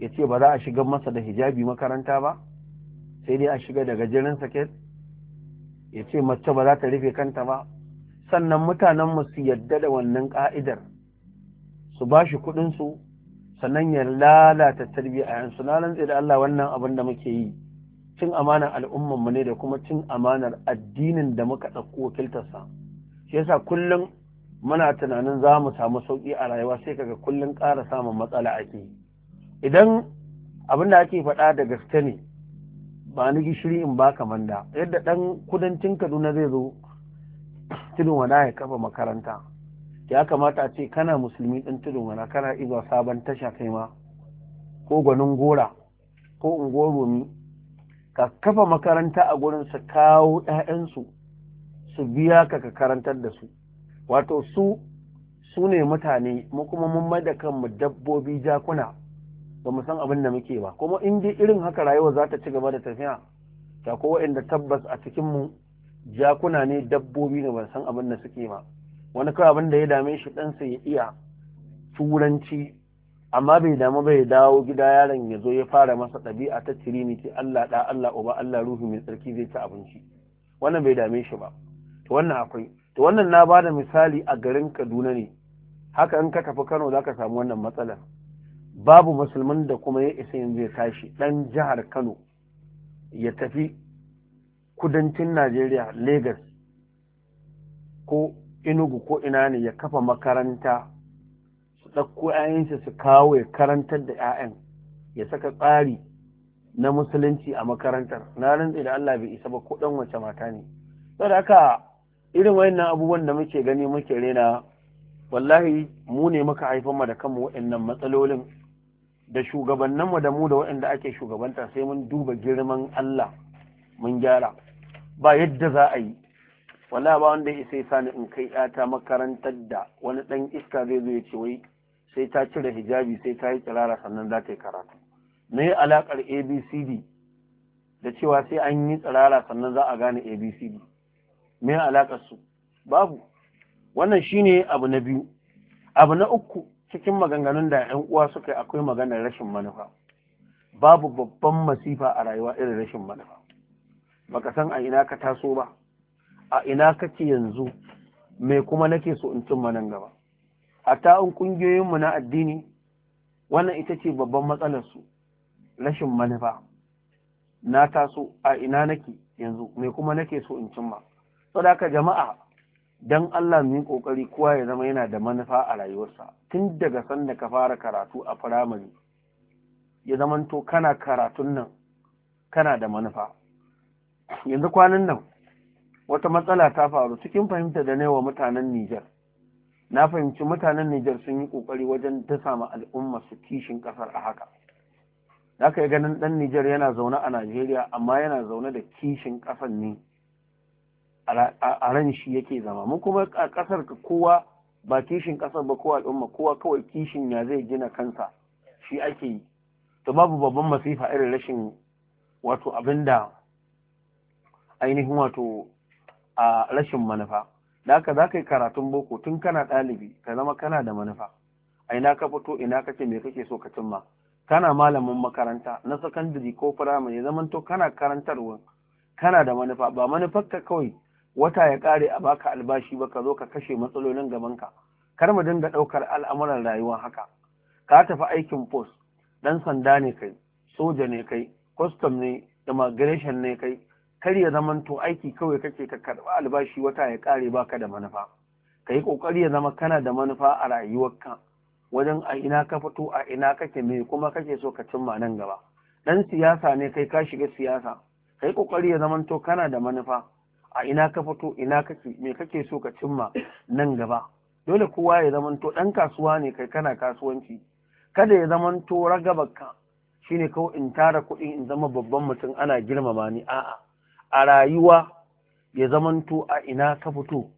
ya ce ba za a shiga masa da hijabi makaranta ba sai dai a shiga da gajeren saket ya ce mace ba za ta rufe kanta ba sannan mutanenmu su yadda da wannan ka'idar su ba shi kuɗinsu sannan ya lalata A 'yansu na rantse da Allah wannan abin da muke yi cin amanar al'ummanmu ne da kuma cin amanar addinin da muka ɗauko wakiltarsa shi yasa kullum muna tunanin za mu samu sauƙi a rayuwa sai kaga kullum ƙara samun matsala ake yi idan abin da ake faɗa da gaske ne ba ni gishiri in ba ka manda yadda ɗan kudancin kaduna zai zo tudun wana ya kafa makaranta ya kamata a ce kana musulmi ɗan tudun wana kana izuwa sabon tasha kai ma ko gwanin gora ko ungoromi ka kafa makaranta a gurin su kawo ɗayansu su biya ka ka karantar da su wato su su ne mutane mu kuma mun mai kanmu dabbobi jakuna ba mu san abin da muke ba kuma in dai irin haka rayuwa za ta ci gaba da tafiya ta ko inda tabbas a cikin mu jakuna ne dabbobi ne ban san abin da suke ba wani kawai abin da ya dame shi ɗansa ya iya turanci amma bai damu bai dawo gida yaron ya zo ya fara masa ɗabi'a ta trinity Allah da Allah uba Allah ruhu mai tsarki zai ci abinci wannan bai dame shi ba to wannan akwai to wannan na bada misali a garin Kaduna ne haka in ka tafi Kano zaka samu wannan matsalar babu musulman da kuma ya isa yanzu ya tashi ɗan jihar kano ya tafi kudancin najeriya lagos ko enugu ko ina ne ya kafa makaranta su ɗauko 'ya'yansa su kawo ya karantar da 'ya'yan ya saka tsari na musulunci a makarantar na rantsi da allah bai isa ba ko dan wace mata ne saboda haka irin wayannan abubuwan da muke gani muke rena wallahi mu ne muka mu da kanmu waɗannan matsalolin da shugabanninmu da mu da waɗanda ake shugabanta sai mun duba girman Allah mun gyara ba yadda za a yi wala ba wanda ya sai sani in kai yata makarantar da wani ɗan iska zai zo ya ce wai sai ta cire hijabi sai ta yi kirara sannan za ta yi karatu me ya alaƙar abcd da cewa sai an yi tsirara sannan za a gane abcd me ya su babu wannan shine abu na biyu abu na uku cikin maganganun da ‘yan uwa suka yi akwai maganar rashin manufa babu babban masifa a rayuwa irin rashin manufa baka san a ina ka taso ba a ina kake yanzu me kuma nake so in cimma nan gaba a ta'un ƙungiyoyinmu na addini wannan ita ce babban su rashin manufa na taso a ina nake yanzu me kuma nake so in cimma saboda jama'a don Allah mu yi kokari kowa ya zama yana da manufa a rayuwarsa tun daga sanda ka fara karatu a firamare ya zamanto kana karatun nan kana da manufa yanzu kwanan nan wata matsala ta faru cikin fahimta da wa mutanen Nijar na fahimci mutanen Nijar sun yi ƙoƙari wajen ta samu al'umma su kishin kasar a haka zaka yi ganin dan Nijar yana zaune a Najeriya amma yana zaune da kishin kasar ne a ran shi yake zama mu kuma a ƙasar ka kowa ba kishin ƙasar ba kowa al'umma kowa kawai kishin ya zai gina kansa shi ake yi to babu babban masifa irin rashin wato abinda ainihin wato a rashin manufa da haka za ka yi karatun boko tun kana ɗalibi ka zama kana da manufa a ina ka fito ina ce me kake so ka cimma kana malamin makaranta na sakandare ko firamare zaman kana karantarwa kana da manufa ba manufarka kawai wata ya ƙare a baka albashi ba ka zo ka kashe matsalolin gabanka kar mu dinga ɗaukar al'amuran rayuwa haka ka tafi aikin post ɗan sanda ne kai soja ne kai custom ne immigration ne kai kar ya zama to aiki kawai kake ka karɓi albashi wata ya ƙare baka da manufa ka yi ƙoƙari ya zama kana da manufa a rayuwarka wajen a ina ka fito a ina kake me kuma kake so ka cimma nan gaba Ɗan siyasa ne kai ka shiga siyasa kai kokari ya zaman to kana da manufa a ina ka fito ina kake me kake so ka cimma nan gaba dole kowa ya zamanto ɗan kasuwa ne kai kana kasuwanci kada ya zamanto ragabarka shine kawai in tara kuɗi in zama babban mutum ana girmama ni a'a a rayuwa ya zamanto a ina ka fito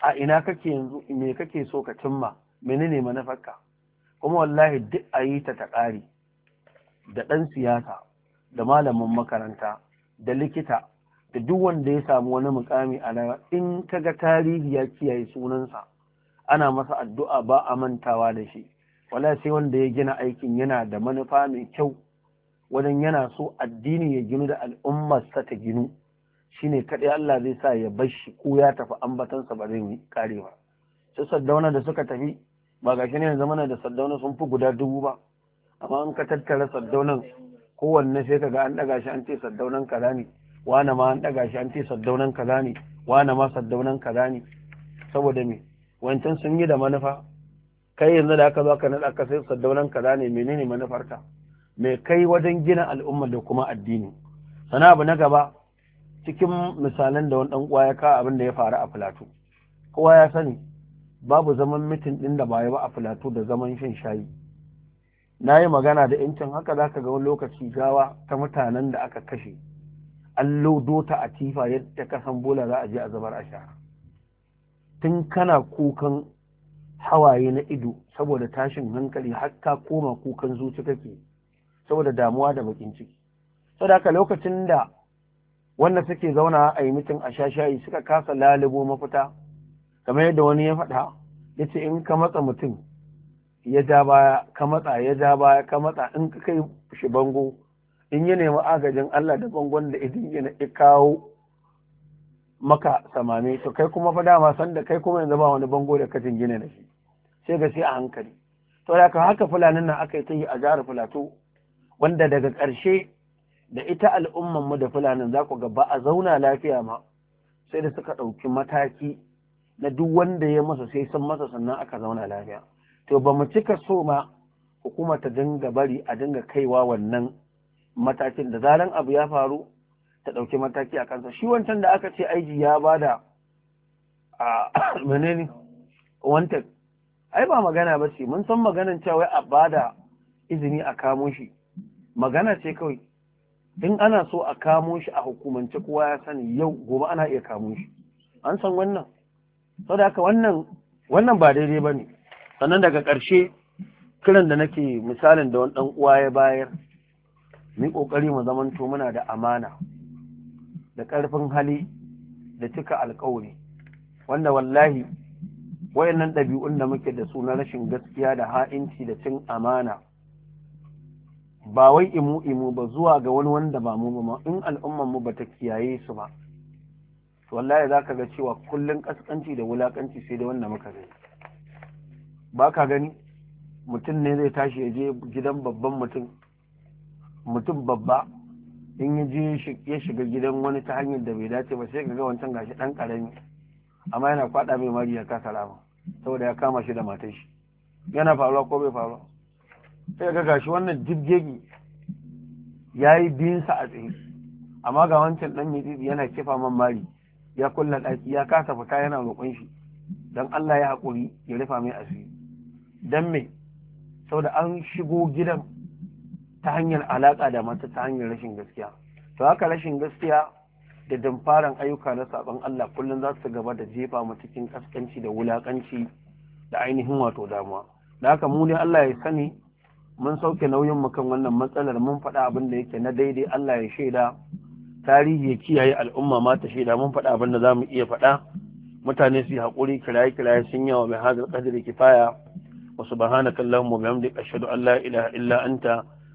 a ina kake yanzu me kake so ka cimma menene manufarka kuma wallahi duk a yi ta ƙari da ɗan siyasa da malamin makaranta da likita da duk wanda ya samu wani mukami a nan in kaga tarihi ya kiyaye sunansa ana masa addu'a ba a mantawa da shi wala sai wanda ya gina aikin yana da manufa mai kyau wajen yana so addini ya ginu da al'ummarsa ta ginu shine kaɗai Allah zai sa ya bar shi ko ya tafi ambatansa ba zai kare ba sai saddauna da suka tafi ba ga shi ne zamana da saddauna sun fi guda dubu ba amma in ka tattara saddaunan kowanne sai ka ga an ɗaga shi an ce saddaunan kaza wane ma an ɗaga shi an ce saddaunan kaza ne wane ma saddaunan kaza ne saboda me wancan sun yi da manufa kai yanzu da aka zo aka naɗa ka sai saddaunan kaza ne menene manufarka me kai wajen gina al'umma da kuma addini sana abu na gaba cikin misalan da wani ɗan uwa ya kawo abin da ya faru a filato kowa ya sani babu zaman mitin ɗin da baya ba a filato da zaman shan shayi na yi magana da yancin haka za ka ga wani lokaci gawa ta mutanen da aka kashe an lodo ta a tifa yadda kasan bola za a je a zabar a shara tun kana kukan hawaye na ido saboda tashin hankali har ka koma kukan zuci kake saboda damuwa da bakin ciki saboda haka lokacin da wanda suke zauna a yi mitin a shashayi suka kasa lalubo mafita kamar yadda wani ya faɗa ya ce in ka matsa mutum ya ja baya ka matsa ya ja baya ka matsa in ka kai shi bango in ya nemi agajin Allah da bangon da idin yana ya kawo maka samami to kai kuma fa dama san da kai kuma yanzu ba wani bango da katin gina da shi sai ga sai a hankali to da haka fulanin nan aka yi ta yi a jihar filato wanda daga karshe da ita al'umman mu da fulanin za ku ga ba a zauna lafiya ma sai da suka ɗauki mataki na duk wanda ya masa sai san masa sannan aka zauna lafiya to ba mu cika so ma hukuma ta dinga bari a dinga kaiwa wannan matakin da zaran abu ya faru ta ɗauki mataki a kansa shi wancan da aka ce aiji ya ba da a menene ai ba magana ba ce mun san maganan cewa a ba da izini a kamo shi magana ce kawai in ana so a kamo shi a hukumance kowa ya sani yau gobe ana iya kamo shi an san wannan saboda haka wannan wannan ba daidai ba ne sannan daga ƙarshe kiran da nake misalin da wani ɗan uwa ya bayar mu ƙoƙari mu zamanto muna da amana da ƙarfin hali da cika alƙawari wanda wallahi wayannan ɗabi'un da muke da su na rashin gaskiya da ha'inci da cin amana ba wai imu imu ba zuwa ga wani wanda ba mu ba in al'umman mu bata kiyaye su ba to wallahi zaka ga cewa kullun kaskanci da wulakanci sai da wanda muka gani ba ka gani mutum ne zai tashi ya je gidan babban mutum mutum babba in ya je ya shiga gidan wani ta hanyar da bai dace ba sai ga wancan gashi dan karami amma yana kwada mai mari ya kasa rama saboda ya kama shi da matar shi yana faruwa ko bai faruwa sai ga gashi wannan jibgegi ya yi biyunsa a tsaye amma ga wancan dan mai yana kifa man mari ya kulla ɗaki ya kasa fita yana roƙon shi don Allah ya haƙuri ya rufa mai asiri don me saboda an shigo gidan ta hanyar alaƙa da mata ta hanyar rashin gaskiya to haka rashin gaskiya da damfaran ayyuka na saban Allah kullum za su gaba da jefa mu cikin kaskanci da wulakanci da ainihin wato damuwa da haka mu ne Allah ya sani mun sauke nauyin mu kan wannan matsalar mun faɗa abin da yake na daidai Allah ya shaida tarihi ya kiyaye al'umma ma ta shaida mun faɗa abin da za mu iya faɗa mutane su yi haƙuri kiraye kiraye sun yawa mai hadar ƙadiri kifaya wa subhanakallahumma wa bihamdika ashhadu an la ilaha illa anta